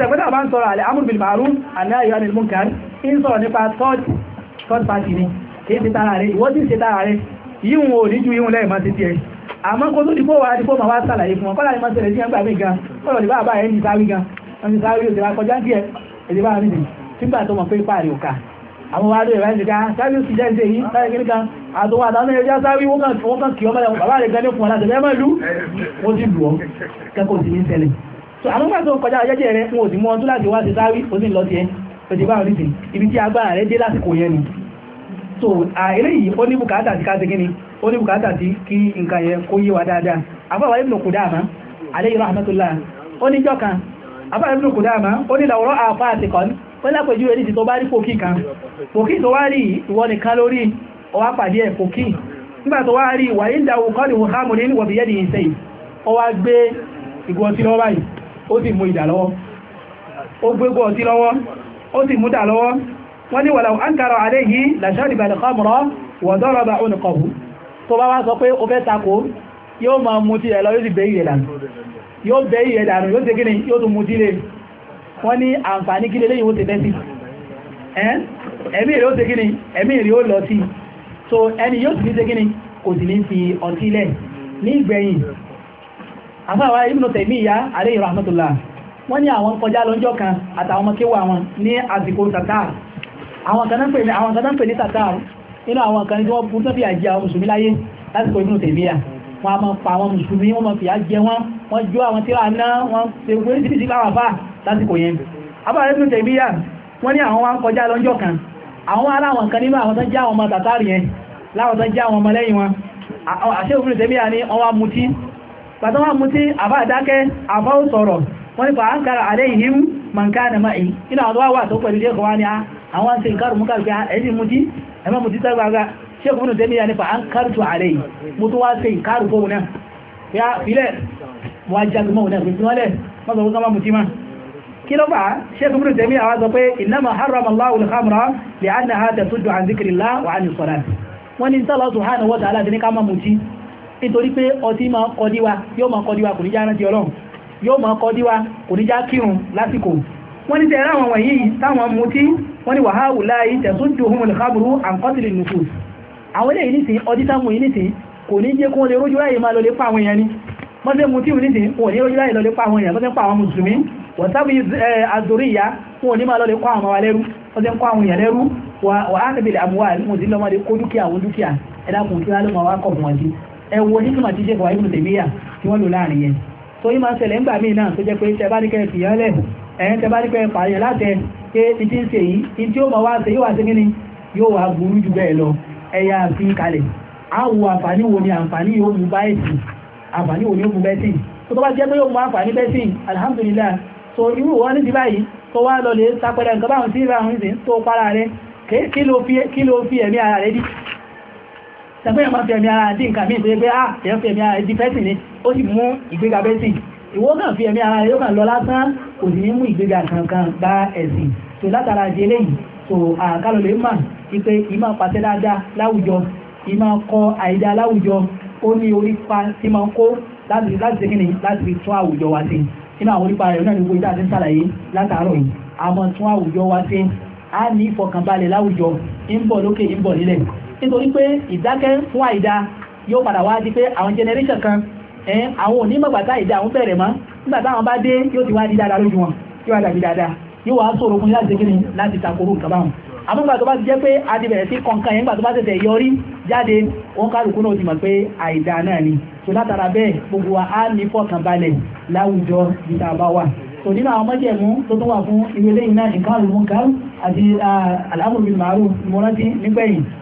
tẹ̀gbẹ́ta bá ń sọ̀rọ̀ àlẹ́ amúrùbìl màárùn àná ìyá ni munkar ń sọ̀rọ̀ nípa third party ni kìí ṣe tara rẹ̀ ìwọ́n tí ń ṣe tara rẹ̀ yíhun ò ní ju yíhun lẹ́yìn máa ti tiẹ̀ àmọ́ kó tó dìpọ̀ wà á dìpọ̀ máa wá sàlàyé fún wọn kọ́lá ni máa ṣẹlẹ̀ sí ẹgbà mí gan kọ́lọ̀ nípa àbá ẹni sáré gan ẹni sáré òṣèlú akọjá díẹ̀ èdè bá rìn nígbà tó mọ̀ pé páàrí òkà àwọn wa lóye rẹ̀ nìkan sáré òsì jẹ́ ìṣe yìí sáré kiri kan àtòwọn ṣẹlẹ̀ so àwọn gbà tó ń kọjá ọjọ́jẹ́ rẹ wọn ò sì mú ọdún láti wá sí sáré ó sì lọ sí ẹ pẹ̀sì bá orí sí ibi tí agbára rẹ dé lásìkò yẹn ni so eléyìí ó ní bùkátà sí káṣe kíni ó ní bùkátà sí kí nǹkan yẹn kó yé wa dáadáa àfáwà Ibn Qudama alayhi rahmatullah ó ní jọ́ kan àfáwà Ibn Qudama ó ní làwòrán àfá àtìkọ́ pẹ́lá pẹ̀jú rẹ̀ nìtì tó bá rí pòkí kan pòkí tó wá rí ìwọ nìkan lórí ọwá pàdé gbé ìgbọ̀n sí lọ́wọ́ ó sì mú ìdà lọ́wọ́ ó gbégbó ọtí lọ́wọ́ ó sì mú dà lọ́wọ́ wọ́n ní wàlàwọ̀ ankara alayhi làṣàrìbà al-khamra wa daraba unqahu tó bá wá sọ pé ó fẹ́ takò yóò máa mú ti ẹ̀ lọ yóò sì bẹ́ ìyẹ̀ dànù yóò ní so ẹni yóò sì ní ti gíní kò sì ní àfáwà Ibn Taymiyyah alayhi rahmatullah wọ́n ní àwọn kọjá lọ́jọ́ kan àtàwọn ọmọ kéwà wọn ní àsìkò tatar àwọn kan náà pè ní tatar inú àwọn kan tí wọ́n burú tó fi àjẹ àwọn mùsùlùmí láyé lásìkò Ibn Taymiyyah wọ́n a máa pa àwọn mùsùlùmí wọ́n máa fi àjẹ wọn wọ́n jó àwọn tíra náà wọ́n ṣe gbé títí láwọn àfá lásìkò yẹn àbára Ibn Taymiyyah wọ́n ní àwọn wá tó já àwọn ọmọ lẹ́yìn wọn àṣẹ́ Ibn Taymiyyah ní ọwá mutí bàtọ́ wà mú tí àbá àdákẹ́ àbá ò sọ̀rọ̀ wọ́n ní fàákàrà àdé ìhìm mọ̀ǹká nà máa ì iná àwọn tó wà wà tó pẹ̀lú ilé kọwa ní àwọn ṣe ìkàrù mú kàrù pé ẹni mú tí ẹmọ́ mú tí kí ló fà ṣe kùnú tẹ́mí àwọn sọ pé innama harrama Allahu al-khamra li'annaha tasuddu an dhikrillah wa 'an as-salat wọ́n ní sọ́lọ́ subhanahu wa ta'ala ti ní ká má mú tí nítorí pé ọtí máa kọdíwa yóò máa kọdíwa kò ní já rántí ọlọ́run yóò máa kọdíwa kò ní já kírun lásìkò wọ́n ní tẹ̀rẹ́ àwọn wọ̀nyí táwọn mutí wọ́n ní wàhálà láàyè tẹ̀sójú ohun olùkábùrú àǹkọ́tìlì nùkù àwọn ilé ìnísìn ọdí táwọn ìnísìn kò pa àwọn èèyàn ni wọ́n tẹ́ mutí ìnísìn kò ní rójú láyé lọ lè pa àwọn èèyàn tó tẹ́ pa àwọn mùsùlùmí eh, wọ́n tábí wọ́n sí ẹ̀wọ̀ nínú àti jẹ́ ìwà ìbùn tèmíyà tí wọ́n lò láàrin yẹn tó yí máa ń ṣẹlẹ̀ ńgbà míì náà tó jẹ́ pé tẹbáríkẹ́ fìyànlẹ̀ ẹ̀yẹn tẹbáríkẹ́ pààyàn láti pé ìdí ń ṣe yìí ìdí ó máa wá ṣe yóò wá ṣe kíni yóò wá burú jù bẹ́ẹ̀ lọ ẹ̀yà fi kalẹ̀ àwọ̀ àǹfààní wo ni àǹfààní yóò mú bá ẹ̀sìn àǹfààní wo ni ó mú bẹ́sìn alhamdulillah so irú wọn ní ti báyìí tó wá lọ lè sapẹ̀lẹ̀ nǹkan báwọn sí ìbáwọn ìsìn tó para rẹ̀ tẹ̀fẹ́ ìmọ̀ fi ẹ̀mí ara dí nǹkan mí ìpé pé ah, à tẹ́ fi ẹ̀mí ara di pẹ́sì ni ó sì mú ìgbéga pẹ́sì ìwọ kàn fi ẹ̀mí ara yóò kàn lọ lásán kò sì ní mú ìgbéga kankan bá ẹ̀sìn tó látara di eléyìí tó àkálọ̀ lè mà ipe ìmọ̀ pàṣẹ dáadáa láwùjọ ìmọ̀ kọ àìdá láwùjọ ó ní orípa tí máa ń kó láti láti kíni láti fi tún àwùjọ wa sí nínú àwọn orípa rẹ̀ náà ní gbogbo ìdá àti sàlàyé látàárọ̀ yìí a máa tún àwùjọ wa sí a ní ìfọkànbalẹ̀ láwùjọ ń bọ̀ lókè ń bọ̀ nílẹ̀ nítorí pé ìdákẹ́ fún àìdá yóò padà wá di pé àwọn generation kan ẹ̀yìn àwọn onímọ̀gbàtà ìdá àwọn bẹ̀rẹ̀ mọ́ nígbàtà àwọn bá dé yóò ti wá di dáadáa lójú wọn yóò wá dàbí dáadáa yóò wá sọ̀rọ̀ fún láti gíní láti takoru nǹkan báwọn àmúgbà tó bá ti jẹ́ pé a ti bẹ̀rẹ̀ sí kọ̀ǹkan yẹn gbà tó bá tẹ̀tẹ̀ yọrí jáde òun kálukú náà ti mọ̀ pé ni tó látara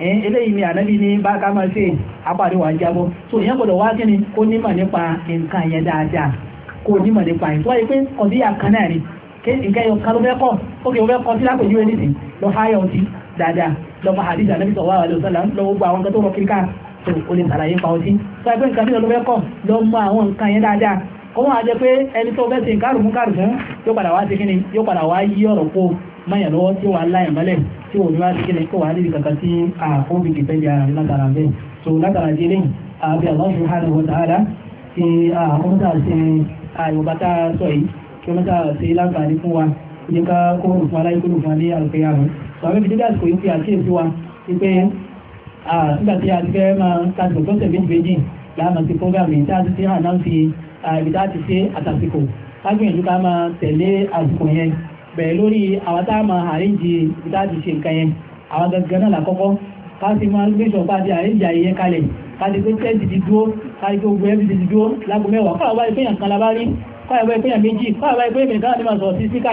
eléyìí ni ànábì ní bá ká máa ṣe apàdéwà jábọ́ so ìyẹn gbọ́dọ̀ wá kí ni kó nímọ̀ nípa nǹkan yẹn dáadáa kó nímọ̀ nípa ẹ̀ tó wáyé pé ọ̀dí àkan náà ni nǹkan yẹn kan ló fẹ́ kọ́ ó kì í fẹ́ kọ́ sí lápèjúwe nísìn lọ háyà ọtí dáadáa lọ́mọ àdìsí ànábì sallallahu alaihi wasallam lọ́wọ́ gbọ́ àwọn nǹkan tó rọ kiri ká o lè sàlàyé pa ọtí tó ẹgbẹ́ nǹkan nílò ló fẹ́ kọ́ lọ mọ àwọn nǹkan yẹn dáadáa kó wọ́n á jẹ pé ẹni tó fẹ́ ṣe nǹkan rùmú kárùmú yóò padà wá sí kíni yóò padà wá lọ́wọ́ tí wà láyàn mọ́lẹ̀ tí òun wá sí kíni kó wà níbi kankan tí àkóbì dìpẹ́ndì ara rẹ̀ látara bẹ́ẹ̀ so látara dé lẹ́yìn àbí Allah subhanahu wa ta'ala ti àkóbìtà sí àyùbátà sọ yìí kí wọ́n sáà sí láǹfààní fún wa ní ká kó òfin aláyé kó alẹ́ àlùkẹ́ so àwọn ibi tí dásìkò yìí fi àkíyèsí wa wípé nígbà tí a ti fẹ́ máa tàbí tó tẹ̀ méjì méjì láàmà sí fúngbàmì tá a ti fi hàn náà fi bẹ̀rẹ̀ lórí àwọn tá a máa àríjì ìdájì ṣe nǹkan yẹn àwọn gangan náà lákọ́kọ́ ká sì máa gbé ṣọ̀pá àti àríjì àyẹyẹ kalẹ̀ ká ti pé tẹ́ẹ̀sì ti dúró ká ti pé ogun ẹbí ti dúró lágbo mẹ́wàá kọ́ àwọn ìpínyàn kan labá rí kọ́ àwọn ìpínyàn méjì kọ́ àwọn ìpínyàn kan láti máa sọ̀rọ̀ sí síkà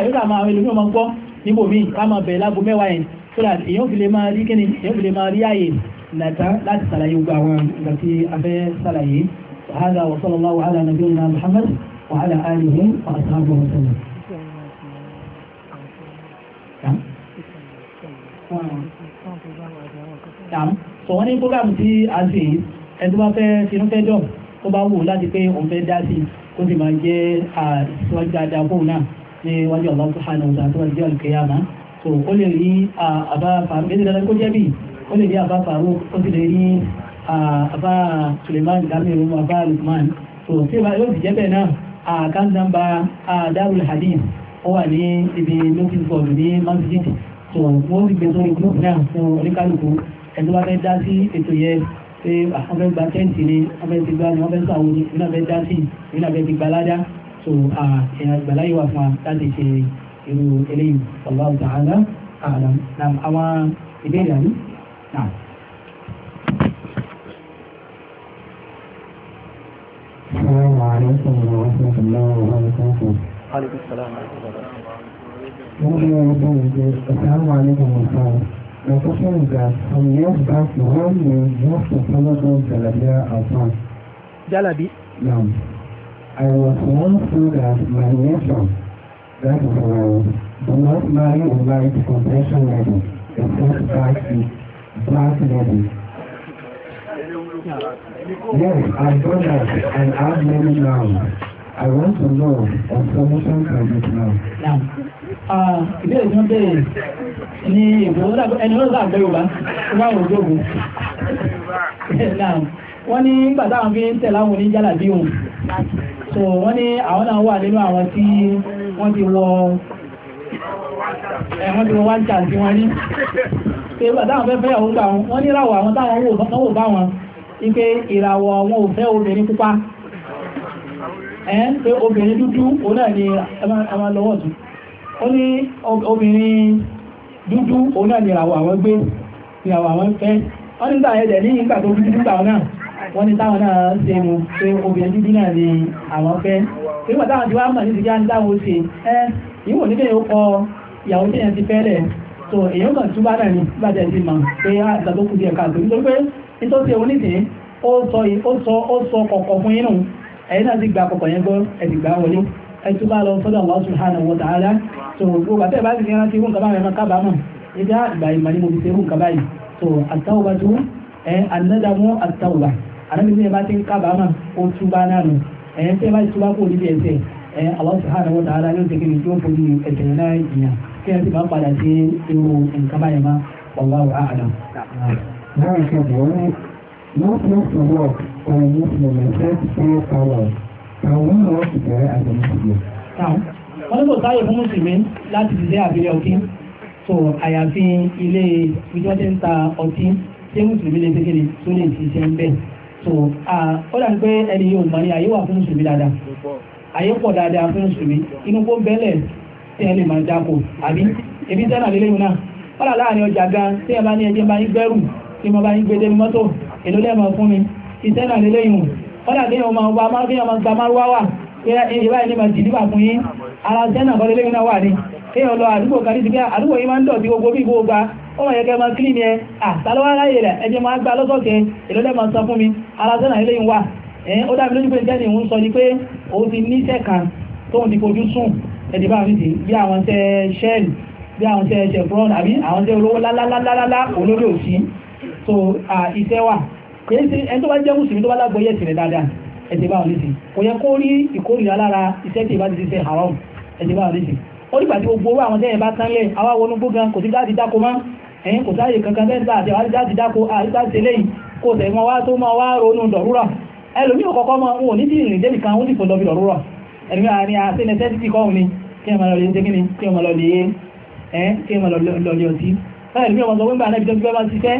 yóò Muhammad wa ala alihi sọ̀wọ́n ní program tí a ṣe ẹni bá fẹ́ tinúfẹ́ jọ tó bá wù láti pé òun fẹ́ dá sí kó sì máa jẹ́ àṣíwájú dáadáa náà ní Allah subhanahu wa ta'ala tó wà jẹ́ so ó lè rí àbá faru èdè dandan kó jẹ́ bí ó lè rí àbá faru ó sì lè rí àbá Suleiman gamiru àbá Lukman so tí ó bá yóò sì jẹ́ bẹ́ẹ̀ náà àkáǹtì nọ́mbà Darul Hadith ó wà ní ibi lókè sọ̀rọ̀ ní masjid tó wọ́n ti gbé sórí group náà fún oníkálukú ẹni wọ́n fẹ́ dá sí ètò yẹ pé àwọn fẹ́ gba tẹ́ǹtì ni wọ́n fẹ́ ti gbá ni wọ́n fẹ́ sàwọn ni wọ́n fẹ́ dá sí wọ́n fẹ́ ti gba ládá tó èèyàn gbà láyé wà fún wa láti ṣe irú eléyìí wallahu ta'ala a'lam na àwọn ìbéèrè àmì náà. السلام عليكم alaikum salaam question is that from years back, one may just to follow those Jalabia upon. Jalabi? No. I was once told that my nation, that is uh, do not marry a white complexion lady, a first black, black lady. Yes, I've done that and I've many now. I want to know on promotion credit now. Uh, ìbéèrè tí wọ́n béèrè ní ìgbòho ẹni ló sáà gbẹ́rù bá wá òjòògùn. Wọ́n ní nígbà táwọn fi ń tẹ̀lé àwọn oníjàlá bí òun. So wọ́n ní àwọn náà wà nínú àwọn tí wọ́n ti wọ ẹ̀wọ́n ti wọ wá ń jà sí wọn ní. Pé ìgbà táwọn fẹ́ fẹ́ ọ̀hún gbà wọn, wọ́n ní ìràwọ̀ àwọn táwọn wò bá wọn. Ipe ìràwọ̀ wọn ò fẹ́ obìnrin pupa. ẹ̀yẹn pé obìnrin dúdú o náà ni a máa lọ́wọ́ tún ó ní obìnrin dúdú o náà ni àwọ̀ àwọn gbé ni àwọ̀ àwọn fẹ́ wọ́n ní tàà ẹ̀dẹ̀ ní ìgbà tó dúdú gbà náà wọ́n ní táwọn náà ṣe mú pé obìnrin dúdú náà ni àwọn fẹ́ nígbà táwọn ti wá mọ̀ nítorí á ń dáwọ́ ṣe ẹ́ ìwò kọ ìyàwó ẹ̀yìn náà ti gba àkọ́kọ̀ yẹn gbọ́ ẹ̀dì gbà wọlé ẹ̀tú bá lọ sọ́dọ̀ Allah subhanahu wa ta'ala tó gbogbo àtẹ́ bá ti ní rántí fún kaba mẹ́fà kábàámọ̀ ìdá ìgbà ìmọ̀ ni mo fi ṣe fún kaba yìí tó àtàwùbá tó ẹ̀ ànádàmú àtàwùbá ànábìsí ẹ̀ bá ti ń kábàámọ̀ ó túbá náà nù ẹ̀ tẹ́ bá ti túbá kó No place to work on or use movement pay powers. Can we work together as a Muslim? Now, wọ́n ní kò sáyè fún That is ṣiṣẹ́ àbílẹ̀ òkín. So, I have been, àyàfi ilé ìjọ tí ń ta ọtí tí they lè kékeré so they see ń bẹ̀. So, all you to ó dàbí pé ẹni yóò mọ̀ ní àyè wà fún Mùsùlùmí dáadáa. Àyè pọ̀ dáadáa fún Mùsùlùmí. Inú kó bẹ́lẹ̀ tí ẹ lè máa dáko. Àbí ebi tẹ́lá lélẹ́yìn náà. Wọ́n tí mo bá ń gbé débi mọ́tò èló lẹ́mọ̀ fún mi iṣẹ́ náà lélẹ́ ìhùn kọ́dà kí ọmọ ọba amáfíà máa gba márúwá wà pé èdè báyìí ma jì nígbà fún yín ara iṣẹ́ náà kọ́ lélẹ́ náà wà ní pé ọlọ àdúgbò kan nítorí àdúgbò yìí máa ń dọ̀tí gbogbo bí gbogbo ó ó dá mi bí àwọn tẹ́ ṣẹ́ẹ̀lì bí àwọn àbí àwọn tẹ́ olówó lálálálálá olórí òsì so iṣẹ́ wà kìí ṣe ẹni tó bá jẹ́ mùsùlùmí tó bá lágbóyè tirẹ̀ dáadáa ẹ̀sìn báwọn lè ṣe kò yẹ kó rí ìkórìíra lára iṣẹ́ tí ìbá ti ṣe haram ẹ̀sìn báwọn lè ṣe ó nígbà tí gbogbo àwọn tẹ́yẹ̀ bá tánlẹ̀ àwa wọnú gbógan kò sí gáàsì dáko mọ́ ẹ̀yìn kò sáàyè kankan tẹ́yẹ̀ bá àti àwọn gáàsì dáko àríkà ṣe lẹ́yìn kò tẹ̀ mọ́ wá tó mọ́ wá ronú dọ̀rúrà ẹlòmí ọ̀kọ̀ọ̀kọ́ ọmọ sọ pé ń bá anábì fẹ́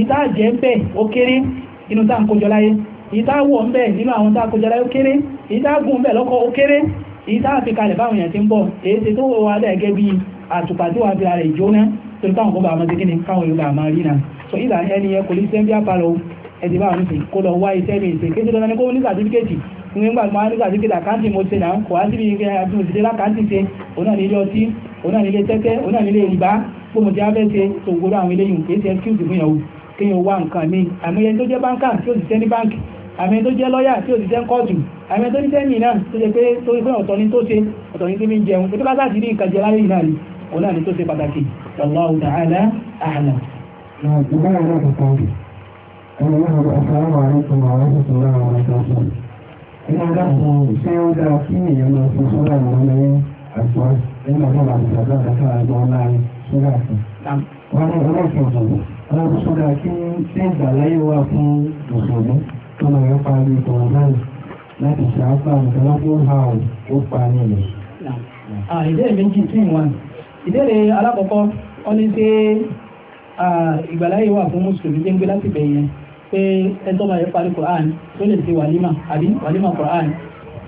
ìta jẹ́ ń bẹ̀ ó kéré inú tá ń kójọ láyé ìta wọ̀ ń bẹ̀ nínú àwọn tá a kójọ láyé ó kéré ìta gùn bẹ̀ lọ́kọ̀ ó kéré ìta àfikalẹ̀ báwọn èèyàn ti ń bọ̀ èyí ti tó wà dẹ̀ gẹ́gẹ́ bí àtùpà tí tó táwọn kó bá àwọn so ìlà ẹni yẹn kò ní sẹ́ńbíà palọ̀ ẹ̀dì bá wọn sì kó lọ wá iṣẹ́ mi ìṣe kéṣe lọ́nà ní kó ní sàtífíkẹ́tì ní gbà máa ní sàtífíkẹ́tì àkáǹtì mo ṣe náà kò wá síbi ìgbẹ́ àti òṣìṣẹ́ lákàǹtì ṣe òun náà nílé ọtí òun náà nílé tẹ́tẹ́ òun àwọn eléyìí kì í ṣe excuse fún yàwó kí o wá nǹkan mi àmìyẹ tó jẹ́ báńkà tí ó ṣiṣẹ́ ní báńkì àmìyẹ tó jẹ́ lọ́yà tí ó ṣiṣẹ́ ń kọ́ọ̀tù àmìyẹ tó ṣiṣẹ́ ní náà tó ṣe pé tó ṣe pé ọ̀tọ̀ ni tó ṣe ọ̀tọ̀ ni tó fi ń jẹun pé tó bá sáàtì ní nǹkan jẹ láyé náà ni òun náà ni tó ṣe pàtàkì Allahu ta'ala a'lam. Ìyá dáhùn ṣé ó dára kí èèyàn máa fi sọ́dà àwọn ọmọ yẹn àtúwá nígbà tó bá ti sàdá àtàkà àgbọ̀n láàrin sórí àfẹ́. Wọ́n ní ọlọ́sọ̀ọ̀sọ̀ wọ́n sọ́dá kí tí ìgbàláyé wà fún mùsùlùmí tó lọ rẹ̀ parí ìtọ̀rọ̀ náà láti ṣàápá ìtọ́lọ́pọ̀ hàn ó pa nílẹ̀. ìbéèrè méjì tí wọ́n ìbéèrè alákọ̀ọ́kọ́ wọ́n ní pé ìgbàláyé wà fún mùsùlùmí jẹ́ ń gbé láti bẹ̀yẹn pé ẹjọ́ yẹ parí Quran tó lè ṣe wàlímà àbí wàlímà Quran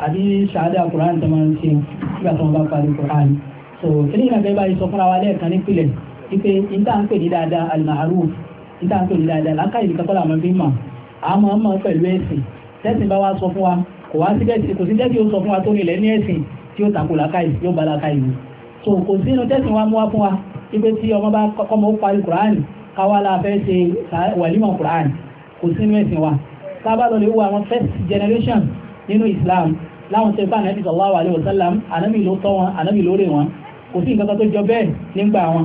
àbí ṣàádà Quran tó máa ń ṣe nígbà bá parí Quran so eléyìí náà bẹ́ẹ̀ báyìí sọ fúnra wa lẹ́ẹ̀kan nípìnlẹ̀ ipe ìtàǹpè ní dáadáa al-ma'ruf ìtàǹpè ní dáadáa lákàyè nìkan tọ́lá àmọ́ bí mọ̀ àmọ́ ọmọ pẹ̀lú ẹ̀sìn tẹ́sìn bá wá sọ fún wa kò wá sí tẹ́sìn kò sí tẹ́sìn ó sọ fún wa tó nílẹ̀ ní ẹ̀sìn tí ó tako làkàyè yóò bá làkàyè mu so kò sí inú tẹ́sìn wa mú wa fún wa ipe tí ọmọ bá kọ́mọ ó parí kùránì káwa la fẹ́ ṣe wàlímọ̀ kùránì kò sí inú ẹ̀sìn wa sábà lọ lè wo àwọn first generation nínú Islam láwọn tẹ́ bá ànábì sallallahu alaihi wasallam ànábì ló tọ́ wọn ànábì ló rè wọn kò sí nǹkan tó jọ bẹ́ẹ̀ nígbà wọn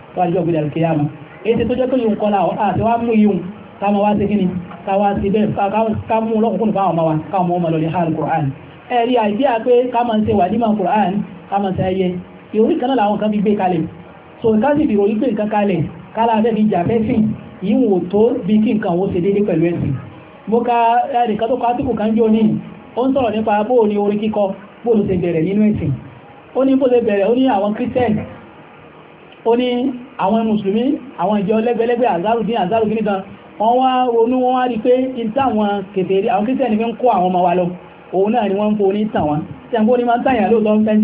wájọ́ gbé dàrú kéyàmà èyí tó jẹ́ pé yìí ń kọ́lá ọ̀ àti wá mú yìí káàmà wá sí kíni káwá sí bẹ́ẹ̀ káàmù lọ́kùnkùn fáwọn ọmọ wa káàmù ọmọ lọ́lẹ̀ hàn Qur'an ẹ̀rí àìdíà pé káàmà ń ṣe wàlímà Qur'an káàmà ń ṣe ẹyẹ ìròyìn kan náà làwọn kan fi gbé kalẹ̀ so nǹkan sì fi ìròyìn pé nǹkan kalẹ̀ kálá fẹ́ fi jà fẹ́ sìn yìí wò tó bí kí nǹkan wo ṣe déédé pẹ̀lú ẹ̀sìn mo ka ẹnìkan tó kọ àtìkù kan jó ní ó ń sọ̀rọ̀ nípa bóò ni orin kíkọ bóò ló ṣe bẹ̀rẹ̀ nínú ẹ̀sìn ó ní bó ṣe bẹ̀rẹ̀ ó ní àwọn Christian ó ní àwọn mùsùlùmí àwọn ìjọ lẹ́gbẹ̀lẹ́gbẹ̀ àzárùdín àzárùdín kan wọ́n wá ronú wọ́n wá rí pé in táwọn kèfèrí àwọn kírísẹ̀ni fi ń kó àwọn ọmọ wa lọ òun náà ni wọ́n ń fò ní tàwọn tí a ń gbóni máa ń tàyàn lóòtọ́ ẹni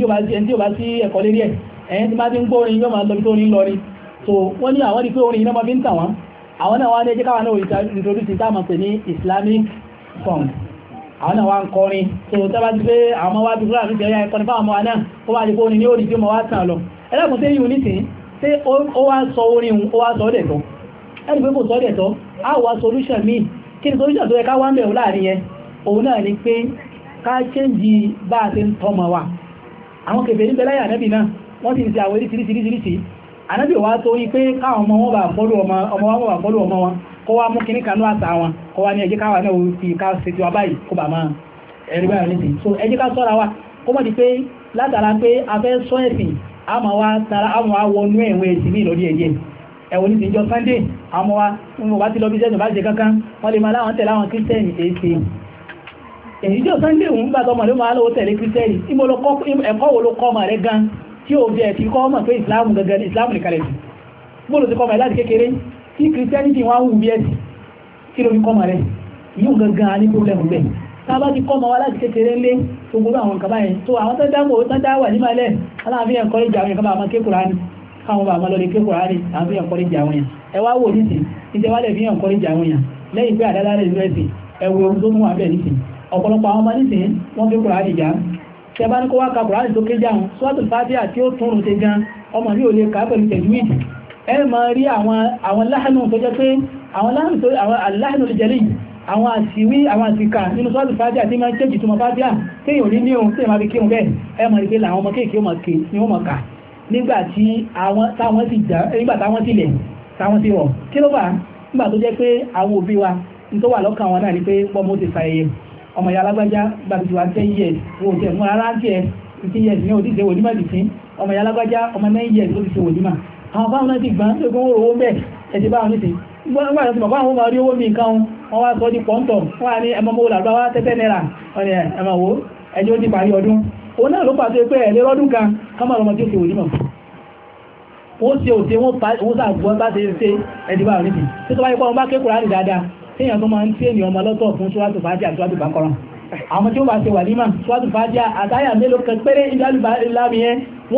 tí ó bá sí ẹ̀kọ́ lérí ẹ̀ ẹ̀yìn tí máa ti ń gbórin yóò máa lọ tó ní lọ ni so wọ́n ní àwọn ìpé orin iná máa fi ń tàwọn àwọn náà wá ní ẹjẹ́ káwọn náà introduce tá máa pè ní Islamic song àwọn náà wá ń kọrin so tábà ti pé àwọn ọmọ wa ti fúlàní ti ẹ̀yà ẹ̀kọ́ nípa àwọn ọmọ wa náà kó wá ti pé orin ní òrìṣẹ́ ọmọ wa tàn lọ ẹlẹ́kùn sí yìí tí ó wá sọ orin ohun ó wá sọ ọ́dẹ̀tọ́ ẹni pé kò sọ ọ́dẹ̀tọ́ a wá solution míì kí ni solution tó yẹ ká wá ń bẹ̀rù láàrin yẹn òun náà ni pé ká ṣéǹjì bá a ti ń tọ́mọ wa àwọn kèfèrí níbẹ̀ láyé ànábì náà wọ́n ti ń ṣe àwọn oríṣiríṣiríṣi ànábì wa tó yí pé káwọn ọmọ wọn bá fọ́lú ọmọ wọn bá fọ́lú ọmọ wọn kó wá mú kíní àmọ́ wá tara àmọ́ wá wọnú ẹ̀wọ̀n èsì ní ìlọ́dí ẹ̀yẹ ẹ̀wọ̀n ní ti jọ sunday àmọ́ wá wọ́n bá ti lọ bí sẹ́nu bá ṣe kankan wọ́n lè máa láwọn tẹ̀lé àwọn kírísítẹ́nì èsì èyí jọ sunday òun gbàtọ́ ọmọ ló máa lọ́wọ́ tẹ̀lé kírísítẹ́nì ẹ̀kọ́ wo ló kọ́ ọmọ rẹ̀ gan tí ó bí ẹ̀fí kọ́ ọmọ pé ìsìláàmù gangan ìsìláàmù nìkan lẹ̀ bó ló ti kọ́ ọmọ ẹ̀ láti kékeré tí kírísítẹ́nì wọn wù bí ẹ̀sì kí ló fi gbogbo àwọn nǹkan báyìí tó àwọn tó dámọ̀ tó dáwà ní malẹ̀ aláàfin ẹ̀kọ́ ìjà àwọn ìkọ́bà àwọn kékùrá ní káwọn bá máa lọ́lẹ̀ kékùrá ní àwọn ìyànkọ́ ìjà àwọn èèyàn ẹ wá wò nìsín ìjẹ wálẹ̀ fi ìyànkọ́ ìjà àwọn èèyàn lẹ́yìn pé àdálá rẹ̀ rẹ̀sì ẹwọ ohun tó mú wà bẹ́ẹ̀ nìsín ọ̀pọ̀lọpọ̀ àwọn ọmọ nìsín wọ́n fi kùrá nìjà tí a bá ní kó wá ka kùrá nì tó ké jáun sọ́tù fátíà tí ó túnrun ṣe gan ọmọ mi ò lè kà á pẹ̀lú tẹ̀júwìd ẹ máa rí àwọn láhánù tó jẹ́ pé àwọn láhánù tó àwọn láhánù jẹ́lì àwọn àṣìwí àwọn àṣìkà nínú sọ́ọ̀lù fàájá tí máa ń tẹ́jì tó mọ fàájá téèyàn ò ní ní ohun téèyàn máa fi kírun bẹ́ẹ̀ ẹ mọ̀ ní pé làwọn ọmọ kéèké ọmọ ké ni wọ́n mọ̀ kà nígbà tí àwọn táwọn ti jà nígbà táwọn ti lẹ̀ táwọn ti rọ̀ kí ló fà á nígbà tó jẹ́ pé àwọn òbí wa ní tó wà lọ́kàn wọn náà ni pé bọ́mọ ti fa ẹyẹ ọmọ ìyá alágbájá gbàgbé wa ten years wo tẹ̀ mú ní òdìṣe wòlímà dìtín ọmọ wọ́n rí owó mi nǹkan wọ́n wá sọ di pọ́ntọ̀m wọ́n ní ẹmọ́mọ́ olàgbáwá tẹ́tẹ́ náírà ọ̀nà ẹmọ̀wó ẹjọ́ ti parí ọdún òun náà ló pàṣẹ pé ẹ̀lẹ́ lọ́dún kan kọ́mọ̀ ọmọ tí ó fi òdímọ̀ ó ṣe òṣe wọ́n sàgbọ́n bá ṣe ṣe ẹ̀dìbà òníbi tí tó bá yẹ kọ́ ọmọ bá ké Kùránì dáadáa tí èèyàn tó máa ń tẹ́ ènìyàn ọmọ lọ́tọ̀ fún ṣúwátù fàájì àti ṣúwátù bàkọ́rọ̀ àwọn tí ó bá ṣe wà nímà ṣúwátù fàájì àtàyà mélòó kan péré ìdálùbà lámì yẹn ní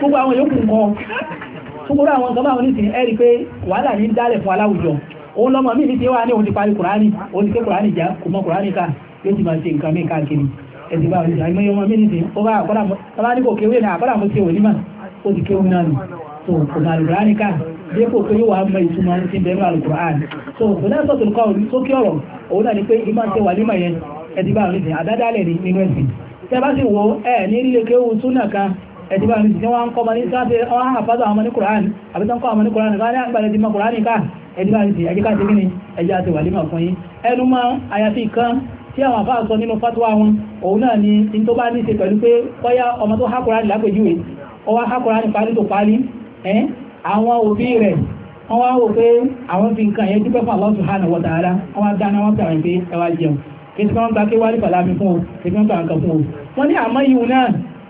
káwọn fúnbúrú àwọn ìjọba àwọn oníṣìí ẹ̀rí pé wàhálà ní dálẹ̀ fún aláwùjọ òun lọ́mọ mí ní ti wá ní òun ti parí kùránì òun ti ké kùránì já kò mọ kùránì ká yóò ti máa ṣe nǹkan mí káàkiri ẹ̀sìn bá oníṣìí àìmọye ọmọ mí ní ti ó bá àkọ́dà tọ́lá ní kò kéwé ní àkọ́dà mo ti so kò máa lù kùránì ká dépò pé yóò wá mọ ìtumọ̀ ní ti bẹ̀rù ni pé ìmọ̀ ṣe wà nímọ̀ yẹn ẹ̀sìn ẹ̀dìbà ní ìsìnkú wọn kọ́ ma ní sáfẹ́ ọwọ́n àpázọ àwọn ní kùránì àbítán kọ́ àwọn ní kùránì ká ní àgbàlẹ̀ ti ma kùránì ká ẹ̀dìbà ní ìsìnkú ẹjíká ti gíní ẹjá ti wà ní màá fún yí ẹnu máa àyàfi kan tí àwọn àfáà sọ nínú fatuwa wọn òun náà ni in tó bá ní ṣe pẹ̀lú pé kọ́yá ọmọ tó há kùránì lápèjúwe ọwọ́ há kùránì parí tó parí ẹ́ àwọn òbí rẹ̀ wọ́n wá wò pé àwọn fi nǹkan yẹn dúpẹ́ fún Allah subhanahu wa ta'ala wọ́n dáná wọ́n tàwọn pé ẹwà jẹun kí tí wọ́n gba kí wálé pàlámi fún o kí wọ́n gba nǹkan fún wọ́n ní àmọ́ yìí náà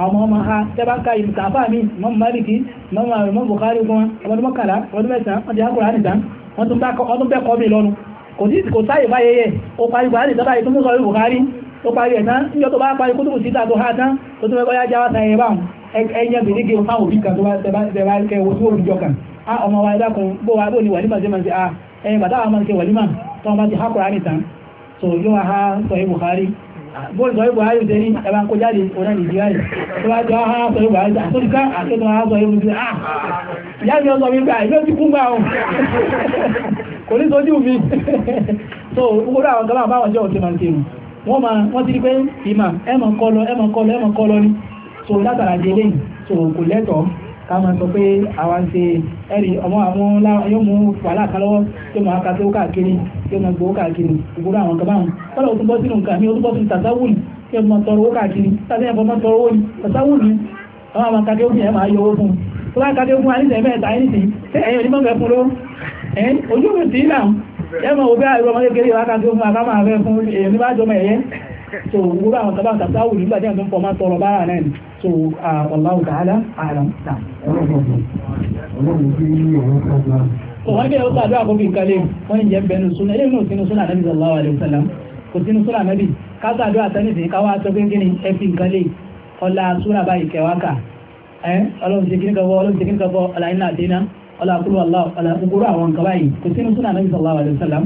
àwọn ọmọ ha tẹ́bá ká ìmùsàfà mi mọ́mù máàlìkì mọ́mù Bukhari fún ọdún mọ́kànlá ọdún mẹ́sàn-án wọ́n ti hákùrọ̀ àdìsán wọ́n tún bẹ́ẹ̀kọ́ mi lọ́nu kò sí kò sáyè báyé yẹ ó parí Bukhari tọ́bá yìí tó mú sọ́rí Bukhari ó parí ẹ̀ tán níjọ́ tó bá parí kútùbù síta tó ha tán tó tún mẹ́kọ́ yá jáwá sa ẹ̀yẹ báwọn ẹ̀yẹ bìríkì fáwọn òbí kan tó bá tẹ̀bá kẹwọ́ tó olùjọ kan a ọmọ wa ẹ̀dá kan bó wa bó ni wàlímà sí máa ń ṣe a ẹ̀yìn bàtà wa máa ń ṣe wàlímà tó wọn bá ti hákùrọ̀ àdìsán so yóò ha sọ Bukhari bóòlù sọ ìbò ayò tẹ́rí ẹ̀bá jáde ọ̀nà nìjíríà rẹ̀ tó bá jọ ahá sọ ìbò ayò àtọ́jú ah ọ̀sọ̀ mi gbà ìlú so àwọn jẹ́ wọ́n wọ́n ti rí pé ìmà kọlọ kọlọ kọlọ ká máa sọ pé àwa ń ṣe ẹ̀rì ọmọ àwọn yóò mú wàhálà kan lọ́wọ́ yóò máa ka tó káàkiri yóò máa gbowó káàkiri ìgboro àwọn kan báwọn kọ́lá o tún bọ́ sínú nǹkan mi o tún bọ́ sínú tàtàwùn kí o máa tọrọ owó káàkiri tàbí ẹ̀fọ́ máa tọrọ owó ni tàtàwùn ni àwọn àwọn kakẹ́ òfin ẹ̀ máa yọ owó fún tó bá kakẹ́ òfin alẹ́ mẹ́ta ẹni sí ṣé ẹ̀yin onímọ̀ fẹ́ fún ló ẹ̀yin ojú mi sí náà so wúrú àwọn tàbá tàbáwò nígbà tí àwọn fọmá tọrọ bára náà ni so wallahu ta'ala a'lam wọ́n jẹ́ ó sàdúrà kó fi kalẹ̀ wọ́n jẹ́ bẹnu súnà ilé náà sínú súnà nàbì sallallahu alaihi wasallam kò sínú súnà nàbì kásàdúrà tẹ́nìsì káwà tó kí ní ẹfì kalẹ̀ ọlá súnà báyìí kẹwàkà ọlọ́run ti kí ní kẹfọ́ ọlọ́run ti kí ní kẹfọ́ ọlá iná àdínà ọlá kúrò ọlá gbogbo àwọn nǹkan báyìí kò sínú súnà nàbì sallallahu alaihi wasallam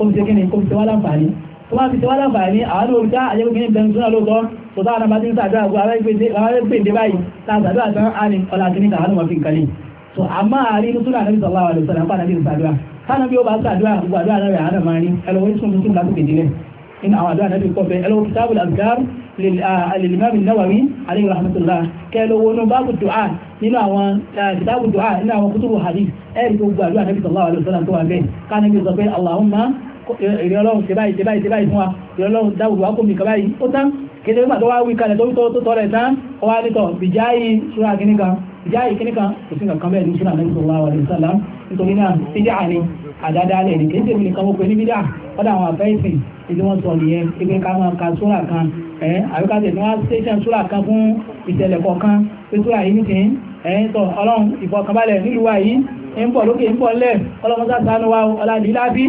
kó fi ni kó fi ṣe wá láǹfààní tó bá fi ṣe wá láǹfààní àwọn olùdá àjẹ́gbẹ̀gbẹ̀ ní bẹnu súnà lóòtọ́ tó táwọn abá ti ń sàdúrà gbọ́ àwẹ́gbẹ̀dẹ̀ báyìí tàbí àtàrà àní ọlá àti níta àwọn ọmọ fi nǹkan lè so àmà àárín súnà àti sọ̀lá wà lọ́sọ̀rọ̀ àpá àti sàdúrà táwọn bí ó bá sàdúrà gbogbo àdúrà náà rẹ̀ àdàmà ní ẹlọ́wọ́ ìṣùn tuntun lásìkò ìdílé إن أعداء نبي قبل ألو كتاب الأذكار للإمام النووي عليه رحمة الله كالو نباب الدعاء نلا كتاب الدعاء نلا كتب الحديث أرجو قالوا النبي صلى الله عليه وسلم كان به èrè ọlọ́run ṣe báyìí ṣe báyìí ṣe báyìí fún wa èrè ọlọ́run dáwùrù wá kò mí kàbáyìí ó tán kéde nígbà tó wá wí kalẹ̀ tó tó tọ́ rẹ̀ tán ó wá nítọ̀ bìjáyì ṣúra kìnnìkan bìjáyì kìnnìkan kò sí nǹkan bẹ́ẹ̀ ní ṣúra náà nítorí wàhálà ìṣàlá nítorí náà bíjà ni àdádálẹ̀ ní kéde mi nìkan wọ́pẹ́ ní bíjà ọ̀dà àwọn afẹ́sìn ìdí wọ́n sọ nìyẹn pé ká máa ka ṣúra kan ẹ̀ àbíkáṣẹ̀ ní wọ́n ṣẹ̀ṣẹ̀ ṣúra kan fún ìṣẹ̀lẹ̀ kọ̀ọ̀kan pé ṣúra yìí nìkan ẹ̀ ń sọ ọlọ́run ìfọkànbalẹ̀ nílùú wa yìí ń bọ̀ lókè ń bọ̀ lẹ̀ ọlọ́mọ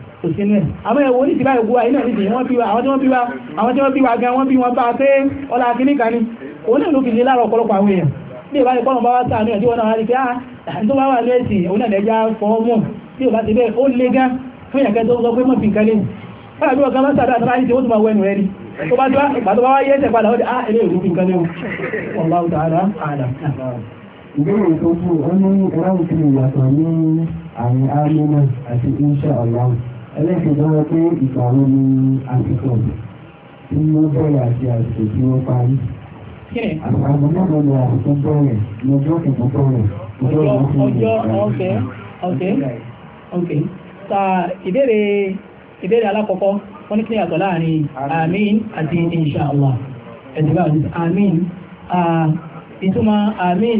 kò sí ní ẹ̀ àwọn ẹ̀wọ̀ ní ìsìnbá ìgbó àìyàn ní ìsìn wọ́n bí wa àwọn tí wọ́n bí wa àwọn tí wọ́n bí wa gan wọ́n bí wọn bá pé ọlá akíníkà ni òun náà ló fi lé láàrọ̀ ọ̀pọ̀lọpọ̀ àwọn èèyàn bí ìbá ní pọ́nà bá wá sáà ní ọjọ́ náà rí pé á ah, tó bá wà ní ẹ̀sìn òun náà lẹ́jà fọwọ́ mọ̀ tí ò bá ti bẹ́ẹ̀ ó le gan fún ìyàkẹ́ tó sọ pé mọ̀ fi nǹkan lé fọ́nà bí ọ̀gá máa sàdá àtàrà ìṣẹ́ ó tún máa wẹnu ẹni tó bá tó bá wá yẹ́ ẹ̀sẹ̀ padà ó di á ilé ìlú fi nǹkan lé wọn bá ọ̀tà àdá àdá ìbéèrè tó kù ó ní ẹ̀rọ ìpínlẹ̀ ìyàtọ̀ ní àmì àmì náà àti insha Allah ẹlẹ́kẹ̀ẹ́dá wọn pé ìgbàwó ni àsìkò tí ó bẹ̀rẹ̀ àti àsìkò tí ó parí. àgbàdo náà lọ àsìkò bẹ̀rẹ̀ lọ́jọ́ kẹ̀kọ́ bẹ̀rẹ̀ ọjọ́ ọjọ́ ọ̀kẹ́ ọ̀kẹ́ ọ̀kẹ́ ta ìbéèrè ìbéèrè alákọ̀ọ́kọ́ wọ́n ní kí ni àtọ̀ láàrin àmín àti insha Allah amin, bá àmín ah, ìtumọ̀ àmín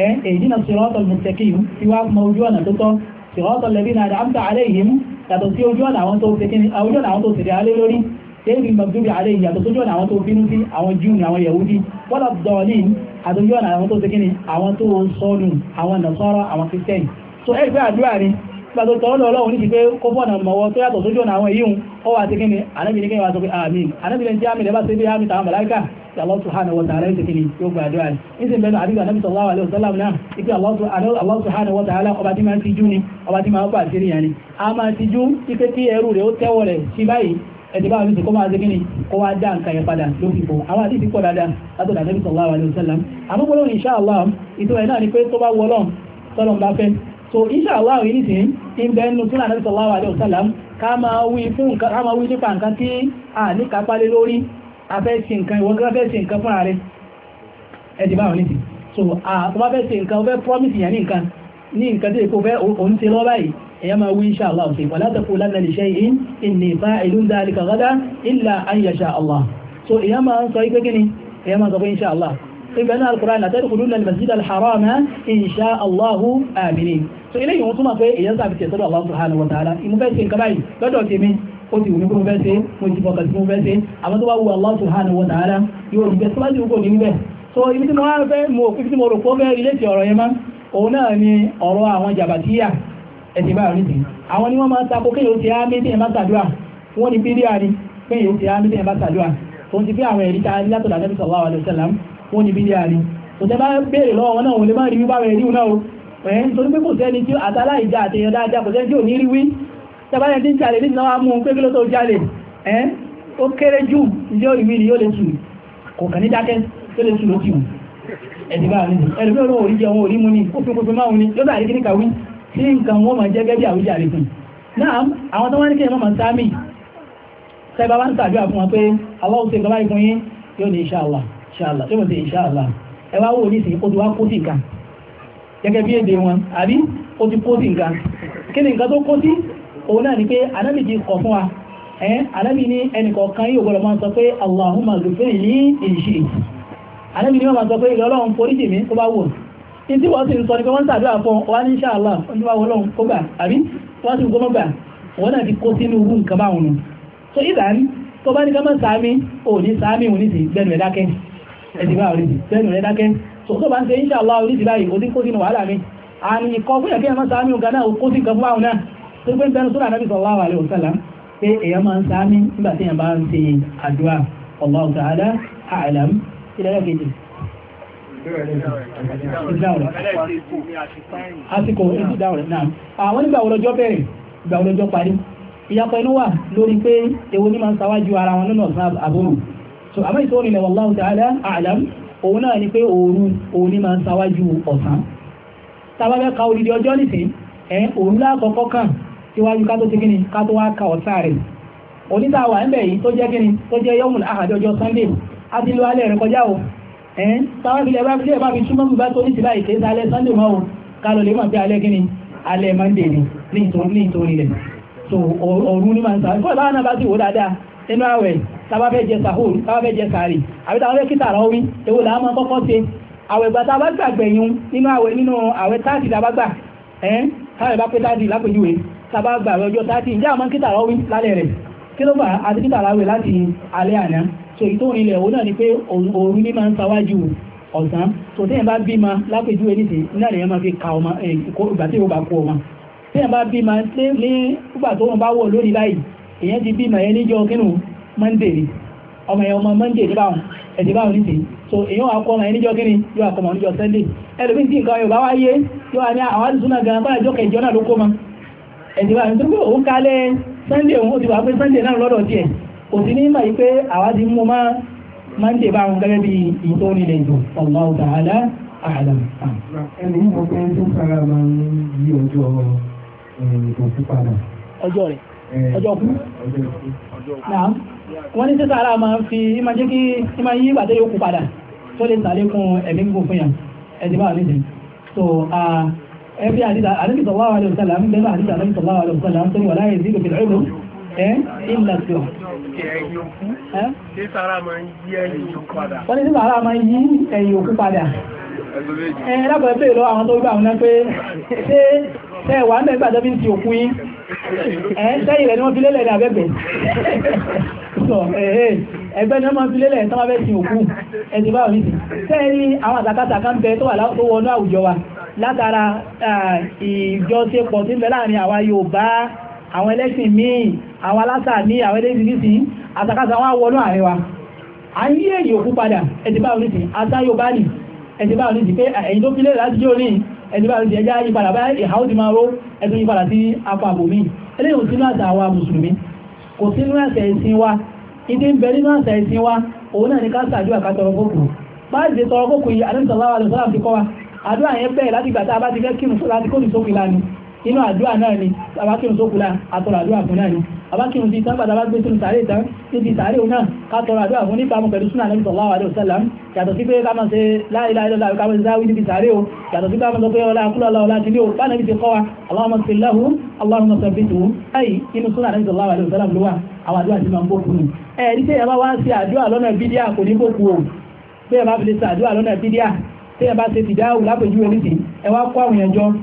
اهدنا الصراط المستقيم سواء موجوانا تطو صراط الذين أنعمت عليهم yàtọ̀ sí ojú ọ̀nà àwọn tó ṣe kí ni ojú ọ̀nà àwọn tó ṣe alé lórí david mcdubi alẹ́ yàtọ̀ sójú ọ̀nà àwọn tó bínú sí àwọn jíun ni àwọn yahudi wọ́n dọ̀ọ̀lì àtọ́jú ọ̀nà àwọn tó ṣe kí ni àwọn tó ń sọ́nù àwọn nàṣọ́rọ̀ àwọn kristian so ẹgbẹ́ àdúrà ni gbàtò tọ́lọ̀ ọlọ́run ní ti pé kó bọ́nà mọ̀wọ́ tó yàtọ̀ sójú ọ̀nà àwọn èyíhun ó wà ti kíni anábìnrin kíni wà sọ pé àmín anábìnrin tí àmì lẹ́bà sí bí àmì tàwọn màláíkà tí Allah subhanahu wa ta'ala ti kíni sallallahu alaihi wasallam náà Allah subhanahu wa ta'ala ọba tí máa ti jú ni ọba tí máa ń ni yàní a máa ti jú sí pé kí ẹrù rẹ̀ ó tẹ́wọ̀ rẹ̀ sí báyìí ẹ̀dì bá mi sì kó máa ṣe kíni kó wá dá sallallahu alaihi wasallam àmọ́ gbọ́dọ̀ insha Allah ìtura ẹ̀ náà ni pé tó bá wọlọ́n so insha Allah ìrìsìn ń bẹ nínú sunnah Nabi sallallahu alaihi wasallam ká máa wí fún nǹkan ká máa wí nípa nǹkan tí a ní kápá lé lórí afẹ́ sí nǹkan ìwọ́n gẹ́gẹ́ fẹ́ sí nǹkan fúnra rẹ̀ ẹ̀dì báwọn nìsìn so àtọ́bá fẹ́ sí nǹkan ọfẹ́ promise yẹn ní nǹkan ní nǹkan tí èkó fẹ́ òun ti lọ́ báyìí èyàn máa wí insha Allah òsè wala taqulanna li shay'in inni fa'ilun dhalika ghadan illa an yasha Allah so èyàn máa ń sọ ipé kíni èyàn máa sọ pé insha Allah ìbẹ̀lẹ̀ alkùnrin àtẹ́rì kùdú lẹ́nu masjidal harama insha allahu amini so ilé ìwọ̀n túnmà pé èyàn sáfi tẹ̀ sọ́dọ̀ allah subhanahu wa ta'ala ìmúfẹ́ sí nǹkan báyìí lọ́dọ̀ tèmi ó ti wùmí kúrú fẹ́sẹ̀ mo ti fọkàn sí mo fẹ́sẹ̀ àmọ́ tó bá wu allah subhanahu wa ta'ala yóò rí bẹ́ẹ̀ tó bá ti wùkọ̀ níbẹ̀ so ibi tí mo wá fẹ́ mo ibi tí mo rò pọ́ fẹ́ ilé ti ọ̀rọ̀ yẹn má òun náà ni ọ̀rọ̀ àwọn jàbàtíyà ẹ̀sìn báyìí nìsín àwọn ni wọ́n máa tako kéèyàn ti á mí tí ẹ̀ má ṣàdúrà wọ́n ni bídíà ni kéèyàn ti á mí tí ẹ̀ má òun ti fi àwọn ẹ̀rí ta látọ̀dọ̀ àtẹ́bí sallallahu alaihi wasallam wọ́n ní bídíà ni kò tẹ́ bá béèrè lọ́wọ́ wọn náà wọ́n lè má rí wí báwọn ẹ̀rí náà ẹ̀ ń torí pé kò sẹ́ni tí àtàlá ìjà àtẹ̀yàn dáadáa kò sẹ́ni tí ò ní rí wí tẹ́bàlẹ̀ tí ń jalè ní náà mú pé kí ló tó jalè ẹ́ ó kéré jù ìjọ ni yóò lè tù kò kàn ní dákẹ́ tó lè tù ló tìwù ẹ̀dìbà ní ẹ̀lùmí olóòwò orí jẹ ohun orí mú ní ó fi pínpín máa ní yóò dàrí kí tàbí àfún wọn pé àwọn òṣèlú báyìí fún yín yóò ní insha Allah ṣáàlà tí wọ́n ti ṣáàlà ẹ wá wò nísìnyí ó ti wá kó sí nǹkan gẹ́gẹ́ bí èdè wọn àbí o ti kó sí nǹkan kí ni nǹkan tó kó sí òun náà ni pé anábì ti kọ̀ fún wa ẹ́ anábì ní ẹnìkọ̀ọ̀kan yóò gbọ́dọ̀ máa sọ pé Allahumma ghfir li ìṣe anábì ní wọ́n máa sọ pé ilẹ̀ ọlọ́run forí jì mí tó bá wò ní tí wọ́n sì ń sọ ní pé wọ́n ń sàdúrà fún wa ní ṣáàlà wọ́n ti wá wọ́n lọ́run kó gbà àbí wọ́n sì gbọ́mọ́ gbà wọ́n náà ti kó sínú irú nǹkan báwọn nù so ìdá ní tó bá ní ká má sàámi ò ní òní sì gbẹnu ẹ̀dákẹ́ ẹ̀dìbá oríṣi sẹ́nu rẹ̀ dákẹ́ tó tó bá ń ṣe insha Allah oríṣi báyìí ó ti kó sínú wàhálà mi àmì ikọ̀ fún ẹ̀kẹ́ ẹ̀mọ́ sàmì ògá náà kó sí nǹkan sallallahu alaihi wasallam pé èèyàn máa ń sàmì nígbà tí ta'ala a'lam ilẹ̀ ẹ̀kẹ́ jù àsìkò ètò ìdáhùn rẹ̀ náà àwọn nígbà òlọ́jọ́ bẹ̀rẹ̀ ìgbà òlọ́jọ́ parí ìyapa inú wà lórí pé èwo ní máa ń ṣáwájú ara wọn lọ́nà ọ̀sán àbúrò so àmọ́ ìtọ́ nílẹ̀ wallahu ta'ala a'lam òun náà ni pé òru òun ní máa ń sáwájú ọ̀sán tàbábẹ́ ka odidi ọjọ́ nìsín ẹ̀ òru lákọ̀ọ́kọ́ kàn síwájú ká tó ti kíni ká tó wá ka ọ̀sán rẹ̀ onítàwà ń bẹ̀ yìí tó jẹ́ kíni tó jẹ́ yọ́mùn àhàdé ọjọ́ sunday á ti lo alẹ́ rẹ̀ kọjá o ẹ̀ tàbábìlẹ̀ bá fi lè bá ni ní ìtorí rẹ̀ so òru ní máa ń sáwájú kọ́ tàbá fẹ́ jẹ sahur tàbá fẹ́ jẹ sàárì àbí tàbá fẹ́ kíta rọ́wí èwo là á máa kọ́kọ́ ṣe àwẹ̀ ìgbà tàbá gbàgbẹ̀ yun nínú àwẹ̀ nínú àwẹ̀ táàtì tàbá gbà ẹ́n káwẹ̀ bá pé táàtì lápèjúwe tàbá gbà ọjọ́ táàtì ǹjẹ́ àwọn kíta rọ́wí lálẹ́ rẹ̀ kí ló fà àti kíta ráwẹ̀ láti alẹ́ àná so ìtòrin ilẹ̀ òun náà ni pé òru ní máa ń sáwájú ọ̀sán tó tẹ́yìn bá bímọ lápèjúwe nìsí náà lèyàn máa fi ka ọmọ ìgbà tí ó bá kú ọmọ tẹ́yìn bá bímọ ní ìgbà tó wọn bá wọ̀ lórí báyìí èyàn ti bímọ yẹn níjọ́ kínú monday ni ọmọ ẹ̀yọ ọmọ monday ní báwọn ẹ̀dì báwọn nìsín so èyàn wà kọ́ ọmọ ẹni jọ kíni yóò àkọ́mọ ọmọ níjọ sunday ẹlòmíì nǹkan yorùbá wá yóò wá gan náà ló kó ẹ̀dì báwọn nítorí pé òun òun ó ti wà pé náà lọ́dọ̀ tiẹ̀ kò sí ní yí pé àwa ti mú ma monday báwọn gẹ́gẹ́ bí Eh, ọjọ́ kú náà wọ́n ní sísára máa fi ima jẹ́ kí ima yí ìgbàdé yóò kú padà tó lè sàlékún ẹ̀mí fún so ẹbí àdìsà àdìsà wà lè sàlám bẹ́ẹ̀ àdìsà ìlàjò wọ́n ní sára máa yí ẹ̀yìn òkú padà ẹ̀yìn lápẹ̀ẹ́pẹ̀ lọ àwọn tó gbà wọn pé ṣe tẹ́ẹ̀wà ń bẹ̀gbà jẹ́bí ti òkú yí ẹ̀ẹ́sẹ́yìn rẹ̀ ni wọ́n fi lélẹ̀ ní abẹ́gbẹ̀ ẹgbẹ́ ni wọ́n máa fi lélẹ̀ tán wá fẹ́ sin òkú ẹni bá òní sí sẹ́ẹ̀rí àwọn àtàkàtà kan bẹ tó wà tó wọnú àwùjọ wa látara ìjọṣepọ̀ tí ń bẹ láàrin àwa Yorùbá àwọn ẹlẹ́sìn míì àwọn alásà míì àwọn ẹlẹ́sìn nísìn àtàkásà wọn wọnú àárín wa a ń yí èyí òkú padà ẹ̀dìbá onísìn àtà yóò bá nì ẹ̀dìbá onísìn pé ẹ̀yìn tó fi lè láti jẹ́ òní ẹ̀dìbá onísìn ẹjá yí padà bá ìhàó ti máa ró ẹ̀tún yí padà sí apá àbòmí eléyìí ò sínú àṣà wa mùsùlùmí kò sínú àṣà ẹ̀sìn wa ìdí ń bẹ nínú àdúrà náà ni abákírun tó kula àtọrọ àdúrà fún náà ni abákírun ti tán padà bá gbé sínú sàárè tán níbi sàárè òun náà ká tọrọ àdúrà fún nípa pẹ̀lú súnà Ànábì sallallahu alaihi wasallam la ilaha illallah ká máa ṣe záwí níbi sàárè o yàtọ̀ sí pé ká máa sọ pé ọlá kúlọ̀ kọ́ wa lahu Allahumma thabbithu báyìí inú súnà Ànábì sallallahu alaihi wasallam ló wà àwọn àdúrà ti máa ń bókun ẹ̀ẹ́dí tẹ́yà bá wá sí àdúrà lọ́nà bídíà kò ní bókun o tẹ́yà bá fi lè ṣàdúrà lọ́nà bídíà tẹ́yà bá ṣe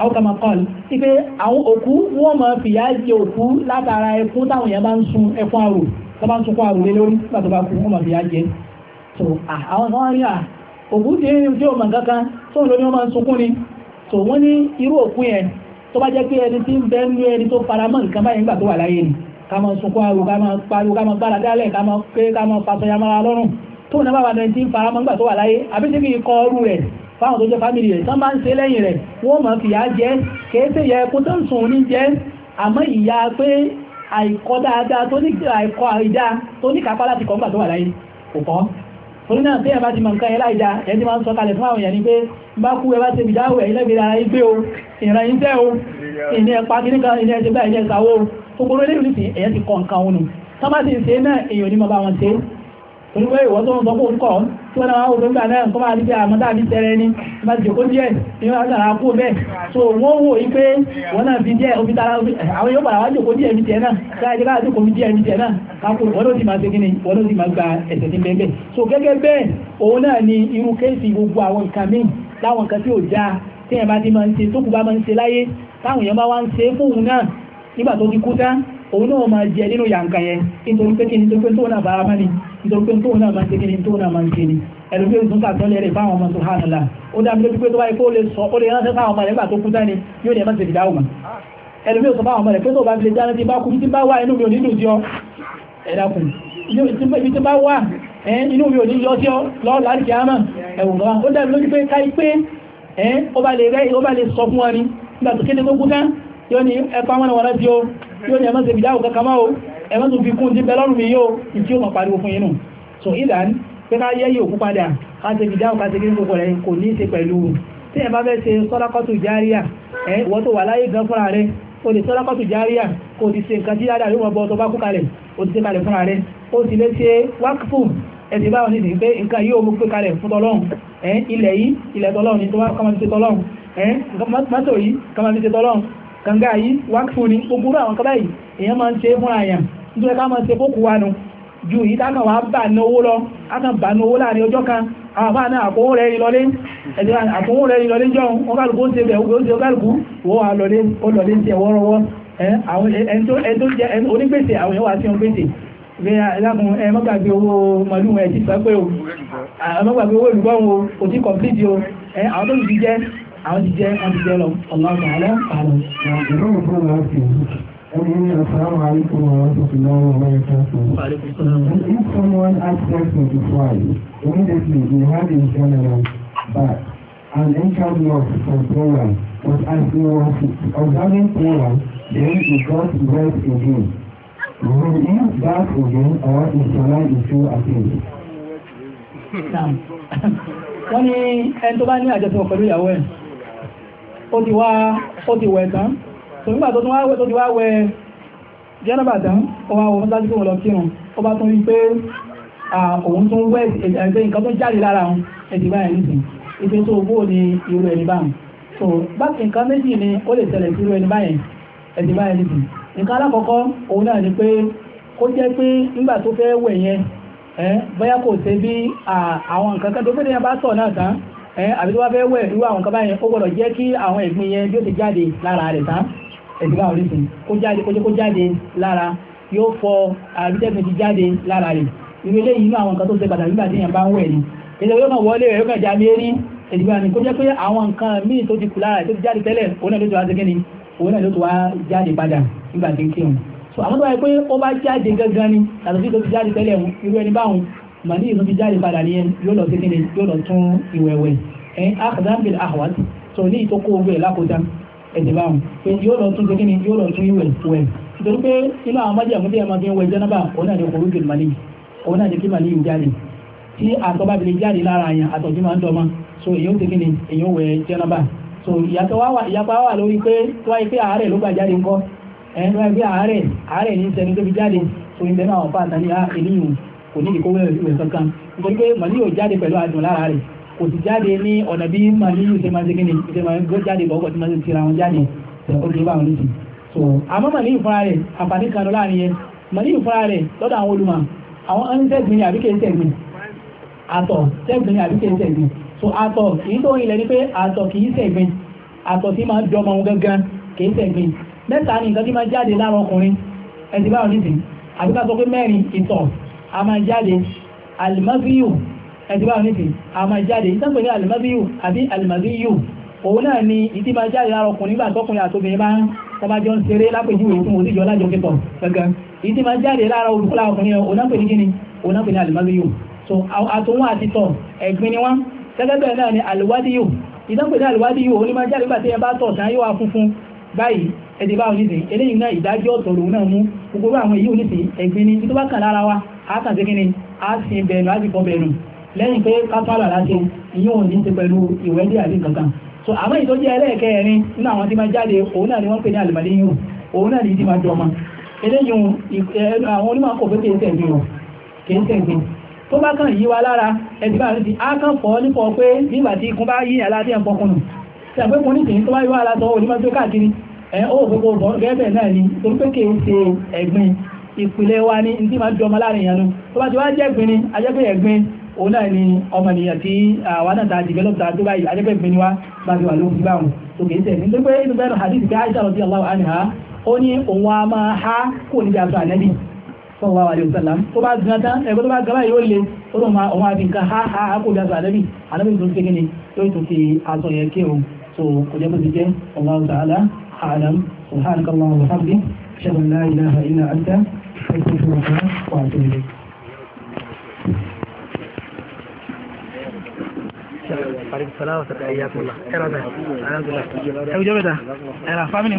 àwọn kàmà kọ́ọ̀lù sí pé àwọn òkú wọ́n máa fìyà jẹ òkú látara ẹkún táwọn èèyàn bá ń sun ẹkún àrò tó bá ń sunkún àrò lé lórí nígbà bá kú wọ́n máa fìyà jẹ so àwọn kan rí à òkú tí ó jẹ́ òmà kankan tó ń lórí wọ́n máa ń sunkún ni so wọ́n ní irú òkú yẹn tó bá jẹ́ pé ẹni tí ń bẹ nú ẹni tó faramọ́ nǹkan báyìí nígbà tó wà láyé ni ká máa sunkún àrò ká máa pariwo ká máa gbára dálẹ̀ ká máa pé ká máa fasọyamọ́ra lọ́rùn tó ní bá wà ní ẹni tí ń faramọ́ nígbà tó wà láyé àbí fáwọn tó jẹ́ fámìlì rẹ̀ tán bá ń ṣe lẹ́yìn rẹ̀ wọ́n mọ̀ fìyà jẹ kèése yẹ ẹkùn tó ń sùn ní jẹ àmọ́ ìyá pé àìkọ́ dáadáa tó ní àìkọ́ àìdá tó ní kápá láti kọ́ńgbà tó wà láyé kò kọ́ torí náà tí ẹ bá ti mọ̀ nǹkan ẹláìdá ẹni máa ń sọ kalẹ̀ fún àwọn èèyàn ni pé bá kú ẹ bá ti bìdáwò ẹ̀lẹ́gbẹ̀rẹ̀ ara igbé o ìran iṣẹ́ o ìní ẹpa kìníkan ìní ẹ̀ṣẹ̀gbà ìní ẹ̀ṣàwó gbogbo orílẹ̀-èdè ẹ̀yẹ́ ti kọ nǹkan ònù tọ́bá ti ṣe náà èèyàn ní mọ́ bá wọn ṣe olúgbé ìwọ́n tó ń sọ fún kọ́ tí wọ́n náà obìnrin gbàdá nǹkan máa dípẹ́ àmọ́dá àbí tẹ́rẹ ní bá ti jòkó díẹ̀ ní wọ́n tàrà kó bẹ́ẹ̀ so wọ́n wò yí pé wọ́n náà fi díẹ̀ omi tara àwọn yóò padà wá jòkó díẹ̀ mi tiẹ̀ náà káyà jẹ́ káyà jòkó mi díẹ̀ mi tiẹ̀ náà káko wọ́n ló ti máa ṣe kíni wọ́n ló ti máa gba ẹ̀sẹ̀ ní bẹ́ẹ̀ so gẹ́gẹ́ bẹ́ẹ̀ òun náà ni irú kéèsì gbogbo àwọn já tí ẹ̀ bá ti máa ń ṣe tó kù bá máa ń ṣe láyé táwọn èèyàn bá wá náà nígbà tó ti kú tán òun náà máa jẹ nínú yàǹkà yẹn nítorí pé kí ni tó pé tó náà bára máa ní nítorí pé tó náà máa ń ṣe kí ni tó náà máa ń ṣe ni ẹ̀rù pé ìtúntà tọ́lẹ̀ rẹ̀ fáwọn ọmọ subhanallah ó dá mi lójú pé tó báyìí kó lè sọ ó lè ránṣẹ́ fáwọn ọmọ rẹ̀ nígbà tó kú tán ni yóò ní ẹ̀ máa ṣe ìdáhùn pé ó sọ fáwọn ọmọ rẹ̀ pé tó bá fi lè bá kú tí bá wà inú mi ò nílùú jọ ẹ̀dàkùn ibi tí bá wà inú mi ò ní yọ sí ọ lọ́ọ́ láti kí á mọ̀ ẹ̀wù ó dá mi pé káyí pé ó bá lè sọ fún ọ ni nígbà tó kéde gbogbo tán yóò ní ẹpa mọ́nà wọ́n láti ó yóò ní ẹmọ́ ṣe bìdáwò kankan máa ó fi kún tí bẹlọ́rùn mi yóò ìtí ó mọ̀ pariwo fún inú so ìdán pé ká yẹ́ yóò kú padà ká ṣe bìdáwò ká ṣe kí gbogbo rẹ̀ kò ní ṣe pẹ̀lú tí ẹ bá fẹ́ ṣe sọ́dákọ́tù járíà ẹ wọ́n tó wà láyé gan fúnra rẹ̀ o lè sọ́dákọ́tù járíà kò ti ṣe nǹkan tí dáadáa yóò mọ̀ bọ́ tó bá kú kalẹ̀ o ti ṣe kalẹ̀ kànga yìí wákìtù ní gbogbo àwọn kọ́bá yìí èèyàn máa ń ṣe fún àyàn nítorí ká máa ṣe kókò wa nu ju yìí tá kan wàá bà ní lọ á kan bà ní láàrin ọjọ́ kan àwọn àbá náà àkówó rẹ̀ ní lọlé àkówó rẹ̀ ní lọlé jọun ọkàlùkù ó ṣe bẹ̀ ó ṣe ọkàlùkù wọ́n wà lọlé ó lọlé ń ṣe wọ́rọ́wọ́ onígbèsè àwọn èèyàn wà sí ohun gbèsè ah, ẹlákun ẹ má owó àwọn ti jẹ́ wọ́n ti jẹ́ lọ ọlọ́run if someone asks us to defy immediately we had him turn around back and enter block for as he was observing prayer then he got breath again. Will he back again or is Salah issue again? wọ́n ní ẹni tó bá ní àjọṣepọ̀ pẹ̀lú ìyàwó ẹ̀ ó ti wẹ̀ tán tó nígbà tó ti wá wẹ̀ jẹ́nàbà tán ó wá wọ́n sáájú kí wọ́n lọ kírun ó bá tún rí pé òun tún wẹ̀ ẹgbẹ́ nǹkan tó jáde lára wọn ẹ̀dì báyìí nìsín ibi tó gbóò ní irú ẹni báyìí so bá nǹkan méjì ni ó lè tẹ̀lẹ̀ sí irú ẹni báyìí ẹ̀dì báyìí nìsín nǹkan alákọ̀ọ́kọ́ òun náà ni pé kó jẹ́ pé nígbà tó fẹ́ wẹ̀ yẹn bóyá kò ṣe bí àwọn nǹkan kan tó fẹ́ àbí tó bá fẹ́ wẹ̀ irú àwọn kaba yẹn ó gbọ́dọ̀ jẹ́ kí àwọn ìgbín yẹn bí ó ti jáde lára rẹ̀ tán ẹ̀dùn bá orísun kó jáde kó jẹ́ kó jáde lára yóò fọ àbí tẹ́gbìn ti jáde lára rẹ̀ irú eléyìí inú àwọn nǹkan tó ṣe pàtàkì nígbà èèyàn bá ń wẹ̀ ni èdè yóò kàn wọlé rẹ̀ yóò kàn já mi rí ẹ̀dùn bá ní kó jẹ́ pé àwọn nǹkan míì tó ti kù lára tó ti jáde tẹ́lẹ̀ òun náà ló ti wá jáde padà nígbà so àwọn tó wáyé pé ó bá jáde gangan ni àtàkì tó mani ìlú fi jáde padà ní ẹn yóò lọ sí kíni yóò lọ tún ìwẹ̀wẹ̀ ẹn akadambil ahwat tó ní ìtókò ogun ẹ̀ lákòóta ẹ̀dẹ̀ báwọn pé yóò lọ tún sí kíni yóò lọ tún ìwẹ̀ wẹ̀ nítorí pé inú àwọn májèmú tí ẹ fi ń wẹ̀ jẹ́nàbà òun náà ni kò rúgbìn mani òun náà ni kí mani jáde tí àtọ̀ bá fi jáde lára yẹn àtọ̀jú máa ń dọ́mọ so èyí ó ti kíni èyí ó wẹ̀ jẹ́nàbà so ìyàtọ̀ wá wà ìyapa wà lórí pé tó wáyé pé àárẹ̀ ló gbà jáde ńkọ́ ẹ̀ tó wáyé pé àárẹ̀ àárẹ̀ ní sẹ́ni tó fi jáde so ìbẹ̀rẹ̀ àwọn pàtàkì ah, eléyìí kò ní ìkówó ẹ̀rí rẹ̀ kankan nítorí pé màlí yóò jáde pẹ̀lú adùn lára rẹ̀ kò sì jáde ní ọ̀nà bí màlí yóò ṣe máa ṣe kíni ṣe máa gbé jáde bọ́ọ̀kọ̀ tí máa ṣe tira wọn jáde ó ti bá wọn lóṣù so àmọ́ màlí yìí fúnra rẹ̀ àǹfààní kan láàrin yẹn màlí yìí fúnra rẹ̀ lọ́dọ̀ àwọn olùmọ̀ àwọn anisẹ́gbìn àbí kèésẹ́gbìn àtọ̀ sẹ́gbìn àbí so àtọ̀ kìí tó ilẹ̀ ní pé àtọ̀ kìí sẹ́gbìn àtọ̀ tí máa jọmọ ohun gangan mẹ́ta ni nǹkan tí máa jáde lára ọkùnrin ẹ̀sìn báwọn nísìn àbí ká sọ pé mẹ́rin ìtọ̀ a máa jáde alimabiyu ẹ̀dí bá nífi a máa jáde ìtàkùn ní alimabiyu àbí alimabiyu òun náà ni ìdí máa jáde lára ọkùnrin nígbà tọkùnrin àtobìnrin bá ń tọ́bájọ́ ń seré lápèjúwe fún òsìjọ́ lájọ kíkọ̀ gangan ìdí máa jáde lára olùkọ́lá ọkùnrin òun so àtòun àti tọ̀ ẹ̀gbin ni wọ́n gẹ́gẹ́bẹ̀ẹ́ náà ni alwadiyu ìdánpẹ̀ ní alwadiyu òun ni máa jáde nígbà tí ẹ bá tọ̀ tán yóò wá funfun báyìí ẹ̀dì báwọn nìsín eléyìí náà ìdájọ́ ọ̀tọ̀ lòun náà mú gbogbo àwọn èyí òníṣìí ẹ̀gbin ni tó bá kàn lára wa àtàtí kí ni a sì bẹ̀rù a sì fọ́ bẹ̀rù lẹ́yìn pé kápálà láti ìyí òun ní ti pẹ̀lú ìwẹ́dí àti kankan so àmọ́ ìtọ́jú ẹlẹ́ẹ̀kẹ́rin nínú àwọn tí máa jáde òun náà ni wọ́n pè ní àlùmọ́lé òun náà ni ìdí máa jọmọ eléyìí àwọn onímọ̀ kò pé kìí tẹ̀gbìn o kìí tẹ̀gbìn tó bá kàn yí wa lára ẹ̀dí bá ti á kàn fọ́ nípa pé nígbà tí ikú bá yí aláàtí ẹ̀ pọkùnù tí àpé kò ní ìpìlẹ̀ wa ní tí ma ń jọmọ láàrin ìyanu tó bá ti wá jẹ́gbin ni ajẹ́gbin ẹ̀gbin òun náà ni ọmọnìyàn tí àwọn náà ta develop ta tó báyìí ajẹ́gbin ẹ̀gbin ni wá bá fi wà ló fi báwọn tó kìí tẹ̀ ní pé inú bẹ́ẹ̀rù hadith bí Aisha radiyallahu anha ó ní òun a máa há kò níbi àtọ ànẹ́bì fọwọ́ wa aleyhi sallam tó bá gbọ́n tán ẹ̀kọ́ tó máa ha ha ha kò dáa ànẹ́bì ànẹ́bì tó ń ké kíni yóò tún fi aṣọ yẹn ké o so kò jẹ́ bó ti jẹ́ Allahu ta'ala a'lam subhanaka Allahumma wa bihamdika ashhadu an illa anta warahmatullahi wabarakatuh. Àríkù sọ́lá ọ̀sẹ̀ kan ìyá kúlọ̀. Ẹ̀rọ bẹ̀rẹ̀. Ẹ̀rọ bẹ̀rẹ̀. Ẹ̀rọ bẹ̀rẹ̀. Ẹ̀rọ fámìlì ń